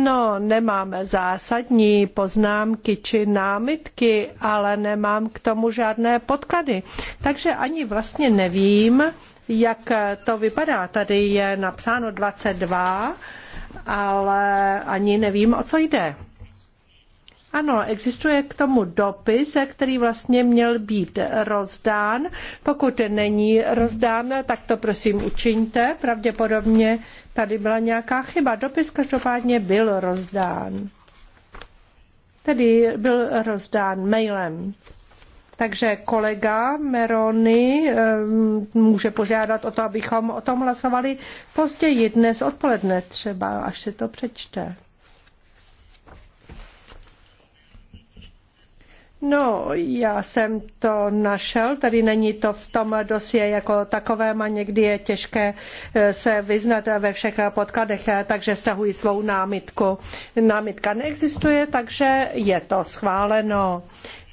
No, nemáme zásadní poznámky či námitky, ale nemám k tomu žádné podklady. Takže ani vlastně nevím, jak to vypadá. Tady je napsáno 22, ale ani nevím, o co jde. Ano, existuje k tomu dopis, který vlastně měl být rozdán. Pokud není rozdán, tak to prosím učiňte. Pravděpodobně tady byla nějaká chyba. Dopis každopádně byl rozdán. Tedy byl rozdán mailem. Takže kolega Merony eh, může požádat o to, abychom o tom hlasovali později dnes odpoledne třeba, až se to přečte. No, já jsem to našel, tady není to v tom dosie jako takovém a někdy je těžké e, se vyznat ve všech podkladech, e, takže stahuji svou námitku. Námitka neexistuje, takže je to schváleno.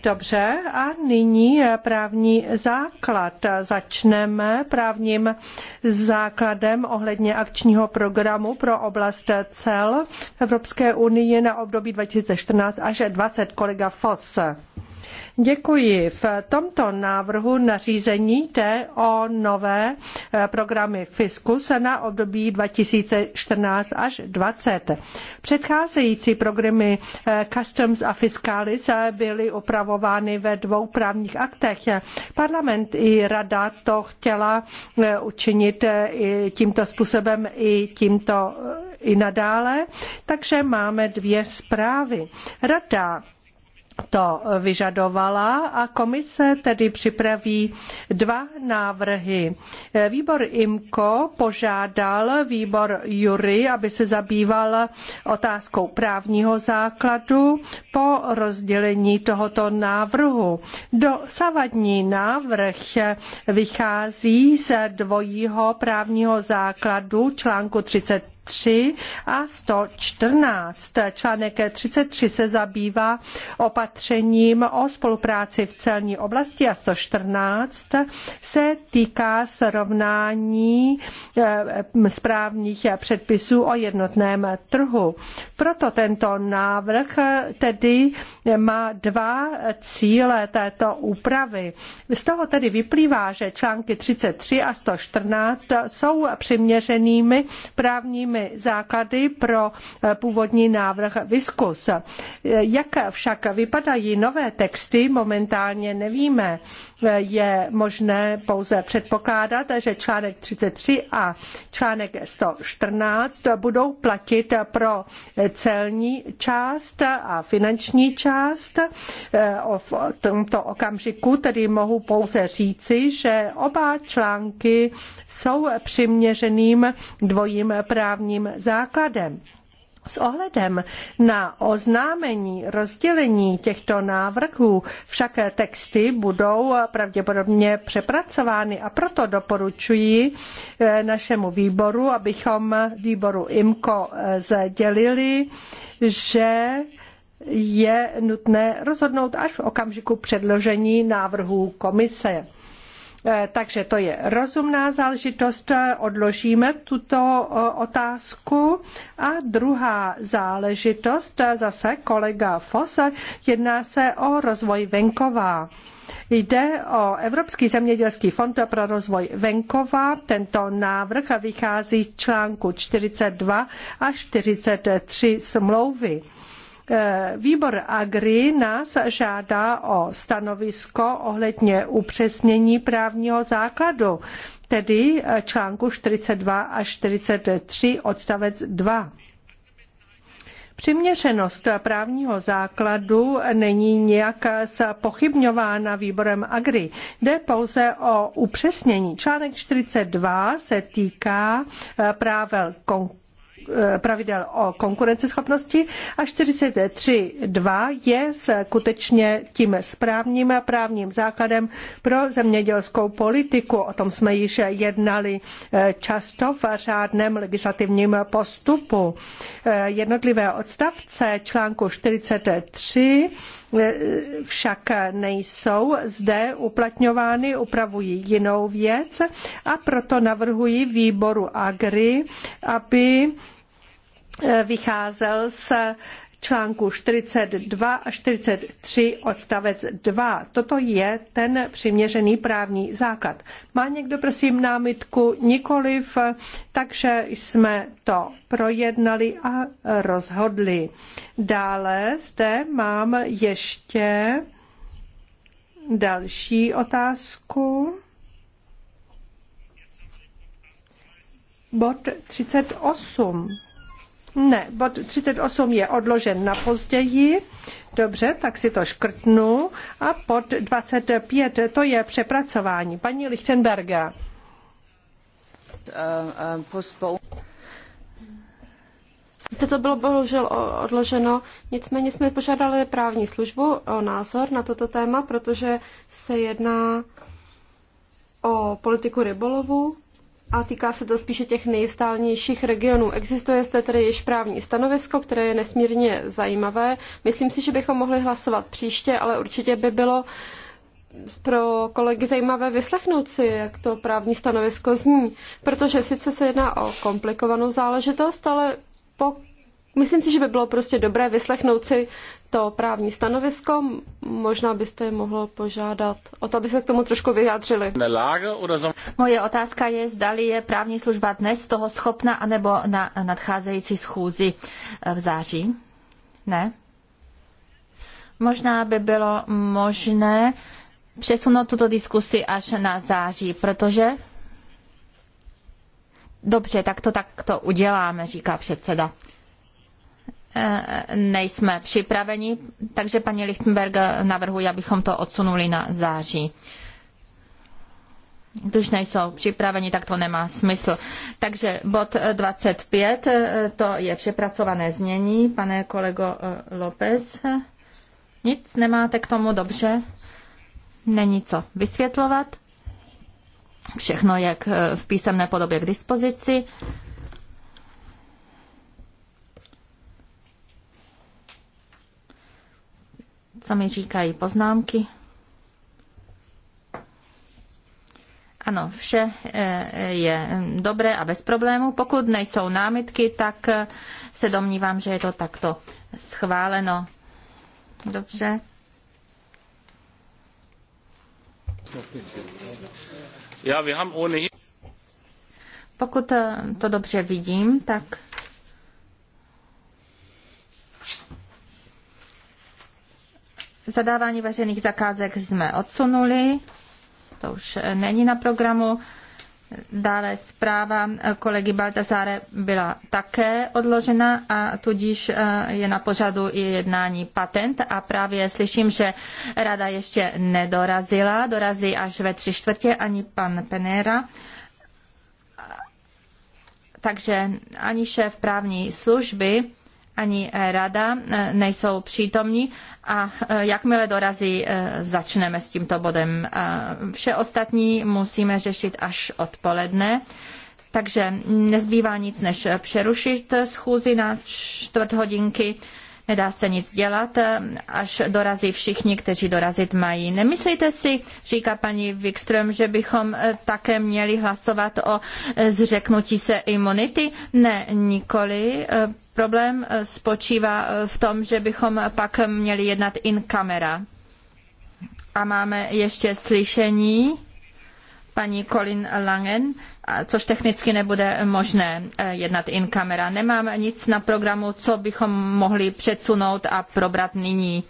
Dobře, a nyní eh, právní základ. Začneme právním základem ohledně akčního programu pro oblast cel Evropské unie na období 2014 až 20 Kolega Foss. Děkuji. V tomto návrhu nařízení jde o nové eh, programy Fiskus na období 2014 až 2020. Předcházející programy eh, Customs a Fiscalis eh, byly upravovány ve dvou právních aktech. Parlament i rada to chtěla učinit tímto způsobem i tímto i nadále, takže máme dvě zprávy. Rada to vyžadovala a komise tedy připraví dva návrhy. Výbor IMCO požádal výbor Jury, aby se zabýval otázkou právního základu po rozdělení tohoto návrhu. Dosavadní návrh vychází ze dvojího právního základu článku 30 3 a 114. Článek 33 se zabývá opatřením o spolupráci v celní oblasti a 114 se týká srovnání eh, správních předpisů o jednotném trhu. Proto tento návrh tedy má dva cíle této úpravy. Z toho tedy vyplývá, že články 33 a 114 jsou přiměřenými právními byly základy pro eh, původní návrh Viskus. Eh, jak však vypadají nové texty, momentálně nevíme. Eh, je možné pouze předpokládat, že článek 33 a článek 114 budou platit pro celní část a finanční část. V tomto okamžiku tedy mohu pouze říci, že oba články jsou přiměřeným dvojím právním právním základem. S ohledem na oznámení rozdělení těchto návrhů však texty budou pravděpodobně přepracovány a proto doporučuji eh, našemu výboru, abychom výboru IMCO eh, sdělili, že je nutné rozhodnout až v okamžiku předložení návrhů komise. Eh, takže to je rozumná záležitost, eh, odložíme tuto eh, otázku. A druhá záležitost, zase kolega Foss, jedná se o rozvoj venkova. Jde o Evropský zemědělský fond pro rozvoj venkova. Tento návrh vychází z článku 42 a 43 smlouvy. Eh, výbor Agri nás žádá o stanovisko ohledně upřesnění právního základu, tedy eh, článku 42 a 43 odstavec 2. Přiměřenost právního základu není nijak pochybňována výborem Agri. Jde pouze o upřesnění. Článek 42 se týká eh, právě. konkurence Eh, pravidel o konkurenceschopnosti a 43.2 je skutečně tím správným právním základem pro zemědělskou politiku. O tom jsme již jednali eh, často v řádném legislativním postupu. Eh, jednotlivé odstavce článku 43 E, však nejsou zde uplatňovány, upravují jinou věc a proto navrhuji výboru Agri, aby e, vycházel z článku 42 a 43 odstavec 2. Toto je ten přiměřený právní základ. Má někdo prosím námitku? Nikoliv, takže jsme to projednali a rozhodli. Dále zde mám ještě další otázku. Bod 38. Ne, bod 38 je odložen na později. Dobře, tak si to škrtnu. A pod 25 to je přepracování. Paní Lichtenberga. Zde to bylo bohužel odloženo, nicméně jsme požádali právní službu o názor na toto téma, protože se jedná o politiku rybolovu a týká se to spíše těch nejvstálnějších regionů. Existuje zde tedy již právní stanovisko, které je nesmírně zajímavé. Myslím si, že bychom mohli hlasovat příště, ale určitě by bylo pro kolegy zajímavé vyslechnout si, jak to právní stanovisko zní, protože sice se jedná o komplikovanou záležitost, ale po... myslím si, že by bylo prostě dobré vyslechnout si to právní stanovisko. Možná byste je mohl požádat o to, aby se k tomu trošku vyjádřili. Moje otázka je, zdali je právní služba dnes toho schopna, anebo na nadcházející schůzi eh, v září. Ne? Možná by bylo možné přesunout tuto diskusi až na září, protože... Dobře, tak to takto uděláme, říká předseda. Eh, nejsme připraveni, takže paní Lichtenberg navrhuje, abychom to odsunuli na září. Když nejsou připraveni, tak to nemá smysl. Takže bod 25, eh, to je přepracované znění. Pane kolego eh, López, nic nemáte k tomu dobře? Není co vysvětlovat? Všechno je v písemné podobě k dispozici. co mi říkají poznámky. Ano, vše eh, je mm, dobré a bez problémů. Pokud nejsou námitky, tak eh, se domnívám, že je to takto schváleno. Dobře. Já vyhám ony. Pokud eh, to dobře vidím, tak Zadávání veřejných zakázek jsme odsunuli, to už není na programu. Dále zpráva kolegy Baltazáre byla také odložena a tudíž eh, je na pořadu i jednání patent a právě slyším, že rada ještě nedorazila, dorazí až ve tři čtvrtě ani pan Penera. Takže ani šéf právní služby ani eh, rada eh, nejsou přítomní a eh, jakmile dorazí, začneme s tímto bodem. Vše ostatní musíme řešit až odpoledne. Takže nezbývá nic, než přerušit schůzi na čtvrt hodinky nedá se nic dělat, až dorazí všichni, kteří dorazit mají. Nemyslíte si, říká paní Wikström, že bychom eh, také měli hlasovat o eh, zřeknutí se imunity? Ne, nikoli. Eh, problém spočívá v tom, že bychom pak měli jednat in camera. A máme ještě slyšení paní Colin Langen, což technicky nebude možné eh, jednat in camera. Nemám nic na programu, co bychom mohli předsunout a probrat nyní.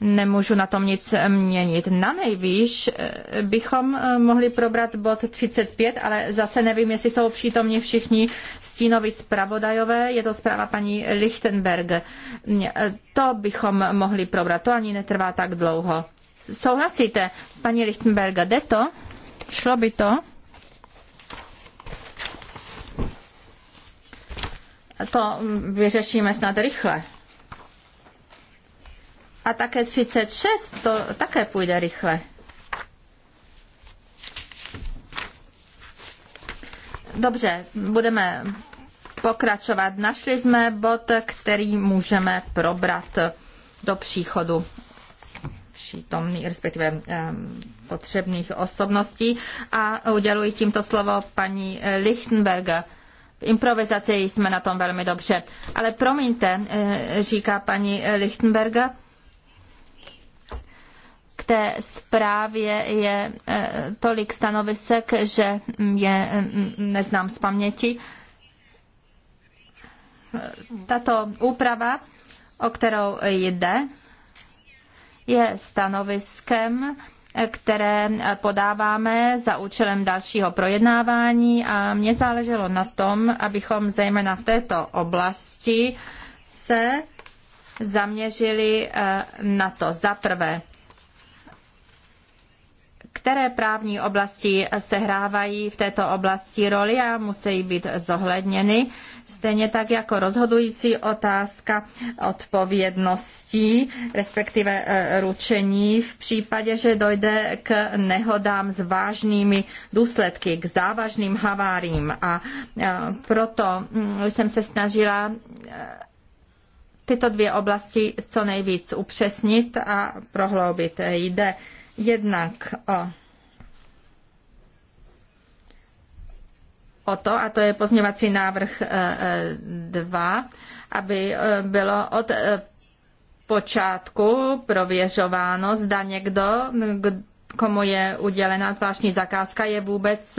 Nemůžu na tom nic eh, měnit. Na nejvýš eh, bychom mohli probrat bod 35, ale zase nevím, jestli jsou přítomni všichni stínovi zpravodajové. Je to zpráva paní Lichtenberg. To bychom mohli probrat, to ani netrvá tak dlouho. Souhlasíte, paní Lichtenberg, jde to? Šlo by to? To vyřešíme snad rychle. A také 36, to také půjde rychle. Dobře, budeme pokračovat. Našli jsme bod, který můžeme probrat do příchodu přítomných, respektive potřebných osobností a uděluji tímto slovo paní eh, Lichtenberger. V improvizaci jsme na tom velmi dobře. Ale promiňte, eh, říká paní eh, Lichtenberger, k té zprávě je tolik stanovisek, že mm, je mm, neznám z paměti. Tato úprava, o kterou jde, je stanoviskem, které podáváme za účelem dalšího projednávání a mně záleželo na tom, abychom zejména v této oblasti se zaměřili eh, na to. Za prvé, které právní oblasti sehrávají v této oblasti roli a musí být zohledněny stejně tak jako rozhodující otázka odpovědnosti respektive e, ručení v případě, že dojde k nehodám s vážnými důsledky, k závažným haváriím. A e, proto mm, jsem se snažila e, tyto dvě oblasti co nejvíc upřesnit a prohloubit. Jde jednak o o to, a to je pozměvací návrh 2, eh, eh, aby eh, bylo od počátku prověřováno, zda někdo, komu je udělena zvláštní zakázka, je vůbec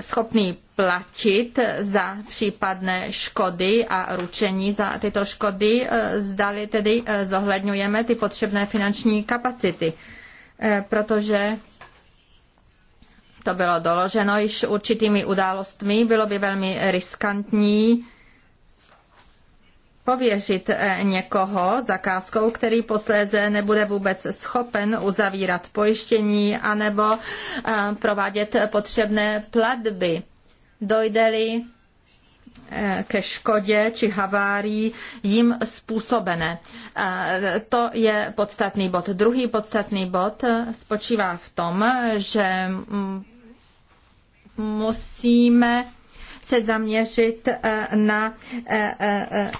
schopný platit za případné škody a ručení za tyto škody, zdali tedy zohledňujeme ty potřebné finanční kapacity. Protože to bylo doloženo již určitými událostmi, bylo by velmi riskantní pověřit eh, někoho zakázkou, který posléze nebude vůbec schopen uzavírat pojištění anebo eh, provádět potřebné platby. Dojde-li eh, ke škodě či havárii jim způsobené. To je podstatný bod. Druhý podstatný bod spočívá v tom, že mm, musíme se zaměřit eh, na eh, eh,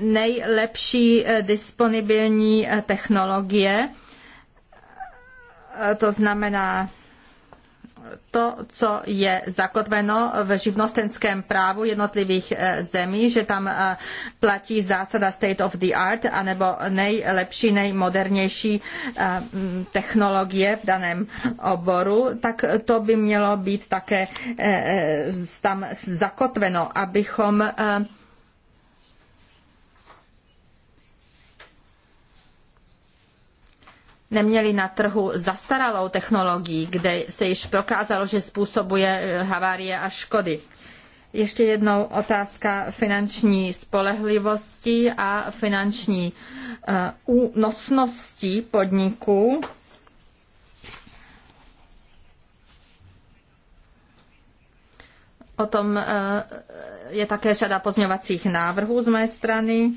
nejlepší disponibilní technologie, to znamená to, co je zakotveno v živnostenském právu jednotlivých eh, zemí, že tam eh, platí zásada state of the art, anebo nejlepší, nejmodernější eh, mm, technologie v daném oboru, tak to by mělo být také tam zakotveno, abychom neměli na trhu zastaralou technologii, kde se již prokázalo, že způsobuje eh, havárie a škody. Ještě jednou otázka finanční spolehlivosti a finanční uh, podniku. O tom eh, je také řada pozměňovacích návrhů z mé strany.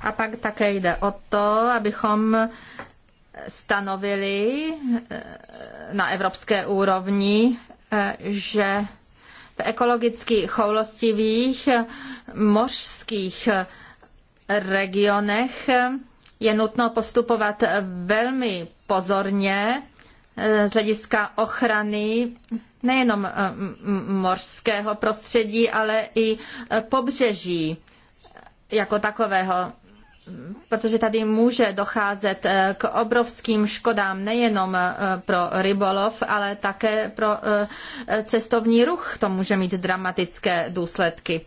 A pak také jde o to, abychom stanovili eh, na evropské úrovni, eh, že v ekologicky choulostivých mořských eh, regionech je nutno postupovat velmi pozorně z hlediska ochrany nejenom mořského prostředí, ale i pobřeží jako takového protože tady může docházet eh, k obrovským škodám nejenom eh, pro rybolov, ale také pro eh, cestovní ruch. To může mít dramatické důsledky.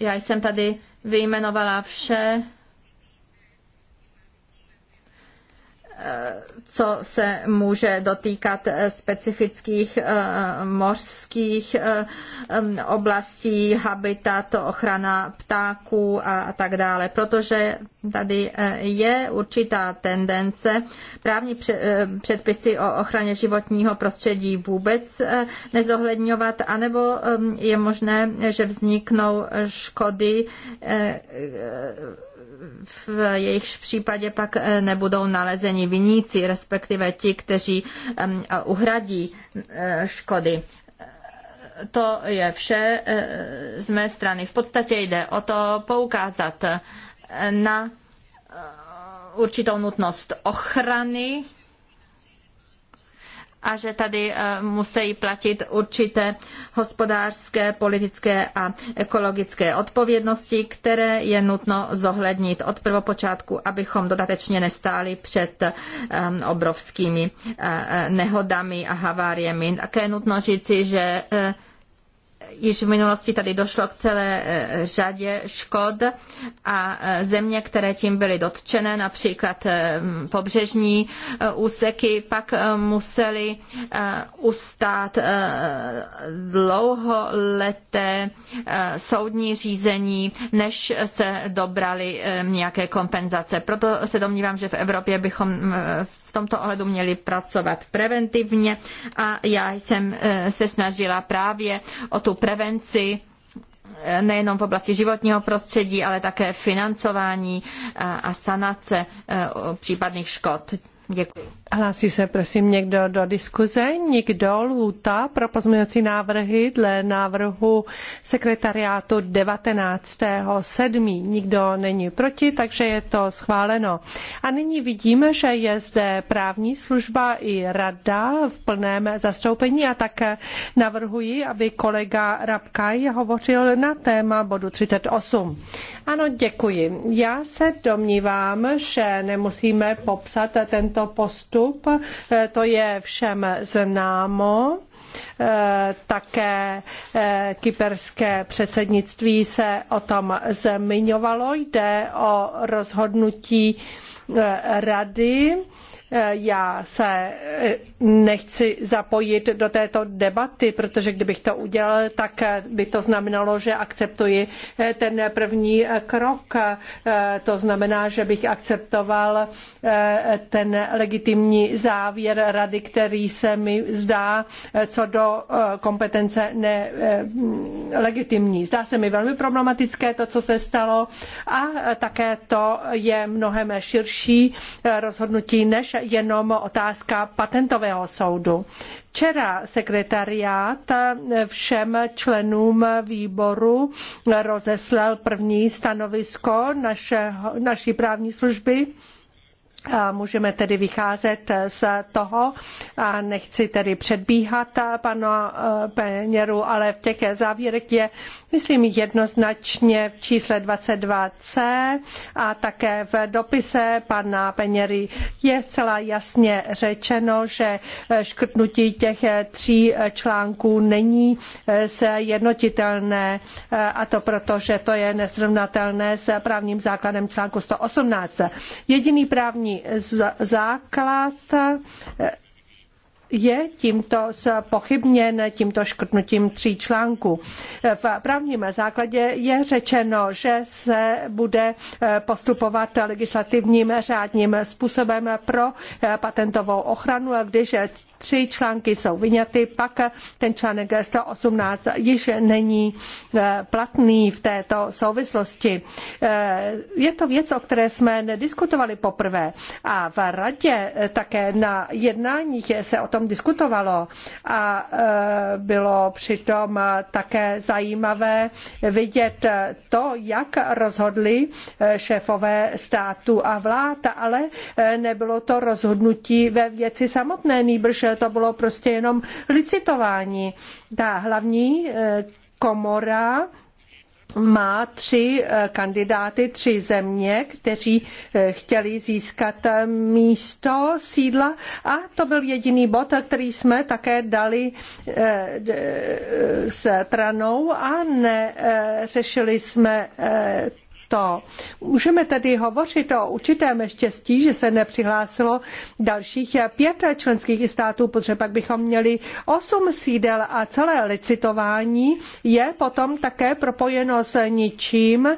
Já jsem tady vyjmenovala vše, co se může dotýkat specifických eh, mořských eh, eh, oblastí, habitat, ochrana ptáků a tak dále, protože tady je určitá tendence právní předpisy o ochraně životního prostředí vůbec nezohledňovat, anebo je možné, že vzniknou škody v jejichž případě pak eh, nebudou nalezeni viníci, respektive ti, kteří uhradí eh, škody. Eh, to je vše z mé strany. V podstatě jde o to poukázat na určitou nutnost ochrany a že tady eh, musí platit určité hospodářské, politické a ekologické odpovědnosti, které je nutno zohlednit od prvopočátku, abychom dodatečně nestáli před eh, obrovskými eh, nehodami a haváriemi. Také je nutno říci, že Již v minulosti tady došlo k celé e, řadě škod a e, země, které tím byly dotčené, například e, pobřežní úseky, pak museli ustát dlouholeté soudní řízení, než se dobrali nějaké kompenzace. Proto se domnívám, že v Evropě bychom v v tomto ohledu měli pracovat preventivně a já jsem eh, se snažila právě o tu prevenci eh, nejenom v oblasti životního prostředí, ale také financování eh, a sanace případných škod. Děkuji. Hlásí se prosím někdo do diskuze? Nikdo? Lhůta pro pozměňovací návrhy dle návrhu sekretariátu 19.7. Nikdo není proti, takže je to schváleno. A nyní vidíme, že je zde právní služba i rada v plném zastoupení a také navrhuji, aby kolega Rabkaj hovořil na téma bodu 38. Ano, děkuji. Já se domnívám, že nemusíme popsat tento postup postup, eh, to je všem známo eh, také eh, kyperské předsednictví se o tom zmiňovalo. Jde o rozhodnutí rady já se eh, nechci zapojit do této debaty, protože kdybych to udělal, tak eh, by to znamenalo, že akceptuji eh, ten první krok. To znamená, že bych akceptoval ten legitimní závěr rady, který se mi zdá co do kompetence nelegitimní. Zdá se mi velmi problematické to, co se stalo a také to je mnohem širší rozhodnutí než jenom otázka patentového soudu. Včera sekretariát všem členům výboru rozeslal první stanovisko naše, naší právní služby můžeme tedy vycházet z toho, a nechci tedy předbíhat pana Peněru, ale v těch závěrech je, myslím, jednoznačně v čísle 22c a také v dopise pana Peněry je celá jasně řečeno, že škrtnutí těch tří článků není jednotitelné a to proto, že to je nesrovnatelné s právním základem článku 118. Jediný právní právní základ je tímto pochybněn tímto škrtnutím tří článků. V právním základě je řečeno, že se bude postupovat legislativním řádním způsobem pro patentovou ochranu, když tři články jsou vyňaty, pak ten článek 118 již není eh, platný v této souvislosti. Eh, je to věc, o které jsme nediskutovali poprvé a v radě eh, také na jednáních se o tom diskutovalo a bylo přitom také zajímavé vidět to, jak rozhodli šéfové států a vlád, ale nebylo to rozhodnutí ve věci samotné, nýbrž to bylo prostě jenom licitování. Ta hlavní eh, komora má tři eh, kandidáty, tři země, kteří eh, chtěli získat místo sídla a to byl jediný bod, který jsme také dali s tranou a neřešili jsme to. Můžeme tedy hovořit o určitém štěstí, že se nepřihlásilo dalších pět členských států, protože pak bychom měli osm sídel a celé licitování je potom také propojeno s ničím,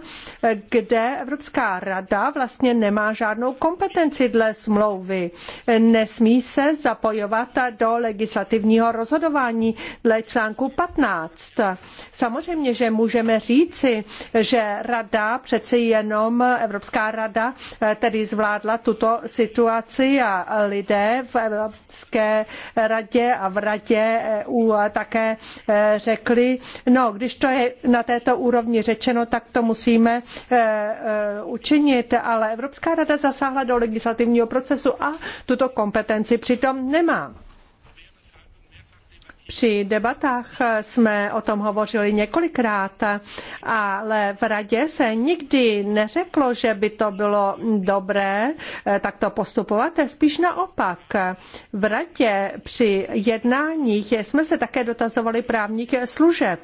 kde Evropská rada vlastně nemá žádnou kompetenci dle smlouvy. Nesmí se zapojovat do legislativního rozhodování dle článku 15. Samozřejmě, že můžeme říci, že rada před Přeci jenom Evropská rada eh, tedy zvládla tuto situaci a lidé v Evropské radě a v radě EU také eh, řekli, no, když to je na této úrovni řečeno, tak to musíme eh, učinit, ale Evropská rada zasáhla do legislativního procesu a tuto kompetenci přitom nemá. Při debatách jsme o tom hovořili několikrát, ale v radě se nikdy neřeklo, že by to bylo dobré eh, takto postupovat, spíš naopak. V radě při jednáních jsme se také dotazovali právních služeb.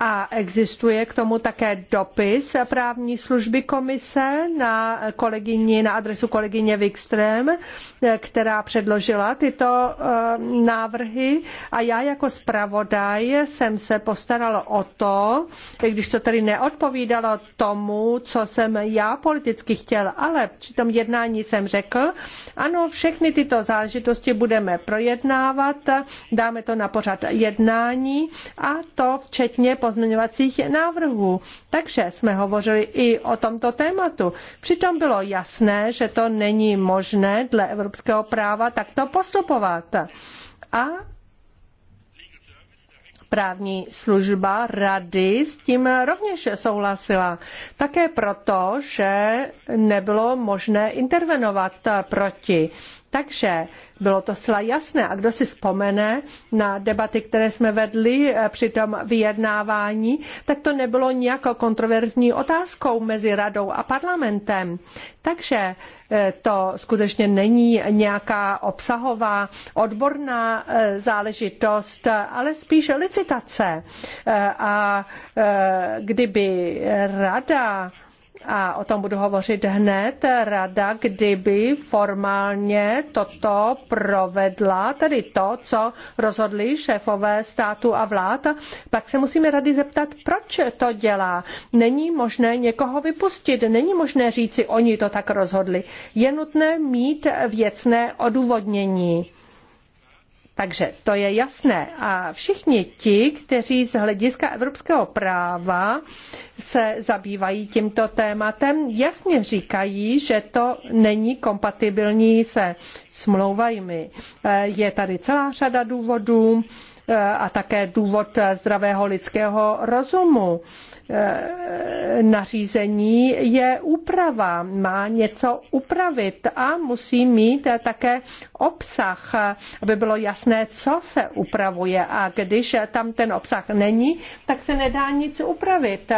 A existuje k tomu také dopis právní služby komise na, kolegyni, na adresu kolegyně Wikström, která předložila tyto eh, návrhy. A já jako zpravodaj jsem se postarala o to, když to tedy neodpovídalo tomu, co jsem já politicky chtěl, ale při tom jednání jsem řekl, ano, všechny tyto záležitosti budeme projednávat, dáme to na pořad jednání a to včetně pozměňovacích návrhů. Takže jsme hovořili i o tomto tématu. Přitom bylo jasné, že to není možné dle evropského práva takto postupovat. A Právní služba rady s tím rovněž souhlasila. Také proto, že nebylo možné intervenovat proti. Takže bylo to zcela jasné. A kdo si vzpomene na debaty, které jsme vedli eh, při tom vyjednávání, tak to nebylo nějakou kontroverzní otázkou mezi radou a parlamentem. Takže eh, to skutečně není nějaká obsahová odborná eh, záležitost, ale spíše licitace. A kdyby rada a o tom budu hovořit hned, rada, kdyby formálně toto provedla, tedy to, co rozhodli šéfové státu a vlád, pak se musíme rady zeptat, proč to dělá. Není možné někoho vypustit, není možné říci, oni to tak rozhodli. Je nutné mít věcné odůvodnění. Takže to je jasné. A všichni ti, kteří z hlediska evropského práva se zabývají tímto tématem, jasně říkají, že to není kompatibilní se smlouvajmi. Eh, je tady celá řada důvodů a také důvod zdravého lidského rozumu. Nařízení je úprava, má něco upravit a musí mít také obsah, aby bylo jasné, co se upravuje. A když tam ten obsah není, tak se nedá nic upravit.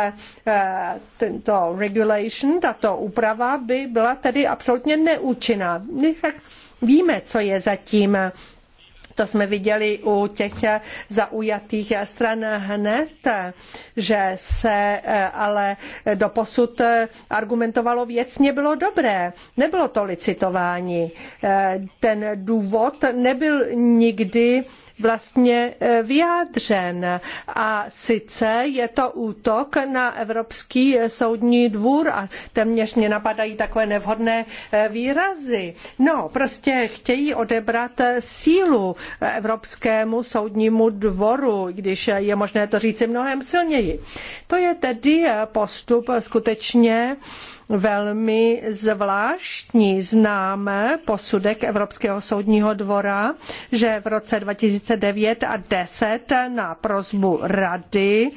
Tento regulation, tato úprava by byla tedy absolutně neúčinná. My tak víme, co je zatím to jsme viděli u těch zaujatých stran hned, že se eh, ale doposud argumentovalo věcně bylo dobré. Nebylo to licitování. Eh, ten důvod nebyl nikdy vlastně eh, vyjádřen. A sice je to útok na Evropský eh, soudní dvůr a téměř mě napadají takové nevhodné eh, výrazy. No, prostě chtějí odebrat sílu Evropskému soudnímu dvoru, když je možné to říci mnohem silněji. To je tedy postup skutečně velmi zvláštní. Známe posudek Evropského soudního dvora, že v roce 2009 a 10 na prozbu rady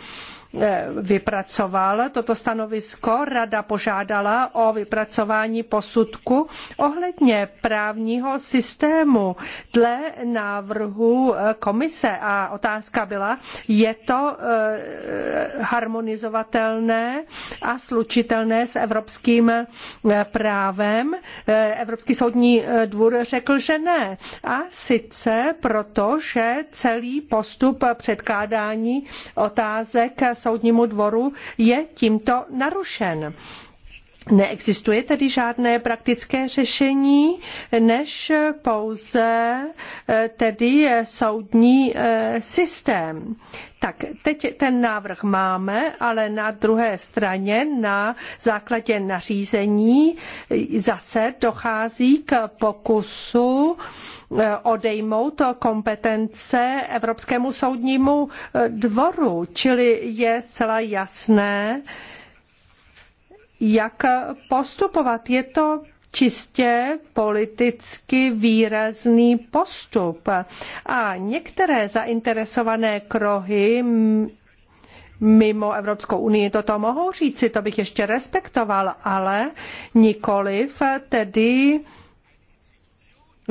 Eh, vypracoval toto stanovisko. Rada požádala o vypracování posudku ohledně právního systému dle návrhu eh, komise a otázka byla, je to eh, harmonizovatelné a slučitelné s evropským právem. Evropský soudní dvůr řekl, že ne. A sice proto, že celý postup předkládání otázek soudnímu dvoru je tímto narušen. Neexistuje tedy žádné praktické řešení, než pouze eh, tedy eh, soudní eh, systém. Tak, teď ten návrh máme, ale na druhé straně na základě nařízení zase dochází k pokusu odejmout kompetence Evropskému soudnímu dvoru, čili je zcela jasné, jak postupovat. Je to čistě politicky výrazný postup. A některé zainteresované krohy mimo Evropskou unii toto mohou říci, to bych ještě respektoval, ale nikoliv tedy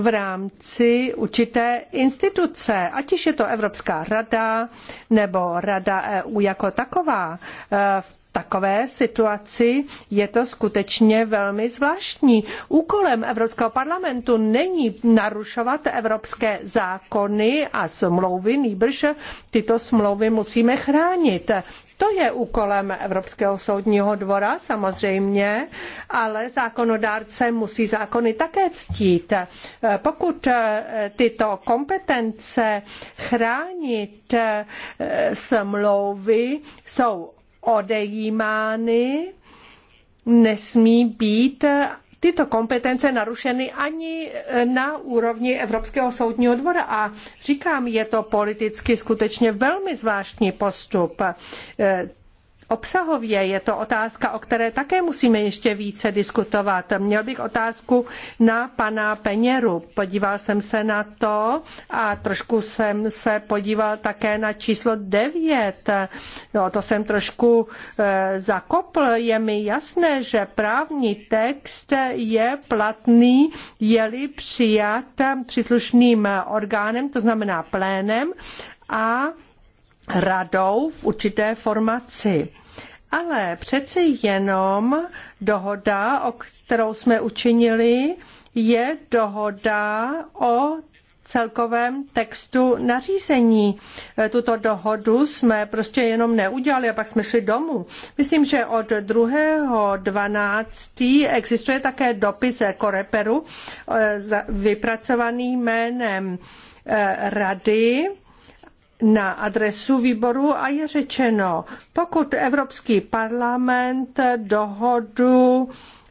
v rámci určité instituce, ať již je to Evropská rada nebo Rada EU jako taková. E, v takové situaci je to skutečně velmi zvláštní. Úkolem Evropského parlamentu není narušovat evropské zákony a smlouvy, nýbrž tyto smlouvy musíme chránit. To je úkolem Evropského soudního dvora samozřejmě, ale zákonodárce musí zákony také ctít. Pokud eh, tyto kompetence chránit eh, smlouvy jsou odejímány, nesmí být tyto kompetence narušeny ani eh, na úrovni Evropského soudního dvora. A říkám, je to politicky skutečně velmi zvláštní postup. Eh, Obsahově je to otázka, o které také musíme ještě více diskutovat. Měl bych otázku na pana Peněru. Podíval jsem se na to a trošku jsem se podíval také na číslo 9. No, to jsem trošku e, zakopl. Je mi jasné, že právní text je platný, je-li přijat příslušným orgánem, to znamená plénem a radou v určité formaci ale přeci jenom dohoda, o kterou jsme učinili, je dohoda o celkovém textu nařízení. E, tuto dohodu jsme prostě jenom neudělali a pak jsme šli domů. Myslím, že od 2.12. existuje také dopis Koreperu e, vypracovaný jménem e, Rady na adresu výboru a je řečeno, pokud Evropský parlament dohodu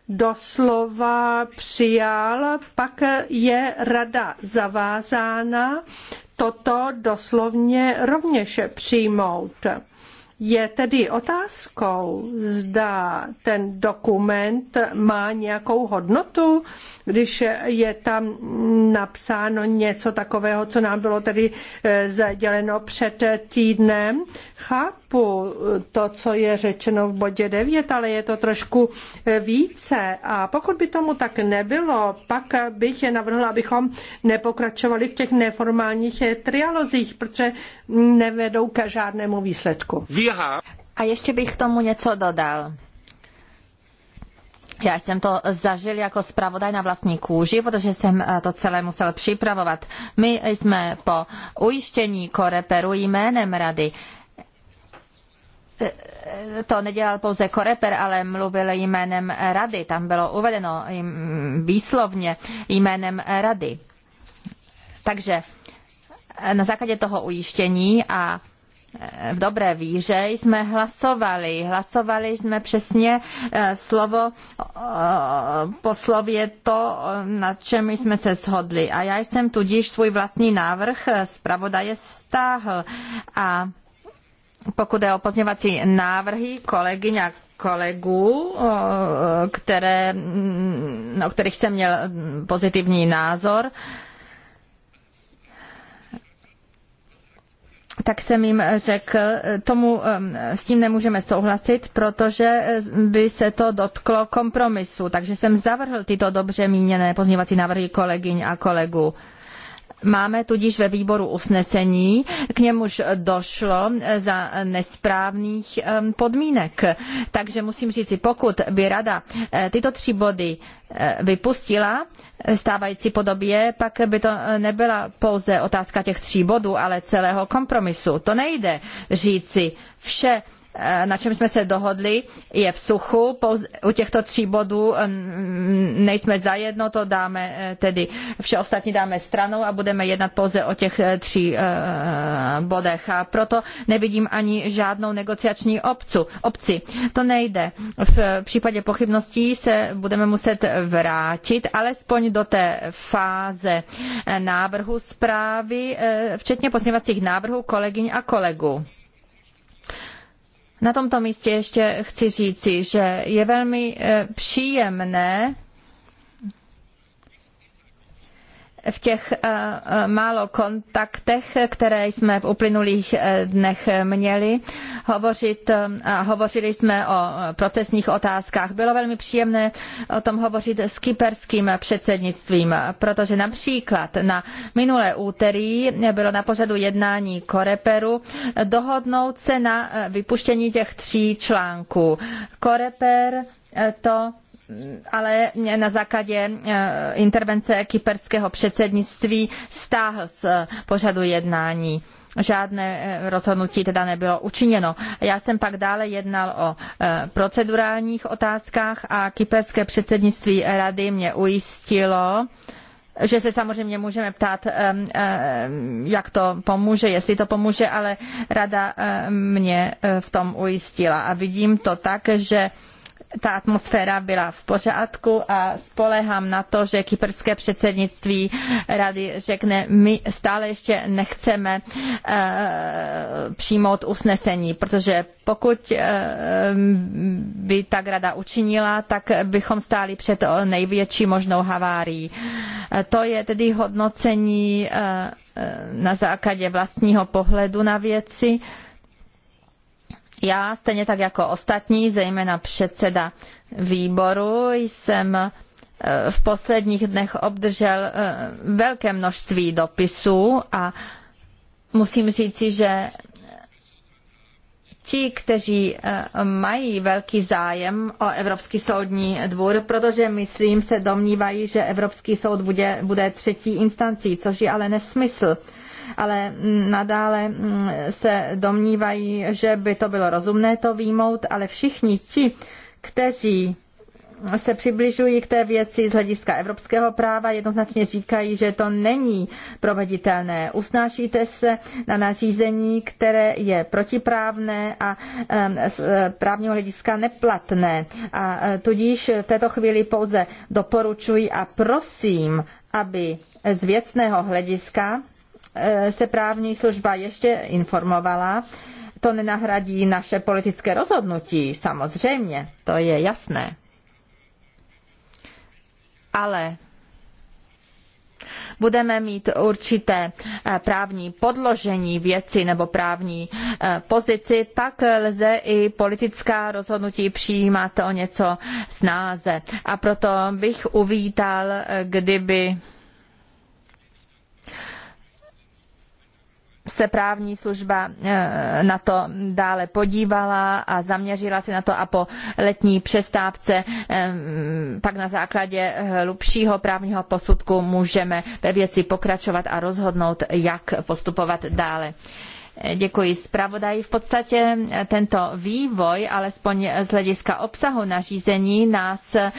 doslova přijal, pak je rada zavázána toto doslovně rovněž přijmout. Je tedy otázkou, zda ten dokument má nějakou hodnotu, když je tam napsáno něco takového, co nám bylo tedy eh, sděleno před týdnem. Chápu, chápu to, co je řečeno v bodě 9, ale je to trošku eh, více. A pokud by tomu tak nebylo, pak bych je navrhla, abychom nepokračovali v těch neformálních eh, trialozích, protože nevedou k žádnému výsledku. A ještě bych tomu něco dodal. Já jsem to zažil jako zpravodaj na vlastní kůži, protože jsem eh, to celé musel připravovat. My jsme po ujištění Koreperu jménem rady to nedělal pouze Koreper, ale mluvil jménem rady. Tam bylo uvedeno výslovně jménem rady. Takže na základě toho ujištění a e, v dobré víře jsme hlasovali. Hlasovali jsme přesně e, slovo po slově to, na čem jsme se shodli. A já jsem tudíž svůj vlastní návrh e, zpravodaje stáhl. A pokud je o pozměňovací návrhy kolegyň a kolegů, které, mm, o kterých jsem měl pozitivní názor, tak jsem jim řekl, tomu s tím nemůžeme souhlasit, protože by se to dotklo kompromisu. Takže jsem zavrhl tyto dobře míněné pozměňovací návrhy kolegyň a kolegů. Máme tudíž ve výboru usnesení, k němuž došlo za nesprávných podmínek. Takže musím říci, pokud by rada eh, tyto tři body eh, vypustila stávající podobě, pak by to eh, nebyla pouze otázka těch tří bodů, ale celého kompromisu. To nejde říci vše Eh, na čem jsme se dohodli, je v suchu. U těchto tří bodů mm, nejsme zajedno, to dáme eh, tedy, vše ostatní dáme stranou a budeme jednat pouze o těch eh, tří bodech. A proto nevidím ani žádnou negociační obcu, obci. To nejde. V případě pochybností se budeme muset vrátit alespoň do té fáze návrhu zprávy, včetně pozměvacích návrhů kolegyň a kolegů. Na tomto místě ještě chci říci, že je velmi eh, příjemné v těch eh, eh, málo kontaktech, které jsme v uplynulých eh, dnech měli, hovořit, hovořili jsme o procesních otázkách. Bylo velmi příjemné o tom hovořit s kyperským předsednictvím, protože například na minulé úterý bylo na pořadu jednání Koreperu dohodnout se na vypuštění těch tří článků. Koreper to ale na základě eh, intervence kyperského předsednictví stáhl z eh, pořadu jednání. Žádné eh, rozhodnutí teda nebylo učiněno. Já jsem pak dále jednal o procedurálních otázkách a kyperské předsednictví rady mě ujistilo, že se samozřejmě můžeme ptát, jak to pomůže, jestli to pomůže, ale rada mě v tom ujistila. A vidím to tak, že ta atmosféra byla v pořádku a spolehám na to, že kyperské předsednictví rady řekne, my stále ještě nechceme eh, přijmout usnesení, protože pokud eh, by tak rada učinila, tak bychom stáli před největší možnou havárií. Eh, to je tedy hodnocení na základě vlastního pohledu na věci. Já, stejně tak jako ostatní, zejména předseda výboru, jsem e, v posledních dnech obdržel e, velké množství dopisů a musím říci, že ti, kteří e, mají velký zájem o Evropský soudní dvůr, protože myslím se domnívají, že Evropský soud bude, bude třetí instancí, což je ale nesmysl ale nadále mm, se domnívají, že by to bylo rozumné to výmout, ale všichni ti, kteří se přibližují k té věci z hlediska evropského práva, jednoznačně říkají, že to není proveditelné. Usnášíte se na nařízení, které je protiprávné a z e, právního hlediska neplatné. A e, tudíž v této chvíli pouze doporučuji a prosím, aby z věcného hlediska Eh, se právní služba ještě informovala, to nenahradí naše politické rozhodnutí, samozřejmě, to je jasné. Ale budeme mít určité eh, právní podložení věci nebo právní eh, pozici, pak lze i politická rozhodnutí přijímat o něco snáze. A proto bych uvítal, kdyby se právní služba eh, na to dále podívala a zaměřila se na to a po letní přestávce eh, pak na základě hlubšího právního posudku můžeme ve věci pokračovat a rozhodnout, jak postupovat dále. Děkuji zpravodaji. V podstatě tento vývoj, alespoň z hlediska obsahu nařízení, nás eh,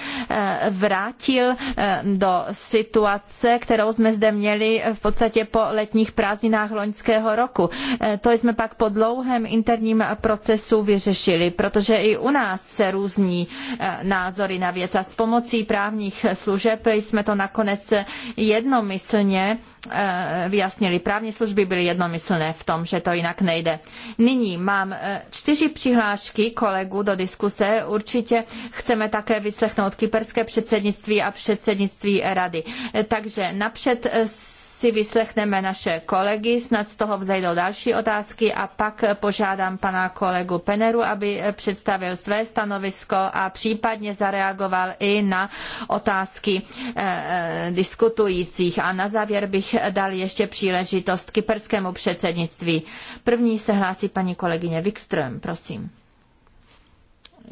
vrátil eh, do situace, kterou jsme zde měli v podstatě po letních prázdninách loňského roku. Eh, to jsme pak po dlouhém interním procesu vyřešili, protože i u nás se různí názory na věc a s pomocí právních služeb jsme to nakonec jednomyslně vyjasnili. Právní služby byly jednomyslné v tom, že to to jinak nejde. Nyní mám eh, čtyři přihlášky kolegů do diskuse. Určitě chceme také vyslechnout kyperské předsednictví a předsednictví rady. Eh, takže napřed s eh, si vyslechneme naše kolegy, snad z toho vzejdou další otázky a pak požádám pana kolegu Peneru, aby představil své stanovisko a případně zareagoval i na otázky eh, eh, diskutujících. A na závěr bych dal ještě příležitost kyperskému předsednictví. První se hlásí paní kolegyně Wikström, prosím.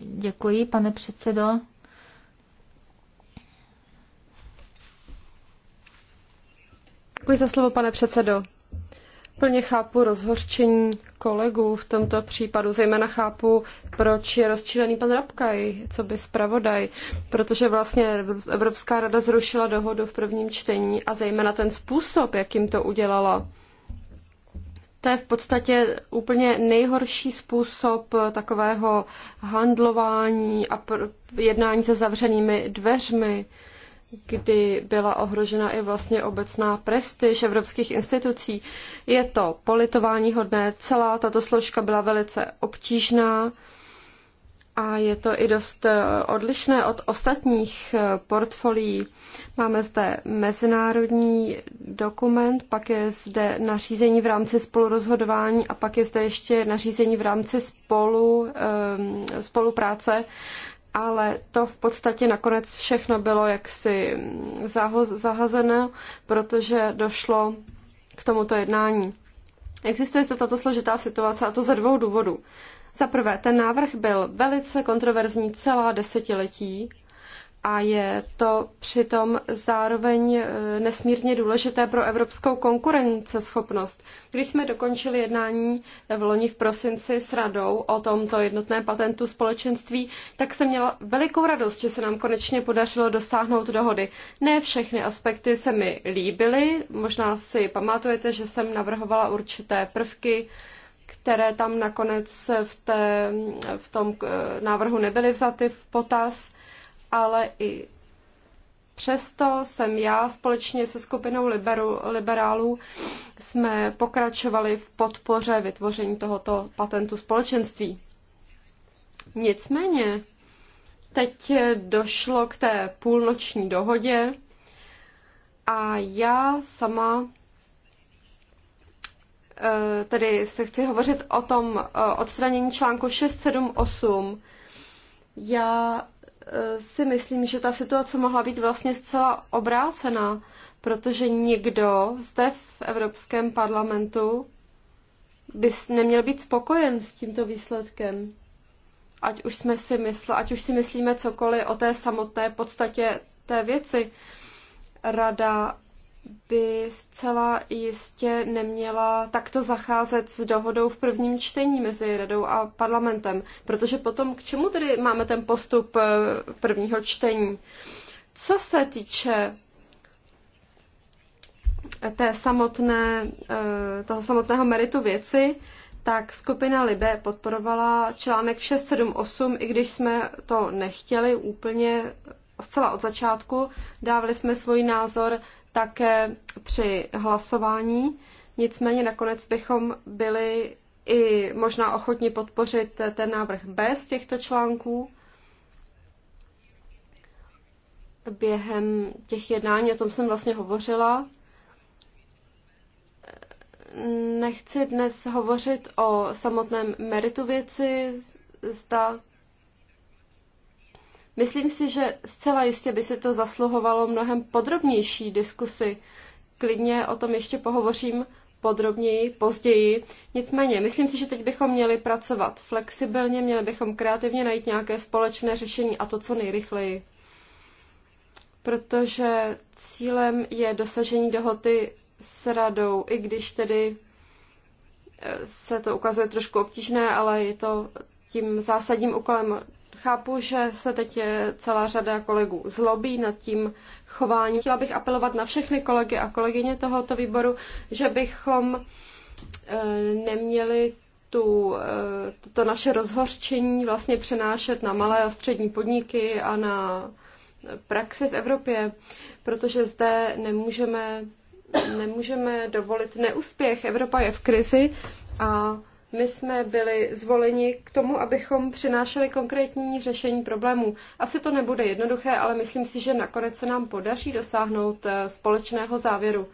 Děkuji, pane předsedo. Děkuji za slovo, pane předsedo. Plně chápu rozhorčení kolegů v tomto případu, zejména chápu, proč je rozčilený pan Rabkaj, co by zpravodaj, protože vlastně Evropská rada zrušila dohodu v prvním čtení a zejména ten způsob, jakým to udělala. To je v podstatě úplně nejhorší způsob takového handlování a jednání se zavřenými dveřmi kdy byla ohrožena i vlastně obecná prestiž evropských institucí. Je to politování hodné, celá tato složka byla velice obtížná a je to i dost eh, odlišné od ostatních eh, portfolií. Máme zde mezinárodní dokument, pak je zde nařízení v rámci spolurozhodování a pak je zde ještě nařízení v rámci spolu, ehm, spolupráce ale to v podstatě nakonec všechno bylo jaksi zahazeno, protože došlo k tomuto jednání. Existuje zde tato složitá situace a to ze dvou důvodů. Za prvé, ten návrh byl velice kontroverzní celá desetiletí a je to přitom zároveň e, nesmírně důležité pro evropskou konkurenceschopnost. Když jsme dokončili jednání v loni v prosinci s radou o tomto jednotném patentu společenství, tak jsem měla velikou radost, že se nám konečně podařilo dosáhnout dohody. Ne všechny aspekty se mi líbily, možná si pamatujete, že jsem navrhovala určité prvky, které tam nakonec v, té, v tom e, návrhu nebyly vzaty v potaz ale i Přesto jsem já společně se skupinou liberu, liberálů jsme pokračovali v podpoře vytvoření tohoto patentu společenství. Nicméně teď došlo k té půlnoční dohodě a já sama eh, tedy se chci hovořit o tom eh, odstranění článku 678. Já Eh, si myslím, že ta situace mohla být vlastně zcela obrácená, protože nikdo zde v Evropském parlamentu by neměl být spokojen s tímto výsledkem. Ať už, jsme si mysle, ať už si myslíme cokoliv o té samotné podstatě té věci. Rada by zcela jistě neměla takto zacházet s dohodou v prvním čtení mezi radou a parlamentem, protože potom k čemu tedy máme ten postup eh, prvního čtení? Co se týče eh, té samotné, eh, toho samotného meritu věci, tak skupina Libe podporovala článek 678, i když jsme to nechtěli úplně zcela od začátku, dávali jsme svůj názor také při hlasování. Nicméně nakonec bychom byli i možná ochotni podpořit ten návrh bez těchto článků. Během těch jednání, o tom jsem vlastně hovořila, nechci dnes hovořit o samotném meritu věci, zda Myslím si, že zcela jistě by se to zasluhovalo mnohem podrobnější diskusy. Klidně o tom ještě pohovořím podrobněji později. Nicméně, myslím si, že teď bychom měli pracovat flexibilně, měli bychom kreativně najít nějaké společné řešení a to co nejrychleji. Protože cílem je dosažení dohody s radou, i když tedy e, se to ukazuje trošku obtížné, ale je to tím zásadním úkolem Chápu, že se teď celá řada kolegů zlobí nad tím chováním. Chtěla bych apelovat na všechny kolegy a kolegyně tohoto výboru, že bychom e, neměli tu, e, to naše rozhořčení vlastně přenášet na malé a střední podniky a na praxi v Evropě, protože zde nemůžeme, nemůžeme dovolit neúspěch. Evropa je v krizi a my jsme byli zvoleni k tomu, abychom přinášeli konkrétní řešení problémů. Asi to nebude jednoduché, ale myslím si, že nakonec se nám podaří dosáhnout eh, společného závěru,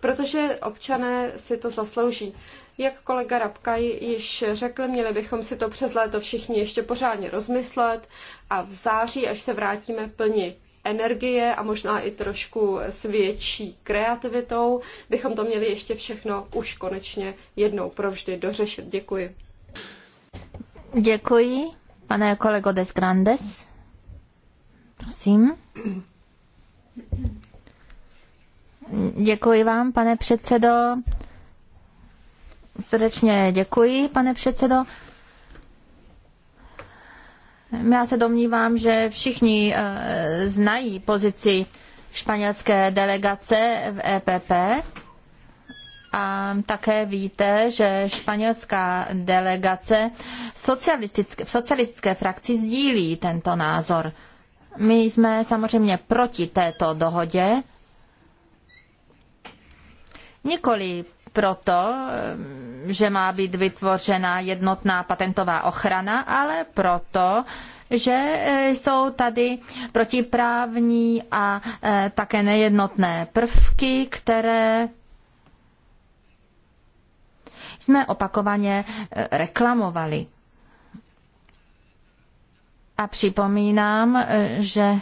protože občané si to zaslouží. Jak kolega Rabkaj již řekl, měli bychom si to přes léto všichni ještě pořádně rozmyslet a v září, až se vrátíme plni energie a možná i trošku s větší kreativitou bychom to měli ještě všechno už konečně jednou provždy dořešit. Děkuji. Děkuji, pane kolego Des Grandes. Prosím. Děkuji vám, pane předsedo. Srdečně děkuji, pane předsedo. Já se domnívám, že všichni eh, znají pozici španělské delegace v EPP a také víte, že španělská delegace socialistické, v socialistické frakci sdílí tento názor. My jsme samozřejmě proti této dohodě, nikoli proto, eh, že má být vytvořena jednotná patentová ochrana, ale proto, že eh, jsou tady protiprávní a eh, také nejednotné prvky, které jsme opakovaně reklamovali. A připomínám, že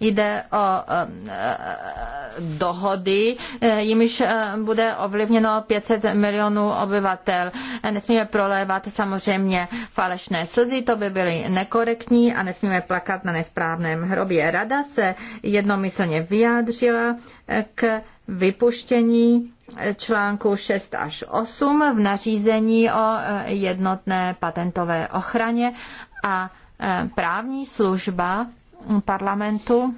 Jde o eh, eh, dohody, eh, jimiž bude ovlivněno 500 milionů obyvatel. Nesmíme prolévat samozřejmě falešné slzy, to by byly nekorektní a nesmíme plakat na nesprávném hrobě. Rada se jednomyslně vyjádřila k vypuštění článku 6 až 8 v nařízení o jednotné patentové ochraně a právní služba parlamentu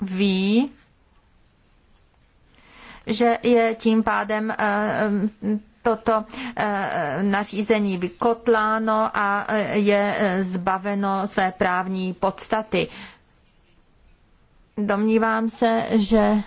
ví, že je tím pádem eh, toto eh, nařízení vykotláno a eh, je zbaveno své právní podstaty. Domnívám se, že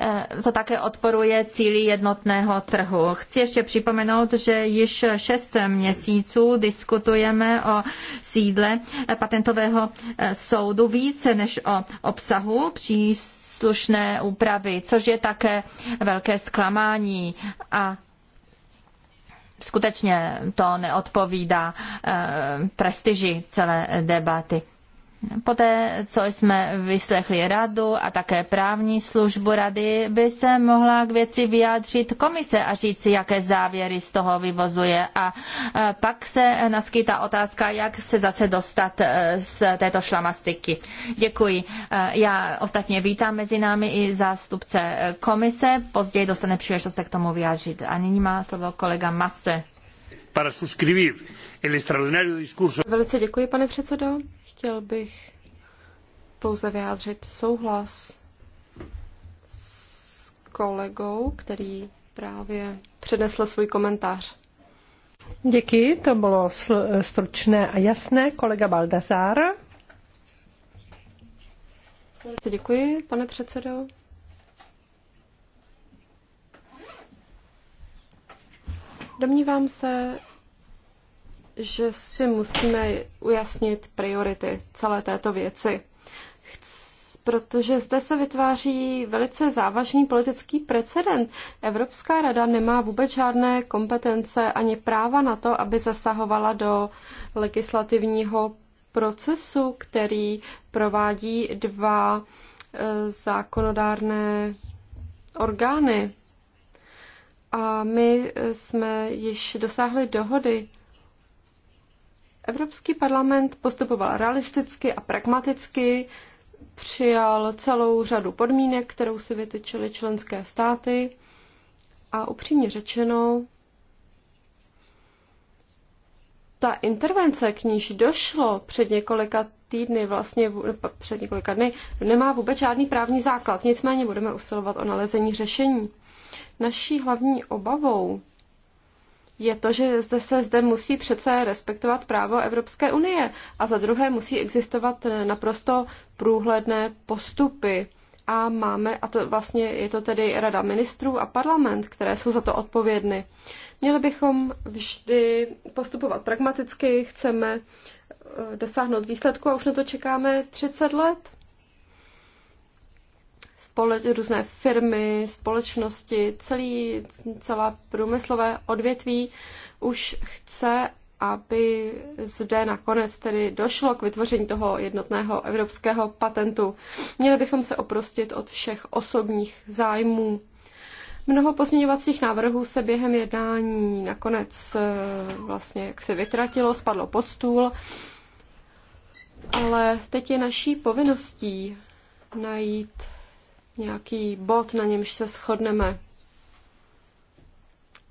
Eh, to také odporuje cíli jednotného trhu. Chci ještě připomenout, že již šest měsíců diskutujeme o sídle eh, patentového eh, soudu více než o obsahu příslušné úpravy, což je také velké zklamání a skutečně to neodpovídá prestiži celé debaty. Poté, co jsme vyslechli radu a také právní službu rady, by se mohla k věci vyjádřit komise a říci, jaké závěry z toho vyvozuje. A e, pak se naskytá otázka, jak se zase dostat e, z této šlamastiky. Děkuji. E, já ostatně vítám mezi námi i zástupce komise. Později dostane příležitost se k tomu vyjádřit. A nyní má slovo kolega Mase. Para suscribir el extraordinario discurso. Velice děkuji, pane předsedo. Chtěl bych pouze vyjádřit souhlas s kolegou, který právě přednesl svůj komentář. Děkuji, to bylo stručné a jasné. Kolega Baldazár. Velice děkuji, pane předsedo. Domnívám se, že si musíme ujasnit priority celé této věci. protože zde se vytváří velice závažný politický precedent. Evropská rada nemá vůbec žádné kompetence ani práva na to, aby zasahovala do legislativního procesu, který provádí dva e, zákonodárné orgány. A my e, jsme již dosáhli dohody Evropský parlament postupoval realisticky a pragmaticky, přijal celou řadu podmínek, kterou si vytyčily členské státy a upřímně řečeno, ta intervence, k níž došlo před několika týdny, vlastně před několika dny, nemá vůbec žádný právní základ. Nicméně budeme usilovat o nalezení řešení. Naší hlavní obavou je to, že zde se zde musí přece respektovat právo Evropské unie a za druhé musí existovat eh, naprosto průhledné postupy. A máme, a to vlastně je to tedy Rada ministrů a parlament, které jsou za to odpovědny. Měli bychom vždy postupovat pragmaticky, chceme eh, dosáhnout výsledku a už na to čekáme 30 let spole, různé firmy, společnosti, celý, celá průmyslové odvětví už chce, aby zde nakonec tedy došlo k vytvoření toho jednotného evropského patentu. Měli bychom se oprostit od všech osobních zájmů. Mnoho pozměňovacích návrhů se během jednání nakonec eh, vlastně jak se vytratilo, spadlo pod stůl, ale teď je naší povinností najít nějaký bod, na němž se shodneme.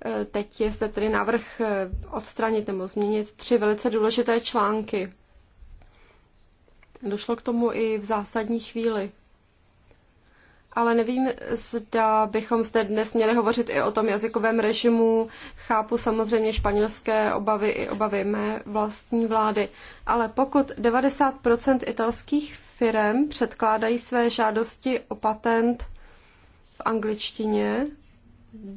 E, teď je zde tedy návrh e, odstranit nebo změnit tři velice důležité články. Došlo k tomu i v zásadní chvíli. Ale nevím, zda bychom zde dnes měli hovořit i o tom jazykovém režimu. Chápu samozřejmě španělské obavy i obavy mé vlastní vlády. Ale pokud 90% italských firem předkládají své žádosti o patent v angličtině,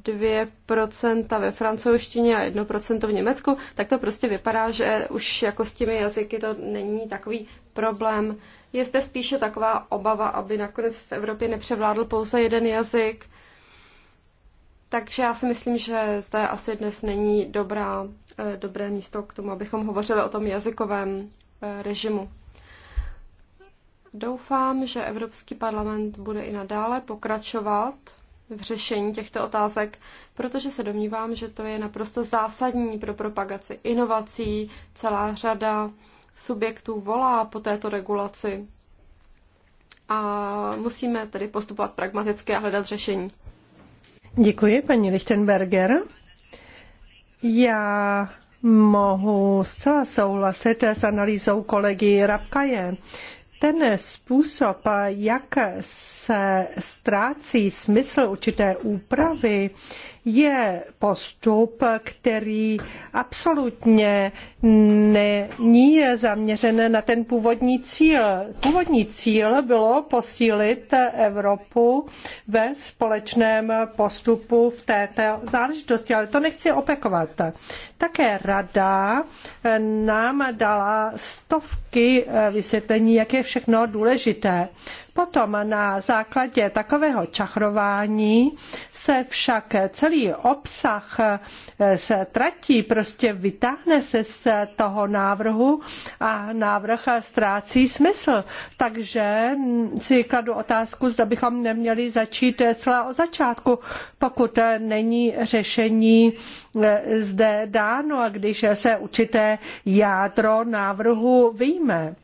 2% ve francouzštině a 1% v Německu, tak to prostě vypadá, že už jako s těmi jazyky to není takový problém. Je zde spíše taková obava, aby nakonec v Evropě nepřevládl pouze jeden jazyk. Takže já si myslím, že zde asi dnes není dobrá, eh, dobré místo k tomu, abychom hovořili o tom jazykovém eh, režimu. Doufám, že Evropský parlament bude i nadále pokračovat v řešení těchto otázek, protože se domnívám, že to je naprosto zásadní pro propagaci inovací. Celá řada subjektů volá po této regulaci a musíme tedy postupovat pragmaticky a hledat řešení. Děkuji, paní Lichtenberger. Já mohu zcela souhlasit s analýzou kolegy Rabkaje ten způsob, jak se ztrácí smysl určité úpravy, je postup, který absolutně není zaměřen na ten původní cíl. Původní cíl bylo posílit Evropu ve společném postupu v této záležitosti, ale to nechci opakovat. Také rada nám dala stovky vysvětlení, jak je všechno důležité. Potom na základě takového čachrování se však celý obsah eh, se tratí, prostě vytáhne se z toho návrhu a návrh ztrácí smysl. Takže mm, si kladu otázku, zda bychom neměli začít celá o začátku, pokud není řešení eh, zde dáno a když se určité jádro návrhu vyjme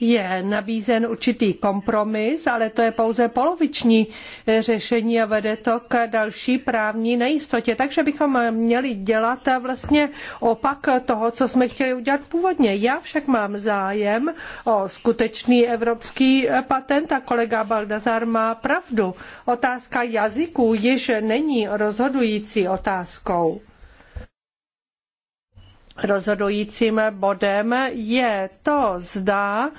je nabízen určitý kompromis, ale to je pouze poloviční eh, řešení a vede to k další právní nejistotě. Takže bychom měli dělat eh, vlastně opak toho, co jsme chtěli udělat původně. Já však mám zájem o skutečný evropský eh, patent a kolega Baldazar má pravdu. Otázka jazyků již není rozhodující otázkou. Rozhodujícím bodem je to, zda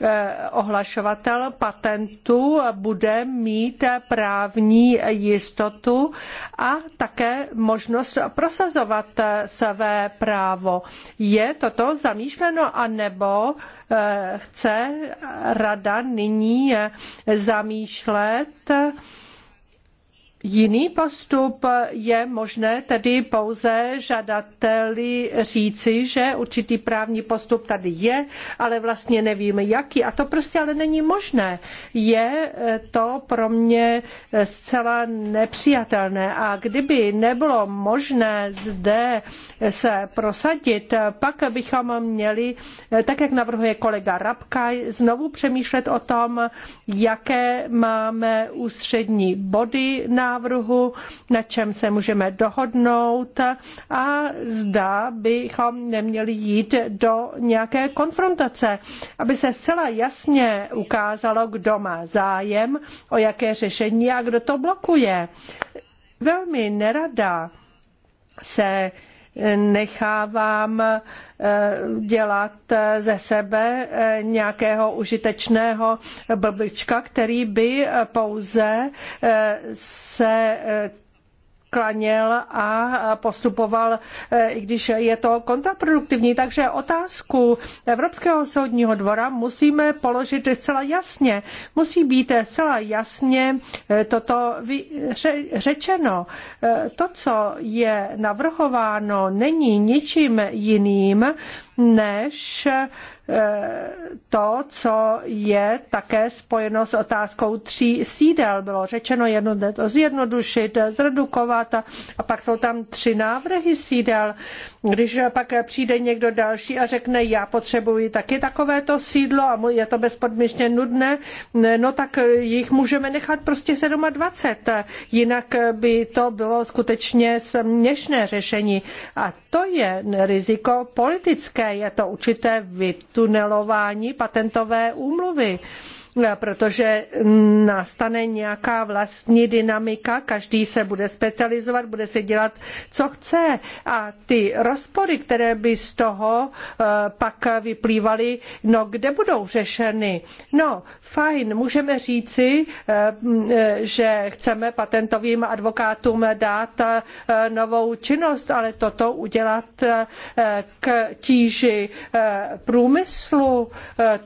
eh, ohlašovatel patentu bude mít právní jistotu a také možnost prosazovat své právo. Je toto zamýšleno, anebo eh, chce rada nyní eh, zamýšlet Jiný postup je možné tedy pouze žadateli říci, že určitý právní postup tady je, ale vlastně nevíme jaký. A to prostě ale není možné. Je to pro mě zcela nepřijatelné. A kdyby nebylo možné zde se prosadit, pak bychom měli, tak jak navrhuje kolega Rabka, znovu přemýšlet o tom, jaké máme ústřední body na návrhu, na čem se můžeme dohodnout a zda bychom neměli jít do nějaké konfrontace, aby se zcela jasně ukázalo, kdo má zájem, o jaké řešení a kdo to blokuje. Velmi nerada se nechávám eh, dělat eh, ze sebe eh, nějakého užitečného blbička, který by pouze se klaněl a postupoval, e, i když je to kontraproduktivní. Takže otázku Evropského soudního dvora musíme položit zcela jasně. Musí být zcela jasně e, toto řečeno. E, to, co je navrhováno, není ničím jiným než Eh, to, co je také spojeno s otázkou tří sídel. Bylo řečeno jedno to zjednodušit, zredukovat a, a pak jsou tam tři návrhy sídel. Když pak přijde někdo další a řekne, já potřebuji taky takovéto sídlo a je to bezpodmínečně nudné, no tak jich můžeme nechat prostě 27. Jinak by to bylo skutečně směšné řešení. A to je riziko politické, je to určité vytvoření tunelování patentové úmluvy protože nastane nějaká vlastní dynamika, každý se bude specializovat, bude si dělat, co chce. A ty rozpory, které by z toho eh, pak vyplývaly, no kde budou řešeny? No, fajn, můžeme říci, eh, eh, že chceme patentovým advokátům dát novou činnost, ale toto udělat k tíži průmyslu,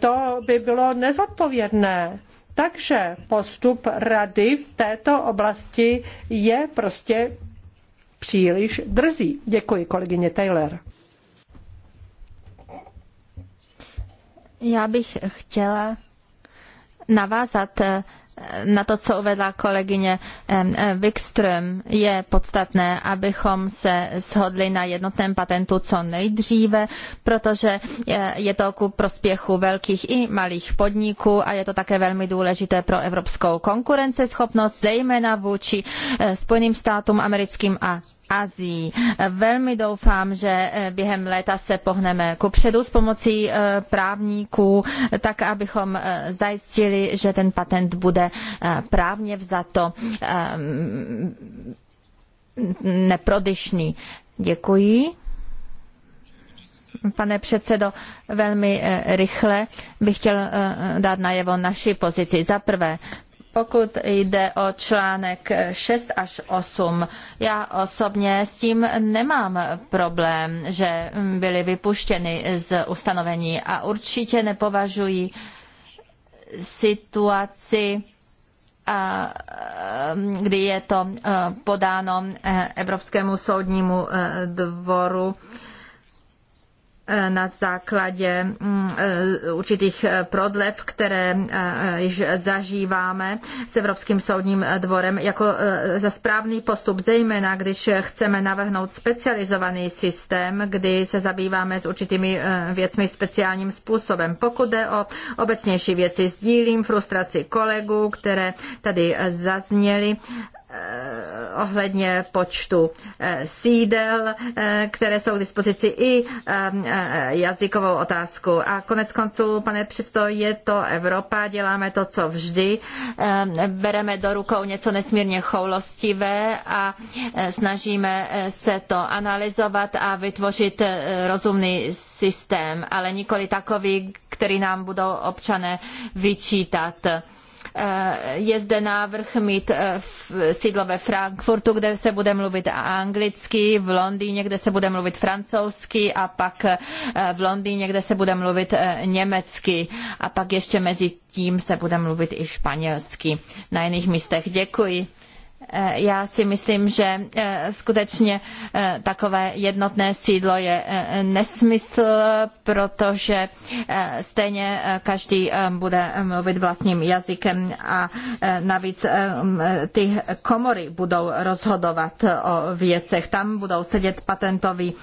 to by bylo nezodpovědné možné. Takže postup rady v této oblasti je prostě příliš drzý. Děkuji, kolegyně Taylor. Já bych chtěla navázat eh, na to, co uvedla kolegyně eh, Wikström, je podstatné, abychom se shodli na jednotném patentu co nejdříve, protože eh, je to ku prospěchu velkých i malých podniků a je to také velmi důležité pro evropskou konkurenceschopnost, zejména vůči eh, Spojeným státům americkým a Azií. Velmi doufám, že eh, během léta se pohneme kupředu s pomocí eh, právníků, tak abychom eh, zajistili, že ten patent bude právně vzato ehm, neprodyšný. Děkuji. Pane předsedo, velmi rychle bych chtěl dát najevo naši pozici. Za prvé, pokud jde o článek 6 až 8, já osobně s tím nemám problém, že byly vypuštěny z ustanovení a určitě nepovažuji situaci kdy je to podáno e, Evropskému soudnímu e, dvoru Eh, na základě mm, eh, určitých eh, prodlev, které již zažíváme s Evropským soudním dvorem jako za správný postup, zejména když chceme navrhnout specializovaný systém, kdy se zabýváme s určitými věcmi speciálním způsobem. Pokud jde o obecnější věci, sdílím frustraci kolegů, které tady zazněly Eh, ohledně počtu eh, sídel, eh, které jsou k dispozici i jazykovou otázku. A konec konců, pane předsedo, je to Evropa, děláme to, co vždy. Bereme do rukou něco nesmírně choulostivé a snažíme se to analyzovat a vytvořit rozumný systém, ale nikoli takový, který nám budou občané vyčítat Eh, je zde návrh mít eh, sídlo ve Frankfurtu, kde se bude mluvit anglicky, v Londýně, kde se bude mluvit francouzsky a pak eh, v Londýně, kde se bude mluvit německy a pak ještě mezi tím se bude mluvit i španělsky na jiných místech. Děkuji. Eh, já si myslím, že eh, skutečně eh, takové jednotné sídlo je nesmysl, protože stejně každý bude mluvit vlastním jazykem a navíc ty komory budou rozhodovat o věcech. Tam budou sedět patentoví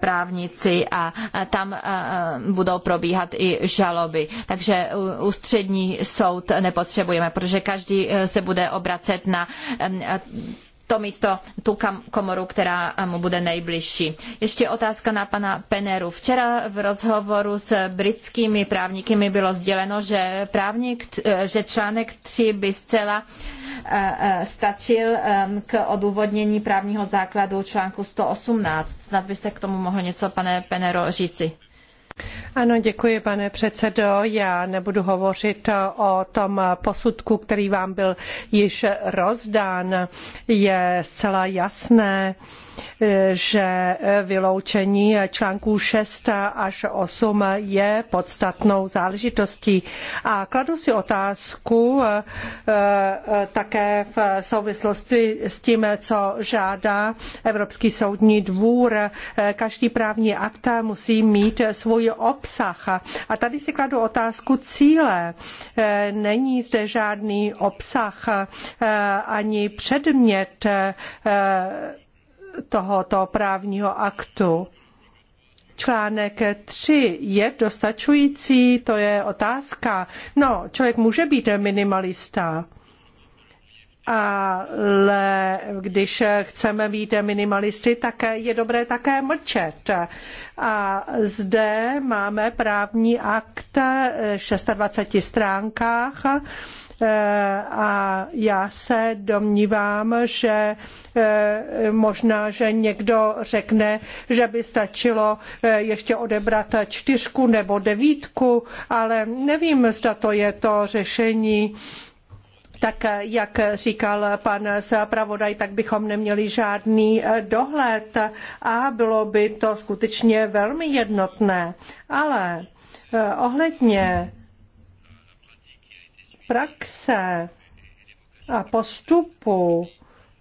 právníci a tam budou probíhat i žaloby. Takže ústřední soud nepotřebujeme, protože každý se bude obracet na Eh, to místo, tu komoru, která eh, mu bude nejbližší. Ještě otázka na pana Peneru. Včera v rozhovoru s britskými právníky mi bylo sděleno, že, právník, eh, že článek 3 by zcela stačil ehm, k odůvodnění právního základu článku 118. Snad byste k tomu mohl něco, pane Penero, říci. Ano, děkuji, pane předsedo. Já nebudu hovořit o tom posudku, který vám byl již rozdán. Je zcela jasné, že že vyloučení článků 6 až 8 je podstatnou záležitostí. A kladu si otázku eh, eh, také v souvislosti s tím, co žádá Evropský soudní dvůr. Eh, každý právní akt musí mít svůj obsah. A tady si kladu otázku cíle. Není zde žádný obsah ani předmět tohoto právního aktu. Článek 3 je dostačující, to je otázka. No, člověk může být minimalista ale když chceme být minimalisty, tak je dobré také mlčet. A zde máme právní akt v 26 stránkách, a já se domnívám, že e, možná, že někdo řekne, že by stačilo e, ještě odebrat čtyřku nebo devítku, ale nevím, zda to je to řešení, tak jak říkal pan zpravodaj, tak bychom neměli žádný eh, dohled a bylo by to skutečně velmi jednotné. Ale eh, ohledně praxe a postupu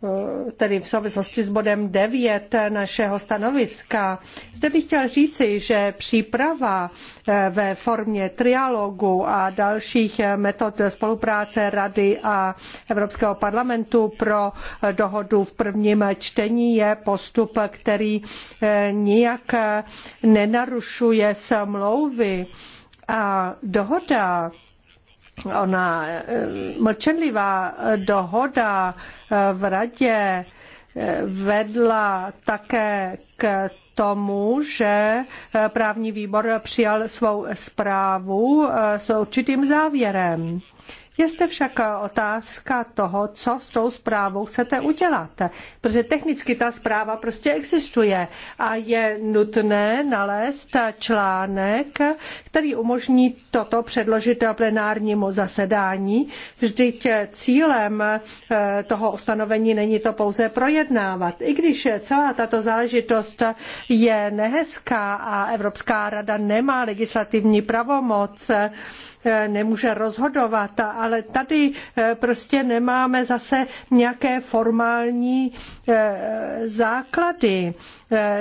Eh, tedy v souvislosti s bodem 9 našeho stanoviska. Zde bych chtěl říci, že příprava eh, ve formě trialogu a dalších eh, metod spolupráce Rady a Evropského parlamentu pro dohodu v prvním čtení je postup, který nijak nenarušuje smlouvy a dohoda Ona eh, mlčenlivá dohoda eh, v radě eh, vedla také k tomu, že právní výbor přijal svou zprávu s určitým závěrem. Je zde však eh, otázka toho, co s tou zprávou chcete udělat, protože technicky ta zpráva prostě existuje a je nutné nalézt článek, který umožní toto předložit plenárnímu zasedání. Vždyť eh, cílem eh, toho ustanovení není to pouze projednávat. I když celá tato záležitost je nehezká a Evropská rada nemá legislativní pravomoc, Eh, nemůže rozhodovat, ale tady eh, prostě nemáme zase nějaké formální eh, základy.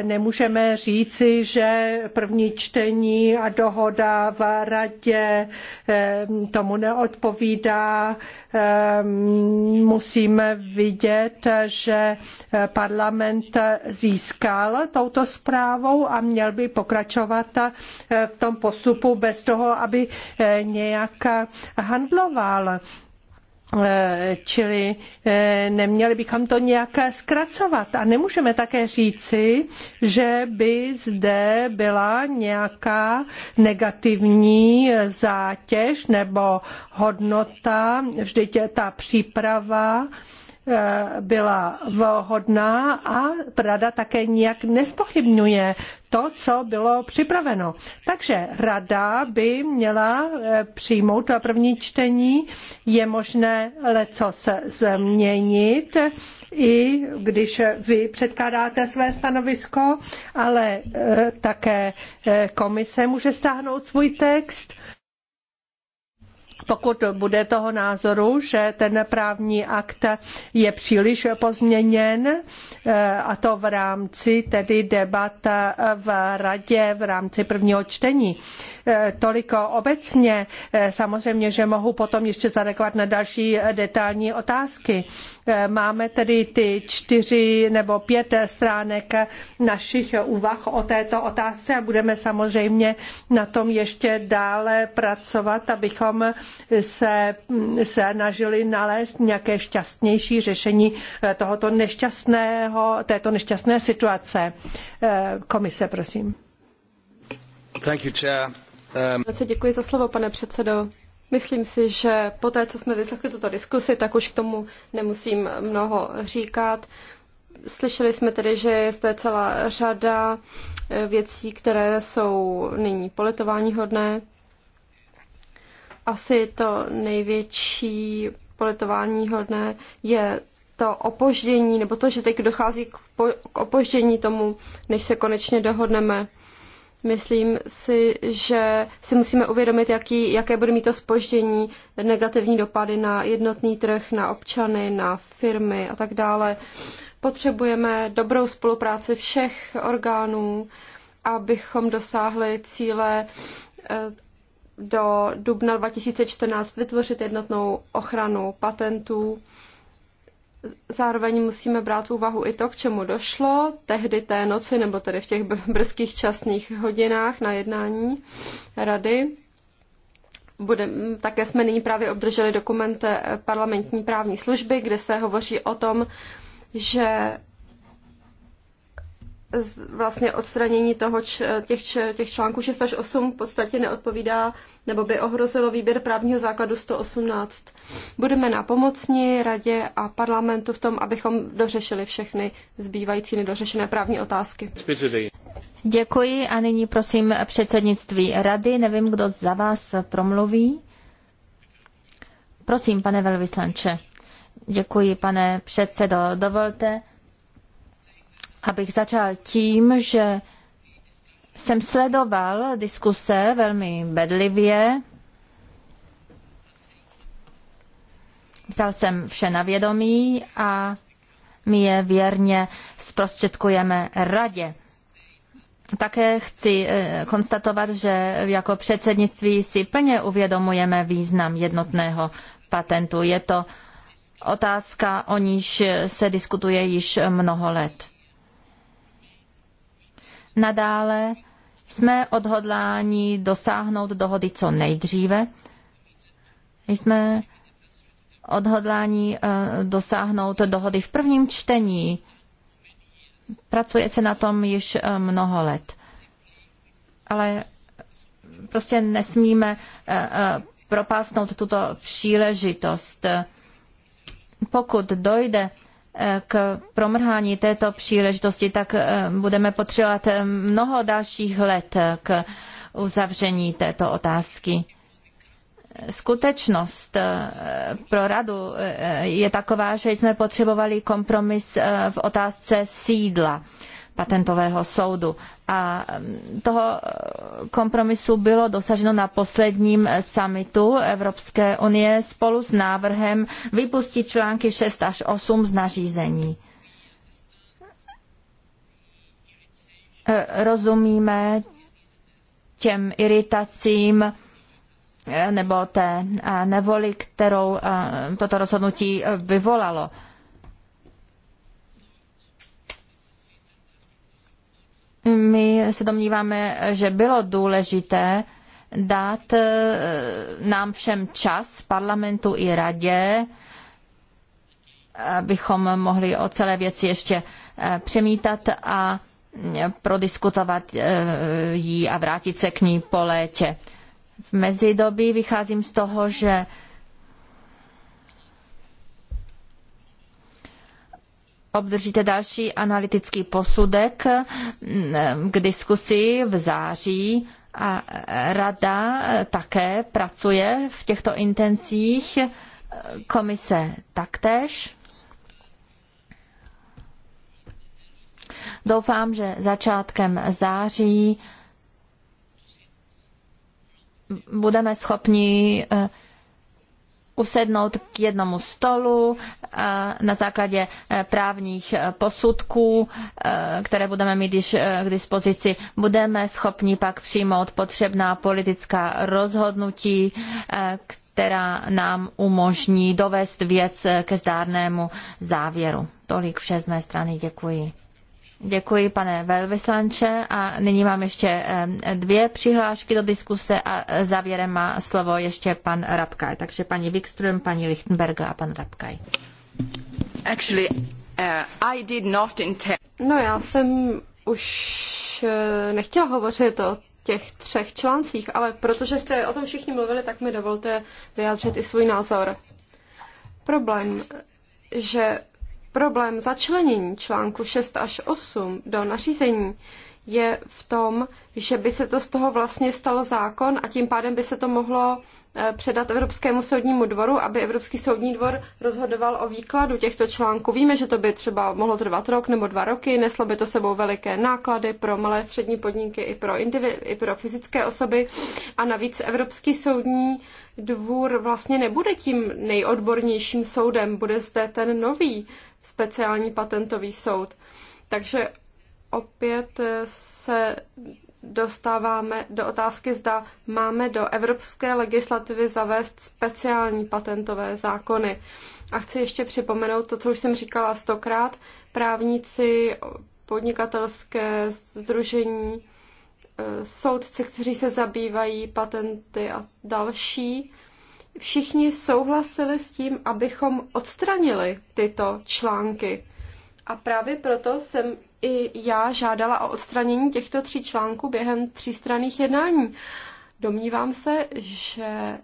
Nemůžeme říci, že první čtení a dohoda v radě tomu neodpovídá. Musíme vidět, že parlament získal touto zprávou a měl by pokračovat v tom postupu bez toho, aby nějak handloval. Eh, čili eh, neměli bychom to nějak zkracovat. A nemůžeme také říci, že by zde byla nějaká negativní zátěž nebo hodnota. Vždyť je ta příprava byla vhodná a rada také nijak nespochybňuje to, co bylo připraveno. Takže rada by měla eh, přijmout to první čtení. Je možné se změnit, i když vy předkládáte své stanovisko, ale eh, také eh, komise může stáhnout svůj text pokud bude toho názoru, že ten právní akt je příliš pozměněn, eh, a to v rámci tedy debat eh, v radě v rámci prvního čtení. Eh, Toliko obecně, samozřejmě, že mohu potom ještě zareagovat na další detailní otázky. Máme tedy ty čtyři nebo pět stránek našich úvah o této otázce a budeme samozřejmě na tom ještě dále pracovat, abychom se snažili nalézt nějaké šťastnější řešení eh, tohoto nešťastného, této nešťastné situace. Eh, komise, prosím. Thank you, chair. Um... Děkuji za slovo, pane předsedo. Myslím si, že po té, co jsme vyslechli tuto diskusi, tak už k tomu nemusím mnoho říkat. Slyšeli jsme tedy, že je zde celá řada eh, věcí, které jsou nyní politování hodné asi to největší politování hodné je to opoždění, nebo to, že teď dochází k, po, k opoždění tomu, než se konečně dohodneme. Myslím si, že si musíme uvědomit, jaký, jaké bude mít to spoždění negativní dopady na jednotný trh, na občany, na firmy a tak dále. Potřebujeme dobrou spolupráci všech orgánů, abychom dosáhli cíle eh, do dubna 2014 vytvořit jednotnou ochranu patentů. Zároveň musíme brát v úvahu i to, k čemu došlo tehdy té noci, nebo tedy v těch brzkých časných hodinách na jednání rady. Bude, také jsme nyní právě obdrželi dokument eh, parlamentní právní služby, kde se hovoří o tom, že vlastně odstranění toho, těch, těch článků 6 až 8 v podstatě neodpovídá nebo by ohrozilo výběr právního základu 118. Budeme na pomocní radě a parlamentu v tom, abychom dořešili všechny zbývající nedořešené právní otázky. Děkuji a nyní prosím předsednictví rady. Nevím, kdo za vás promluví. Prosím, pane velvyslanče. Děkuji, pane předsedo. Dovolte, abych začal tím, že jsem sledoval diskuse velmi bedlivě. Vzal jsem vše na vědomí a my je věrně zprostředkujeme radě. Také chci eh, konstatovat, že jako předsednictví si plně uvědomujeme význam jednotného patentu. Je to otázka, o níž se diskutuje již mnoho let. Nadále jsme odhodláni dosáhnout dohody co nejdříve. Jsme odhodláni eh, dosáhnout dohody v prvním čtení. Pracuje se na tom již eh, mnoho let. Ale prostě nesmíme eh, propásnout tuto příležitost. Pokud dojde k promrhání této příležitosti, tak eh, budeme potřebovat eh, mnoho dalších let eh, k uzavření této otázky skutečnost pro radu je taková, že jsme potřebovali kompromis v otázce sídla patentového soudu. A mm, toho eh, kompromisu bylo dosaženo na posledním eh, summitu Evropské unie spolu s návrhem vypustit články 6 až 8 z nařízení. Eh, rozumíme těm iritacím, nebo té nevoli, kterou toto rozhodnutí vyvolalo. My se domníváme, že bylo důležité dát eh, nám všem čas, parlamentu i radě, abychom mohli o celé věci ještě eh, přemítat a eh, prodiskutovat ji a vrátit se k ní po létě. V mezidobí vycházím z toho, že obdržíte další analytický posudek mm, k diskusi v září a rada také pracuje v těchto intencích, komise taktéž. Doufám, že začátkem září budeme schopni eh, usednout k jednomu stolu eh, na základě eh, právních eh, posudků, které budeme mít již k dispozici. Budeme schopni pak přijmout potřebná politická rozhodnutí, která nám umožní dovést věc ke zdárnému závěru. Tolik vše z mé strany. Děkuji. Děkuji, pane velvyslanče. A nyní mám ještě dvě přihlášky do diskuse a e, závěrem má slovo ještě pan Rabkaj. Takže paní Wikström, paní Lichtenberger a pan Rabkaj. Actually, uh, I did not intend... No já jsem už e, nechtěla hovořit o těch třech článcích, ale protože jste o tom všichni mluvili, tak mi dovolte vyjádřit i svůj názor. Problém, že Problém začlenění článku 6 až 8 do nařízení je v tom, že by se to z toho vlastně stalo zákon a tím pádem by se to mohlo eh, předat Evropskému soudnímu dvoru, aby Evropský soudní dvor rozhodoval o výkladu těchto článků. Víme, že to by třeba mohlo trvat rok nebo dva roky, neslo by to sebou veliké náklady pro malé střední podniky i pro, individu, i pro fyzické osoby a navíc Evropský soudní dvůr vlastně nebude tím nejodbornějším soudem, bude zde ten nový speciální patentový soud. Takže opět se dostáváme do otázky, zda máme do evropské legislativy zavést speciální patentové zákony. A chci ještě připomenout to, co už jsem říkala stokrát. Právníci, podnikatelské združení, soudci, kteří se zabývají patenty a další, všichni souhlasili s tím, abychom odstranili tyto články. A právě proto jsem i já žádala o odstranění těchto tří článků během třístranných jednání. Domnívám se, že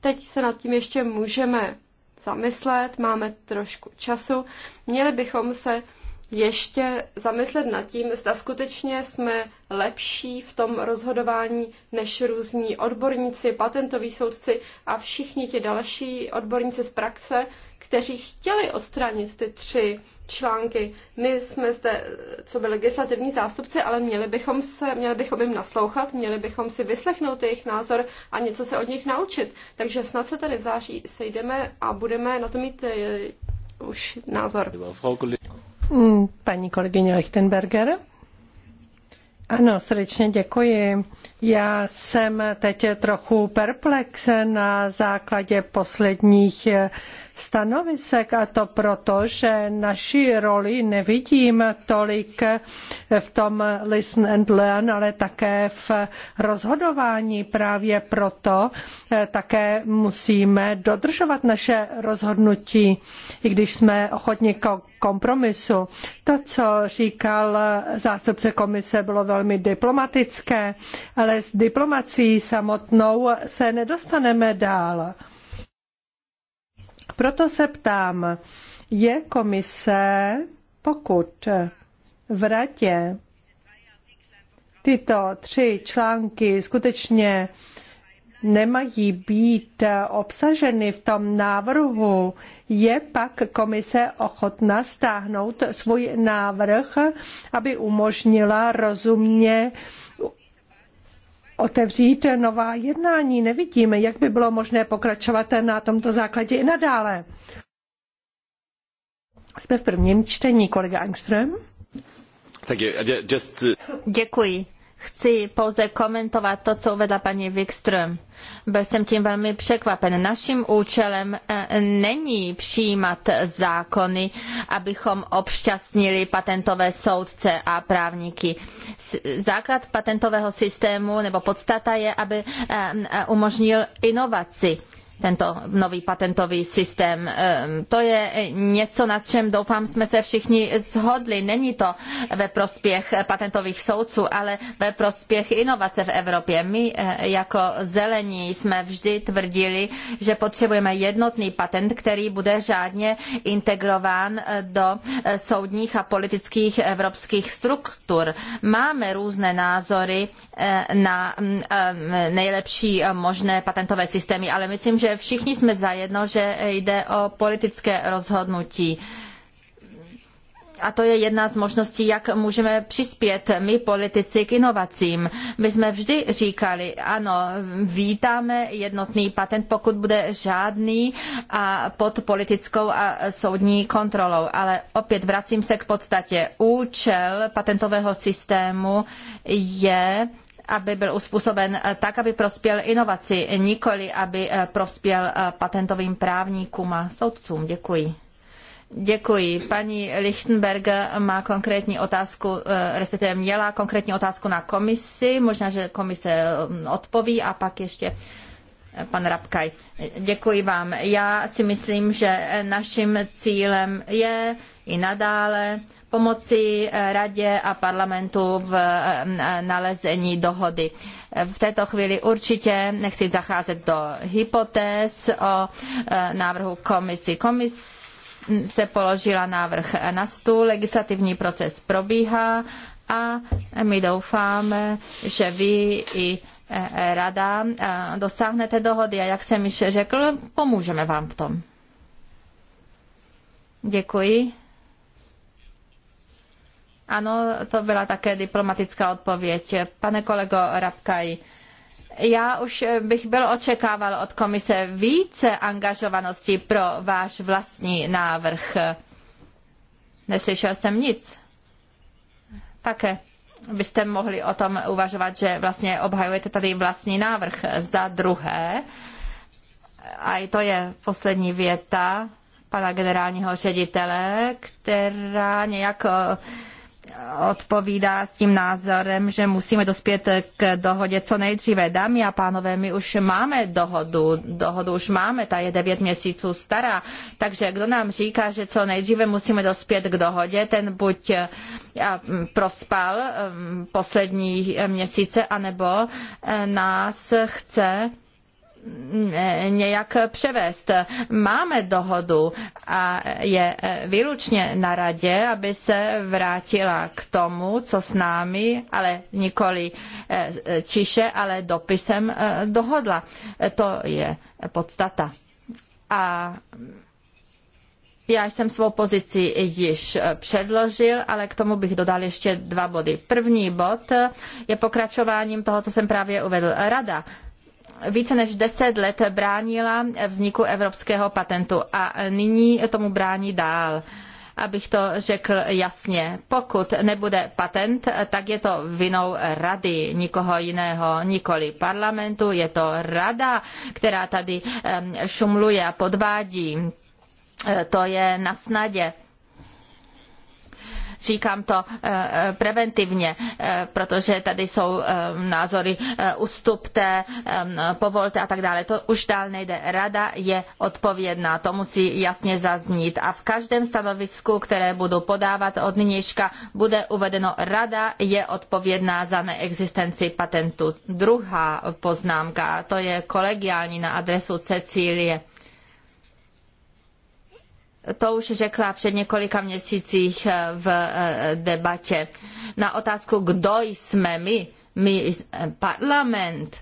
teď se nad tím ještě můžeme zamyslet, máme trošku času. Měli bychom se ještě zamyslet nad tím, zda skutečně jsme lepší v tom rozhodování než různí odborníci, patentoví soudci a všichni ti další odborníci z praxe, kteří chtěli odstranit ty tři články. My jsme zde, co by legislativní zástupci, ale měli bychom, se, měli bychom jim naslouchat, měli bychom si vyslechnout jejich názor a něco se od nich naučit. Takže snad se tady v září sejdeme a budeme na to mít eh, už názor. Mm, paní kolegyně Lichtenberger. Ano, srdečně děkuji. Já jsem teď trochu perplex na základě posledních stanovisek a to proto, že naši roli nevidím tolik v tom listen and learn, ale také v rozhodování. Právě proto eh, také musíme dodržovat naše rozhodnutí, i když jsme ochotni kompromisu. To, co říkal zástupce komise, bylo velmi diplomatické, ale s diplomací samotnou se nedostaneme dál. Proto se ptám, je komise, pokud v radě tyto tři články skutečně nemají být obsaženy v tom návrhu, je pak komise ochotna stáhnout svůj návrh, aby umožnila rozumně otevřít nová jednání. Nevidím, jak by bylo možné pokračovat na tomto základě i nadále. Jsme v prvním čtení, kolega Angström. Děkuji. Chci pouze komentovat to, co uvedla paní Wikström. Byl jsem tím velmi překvapen. Naším účelem eh, není přijímat zákony, abychom obšťastnili patentové soudce a právníky. Základ patentového systému nebo podstata je, aby eh, eh, umožnil inovaci tento nový patentový systém. Ehm, to je něco, na čem doufám jsme se všichni shodli. Není to ve prospěch patentových soudců, ale ve prospěch inovace v Evropě. My eh, jako zelení jsme vždy tvrdili, že potřebujeme jednotný patent, který bude řádně integrován eh, do eh, soudních a politických evropských struktur. Máme různé názory na mm, ehm, nejlepší možné patentové systémy, ale myslím, že že všichni jsme zajedno, že jde o politické rozhodnutí. A to je jedna z možností, jak můžeme přispět my politici k inovacím. My jsme vždy říkali, ano, vítáme jednotný patent, pokud bude žádný a pod politickou a soudní kontrolou. Ale opět vracím se k podstatě. Účel patentového systému je aby byl uspůsoben eh, tak, aby prospěl inovaci, nikoli aby eh, prospěl eh, patentovým právníkům a soudcům. Děkuji. Děkuji. Paní Lichtenberg má konkrétní otázku, respektive měla konkrétní otázku na komisi, možná, že komise mm, odpoví a pak ještě pan Rabkaj. Děkuji vám. Já si myslím, že naším cílem je i nadále pomoci eh, radě a parlamentu v eh, nalezení dohody. V této chvíli určitě nechci zacházet do hypotéz o eh, návrhu komisi. Komis se položila návrh na stůl, legislativní proces probíhá a my doufáme, že vy i rada dosáhnete dohody a jak jsem již řekl, pomůžeme vám v tom. Děkuji. Ano, to byla také diplomatická odpověď. Pane kolego Rabkaj, já už bych byl očekával od komise více angažovanosti pro váš vlastní návrh. Neslyšel jsem nic. Také byste mohli o tom uvažovat, že vlastně obhajujete tady vlastní návrh. Za druhé, a i to je poslední věta pana generálního ředitele, která nějak odpovídá s tím názorem, že musíme dospět k dohodě co nejdříve. Dámy a pánové, my už máme dohodu, dohodu už máme, ta je devět měsíců stará, takže kdo nám říká, že co nejdříve musíme dospět k dohodě, ten buď eh, prospal eh, poslední měsíce, anebo eh, nás chce nějak převést. Máme dohodu a je výlučně na radě, aby se vrátila k tomu, co s námi, ale nikoli čiše, eh, ale dopisem eh, dohodla. To je podstata. A já jsem svou pozici již předložil, ale k tomu bych dodal ještě dva body. První bod je pokračováním toho, co jsem právě uvedl. Rada více než deset let bránila vzniku evropského patentu a nyní tomu brání dál abych to řekl jasně. Pokud nebude patent, tak je to vinou rady, nikoho jiného, nikoli parlamentu, je to rada, která tady šumluje a podvádí. E, to je na snadě. Říkám to eh, eh, preventivně, eh, protože tady jsou názory ustupte, povolte a tak dále. To už dál nejde. Rada je odpovědná, to musí jasně zaznít. A v každém stanovisku, které budu podávat od nynějška, bude uvedeno, rada je odpovědná za neexistenci patentu. Druhá poznámka, to je kolegiální na adresu Cecílie to už řekla před několika měsících eh, v eh, debatě. Na otázku, kdo jsme my, my eh, parlament,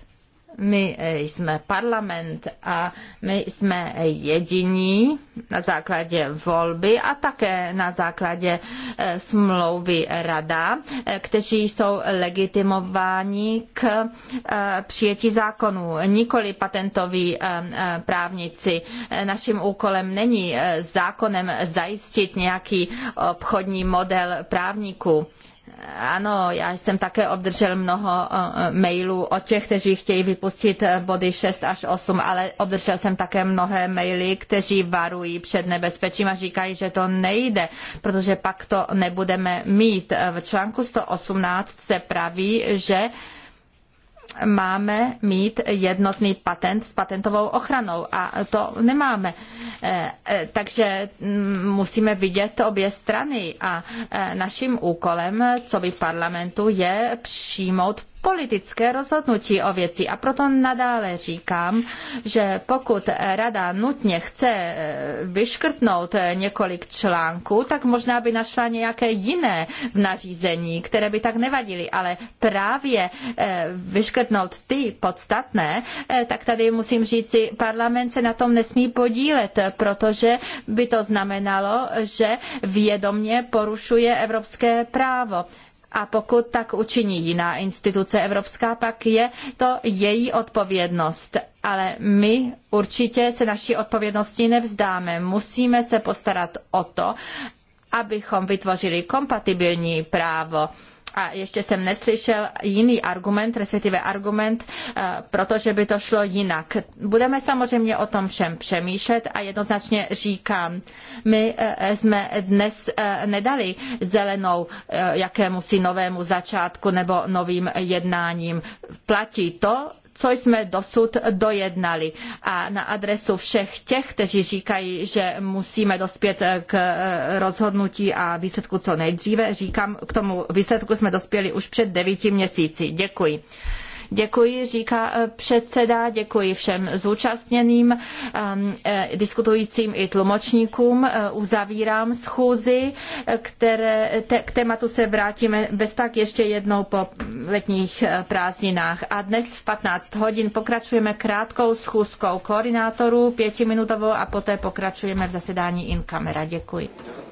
my eh, jsme parlament a my jsme jediní na základě volby a také na základě eh, smlouvy rada, eh, kteří jsou legitimováni k přijetí zákonů, nikoli patentoví právníci. Naším úkolem není zákonem zajistit nějaký obchodní model právníků. Ano, já jsem také obdržel mnoho eh, mailů od těch, kteří chtějí vypustit eh, body 6 až 8, ale obdržel jsem také mnohé maily, kteří varují před nebezpečím a říkají, že to nejde, protože pak to nebudeme mít. Eh, v článku 118 se praví, že máme mít jednotný patent s patentovou ochranou a to nemáme. Eh, eh, takže mm, musíme vidět obě strany a eh, naším úkolem, co by parlamentu, je přijmout politické rozhodnutí o věci. A proto nadále říkám, že pokud rada nutně chce eh, vyškrtnout eh, několik článků, tak možná by našla nějaké jiné v nařízení, které by tak nevadily. Ale právě eh, vyškrtnout ty podstatné, tak tady musím říci, parlament se na tom nesmí podílet, protože by to znamenalo, že vědomě porušuje evropské právo a pokud tak učiní jiná instituce evropská, pak je to její odpovědnost. Ale my určitě se naší odpovědnosti nevzdáme. Musíme se postarat o to, abychom vytvořili kompatibilní právo a ještě jsem neslyšel jiný argument, respektive argument, eh, protože by to šlo jinak. Budeme samozřejmě o tom všem přemýšlet a jednoznačně říkám, my eh, jsme dnes eh, nedali zelenou jakémusi novému začátku nebo novým jednáním. Platí to, co jsme dosud dojednali. A na adresu všech těch, kteří říkají, že musíme dospět k eh, rozhodnutí a výsledku co nejdříve, říkám, k tomu výsledku jsme dospěli už před devíti měsíci. Děkuji. Děkuji, říká eh, předseda, děkuji všem zúčastněným, ehm, eh, diskutujícím i tlumočníkům. Eh, uzavírám schůzi, které, te, k tématu se vrátíme bez tak ještě jednou po letních prázdninách. A dnes v 15 hodin pokračujeme krátkou schůzkou koordinátorů, pětiminutovou a poté pokračujeme v zasedání in camera. Děkuji.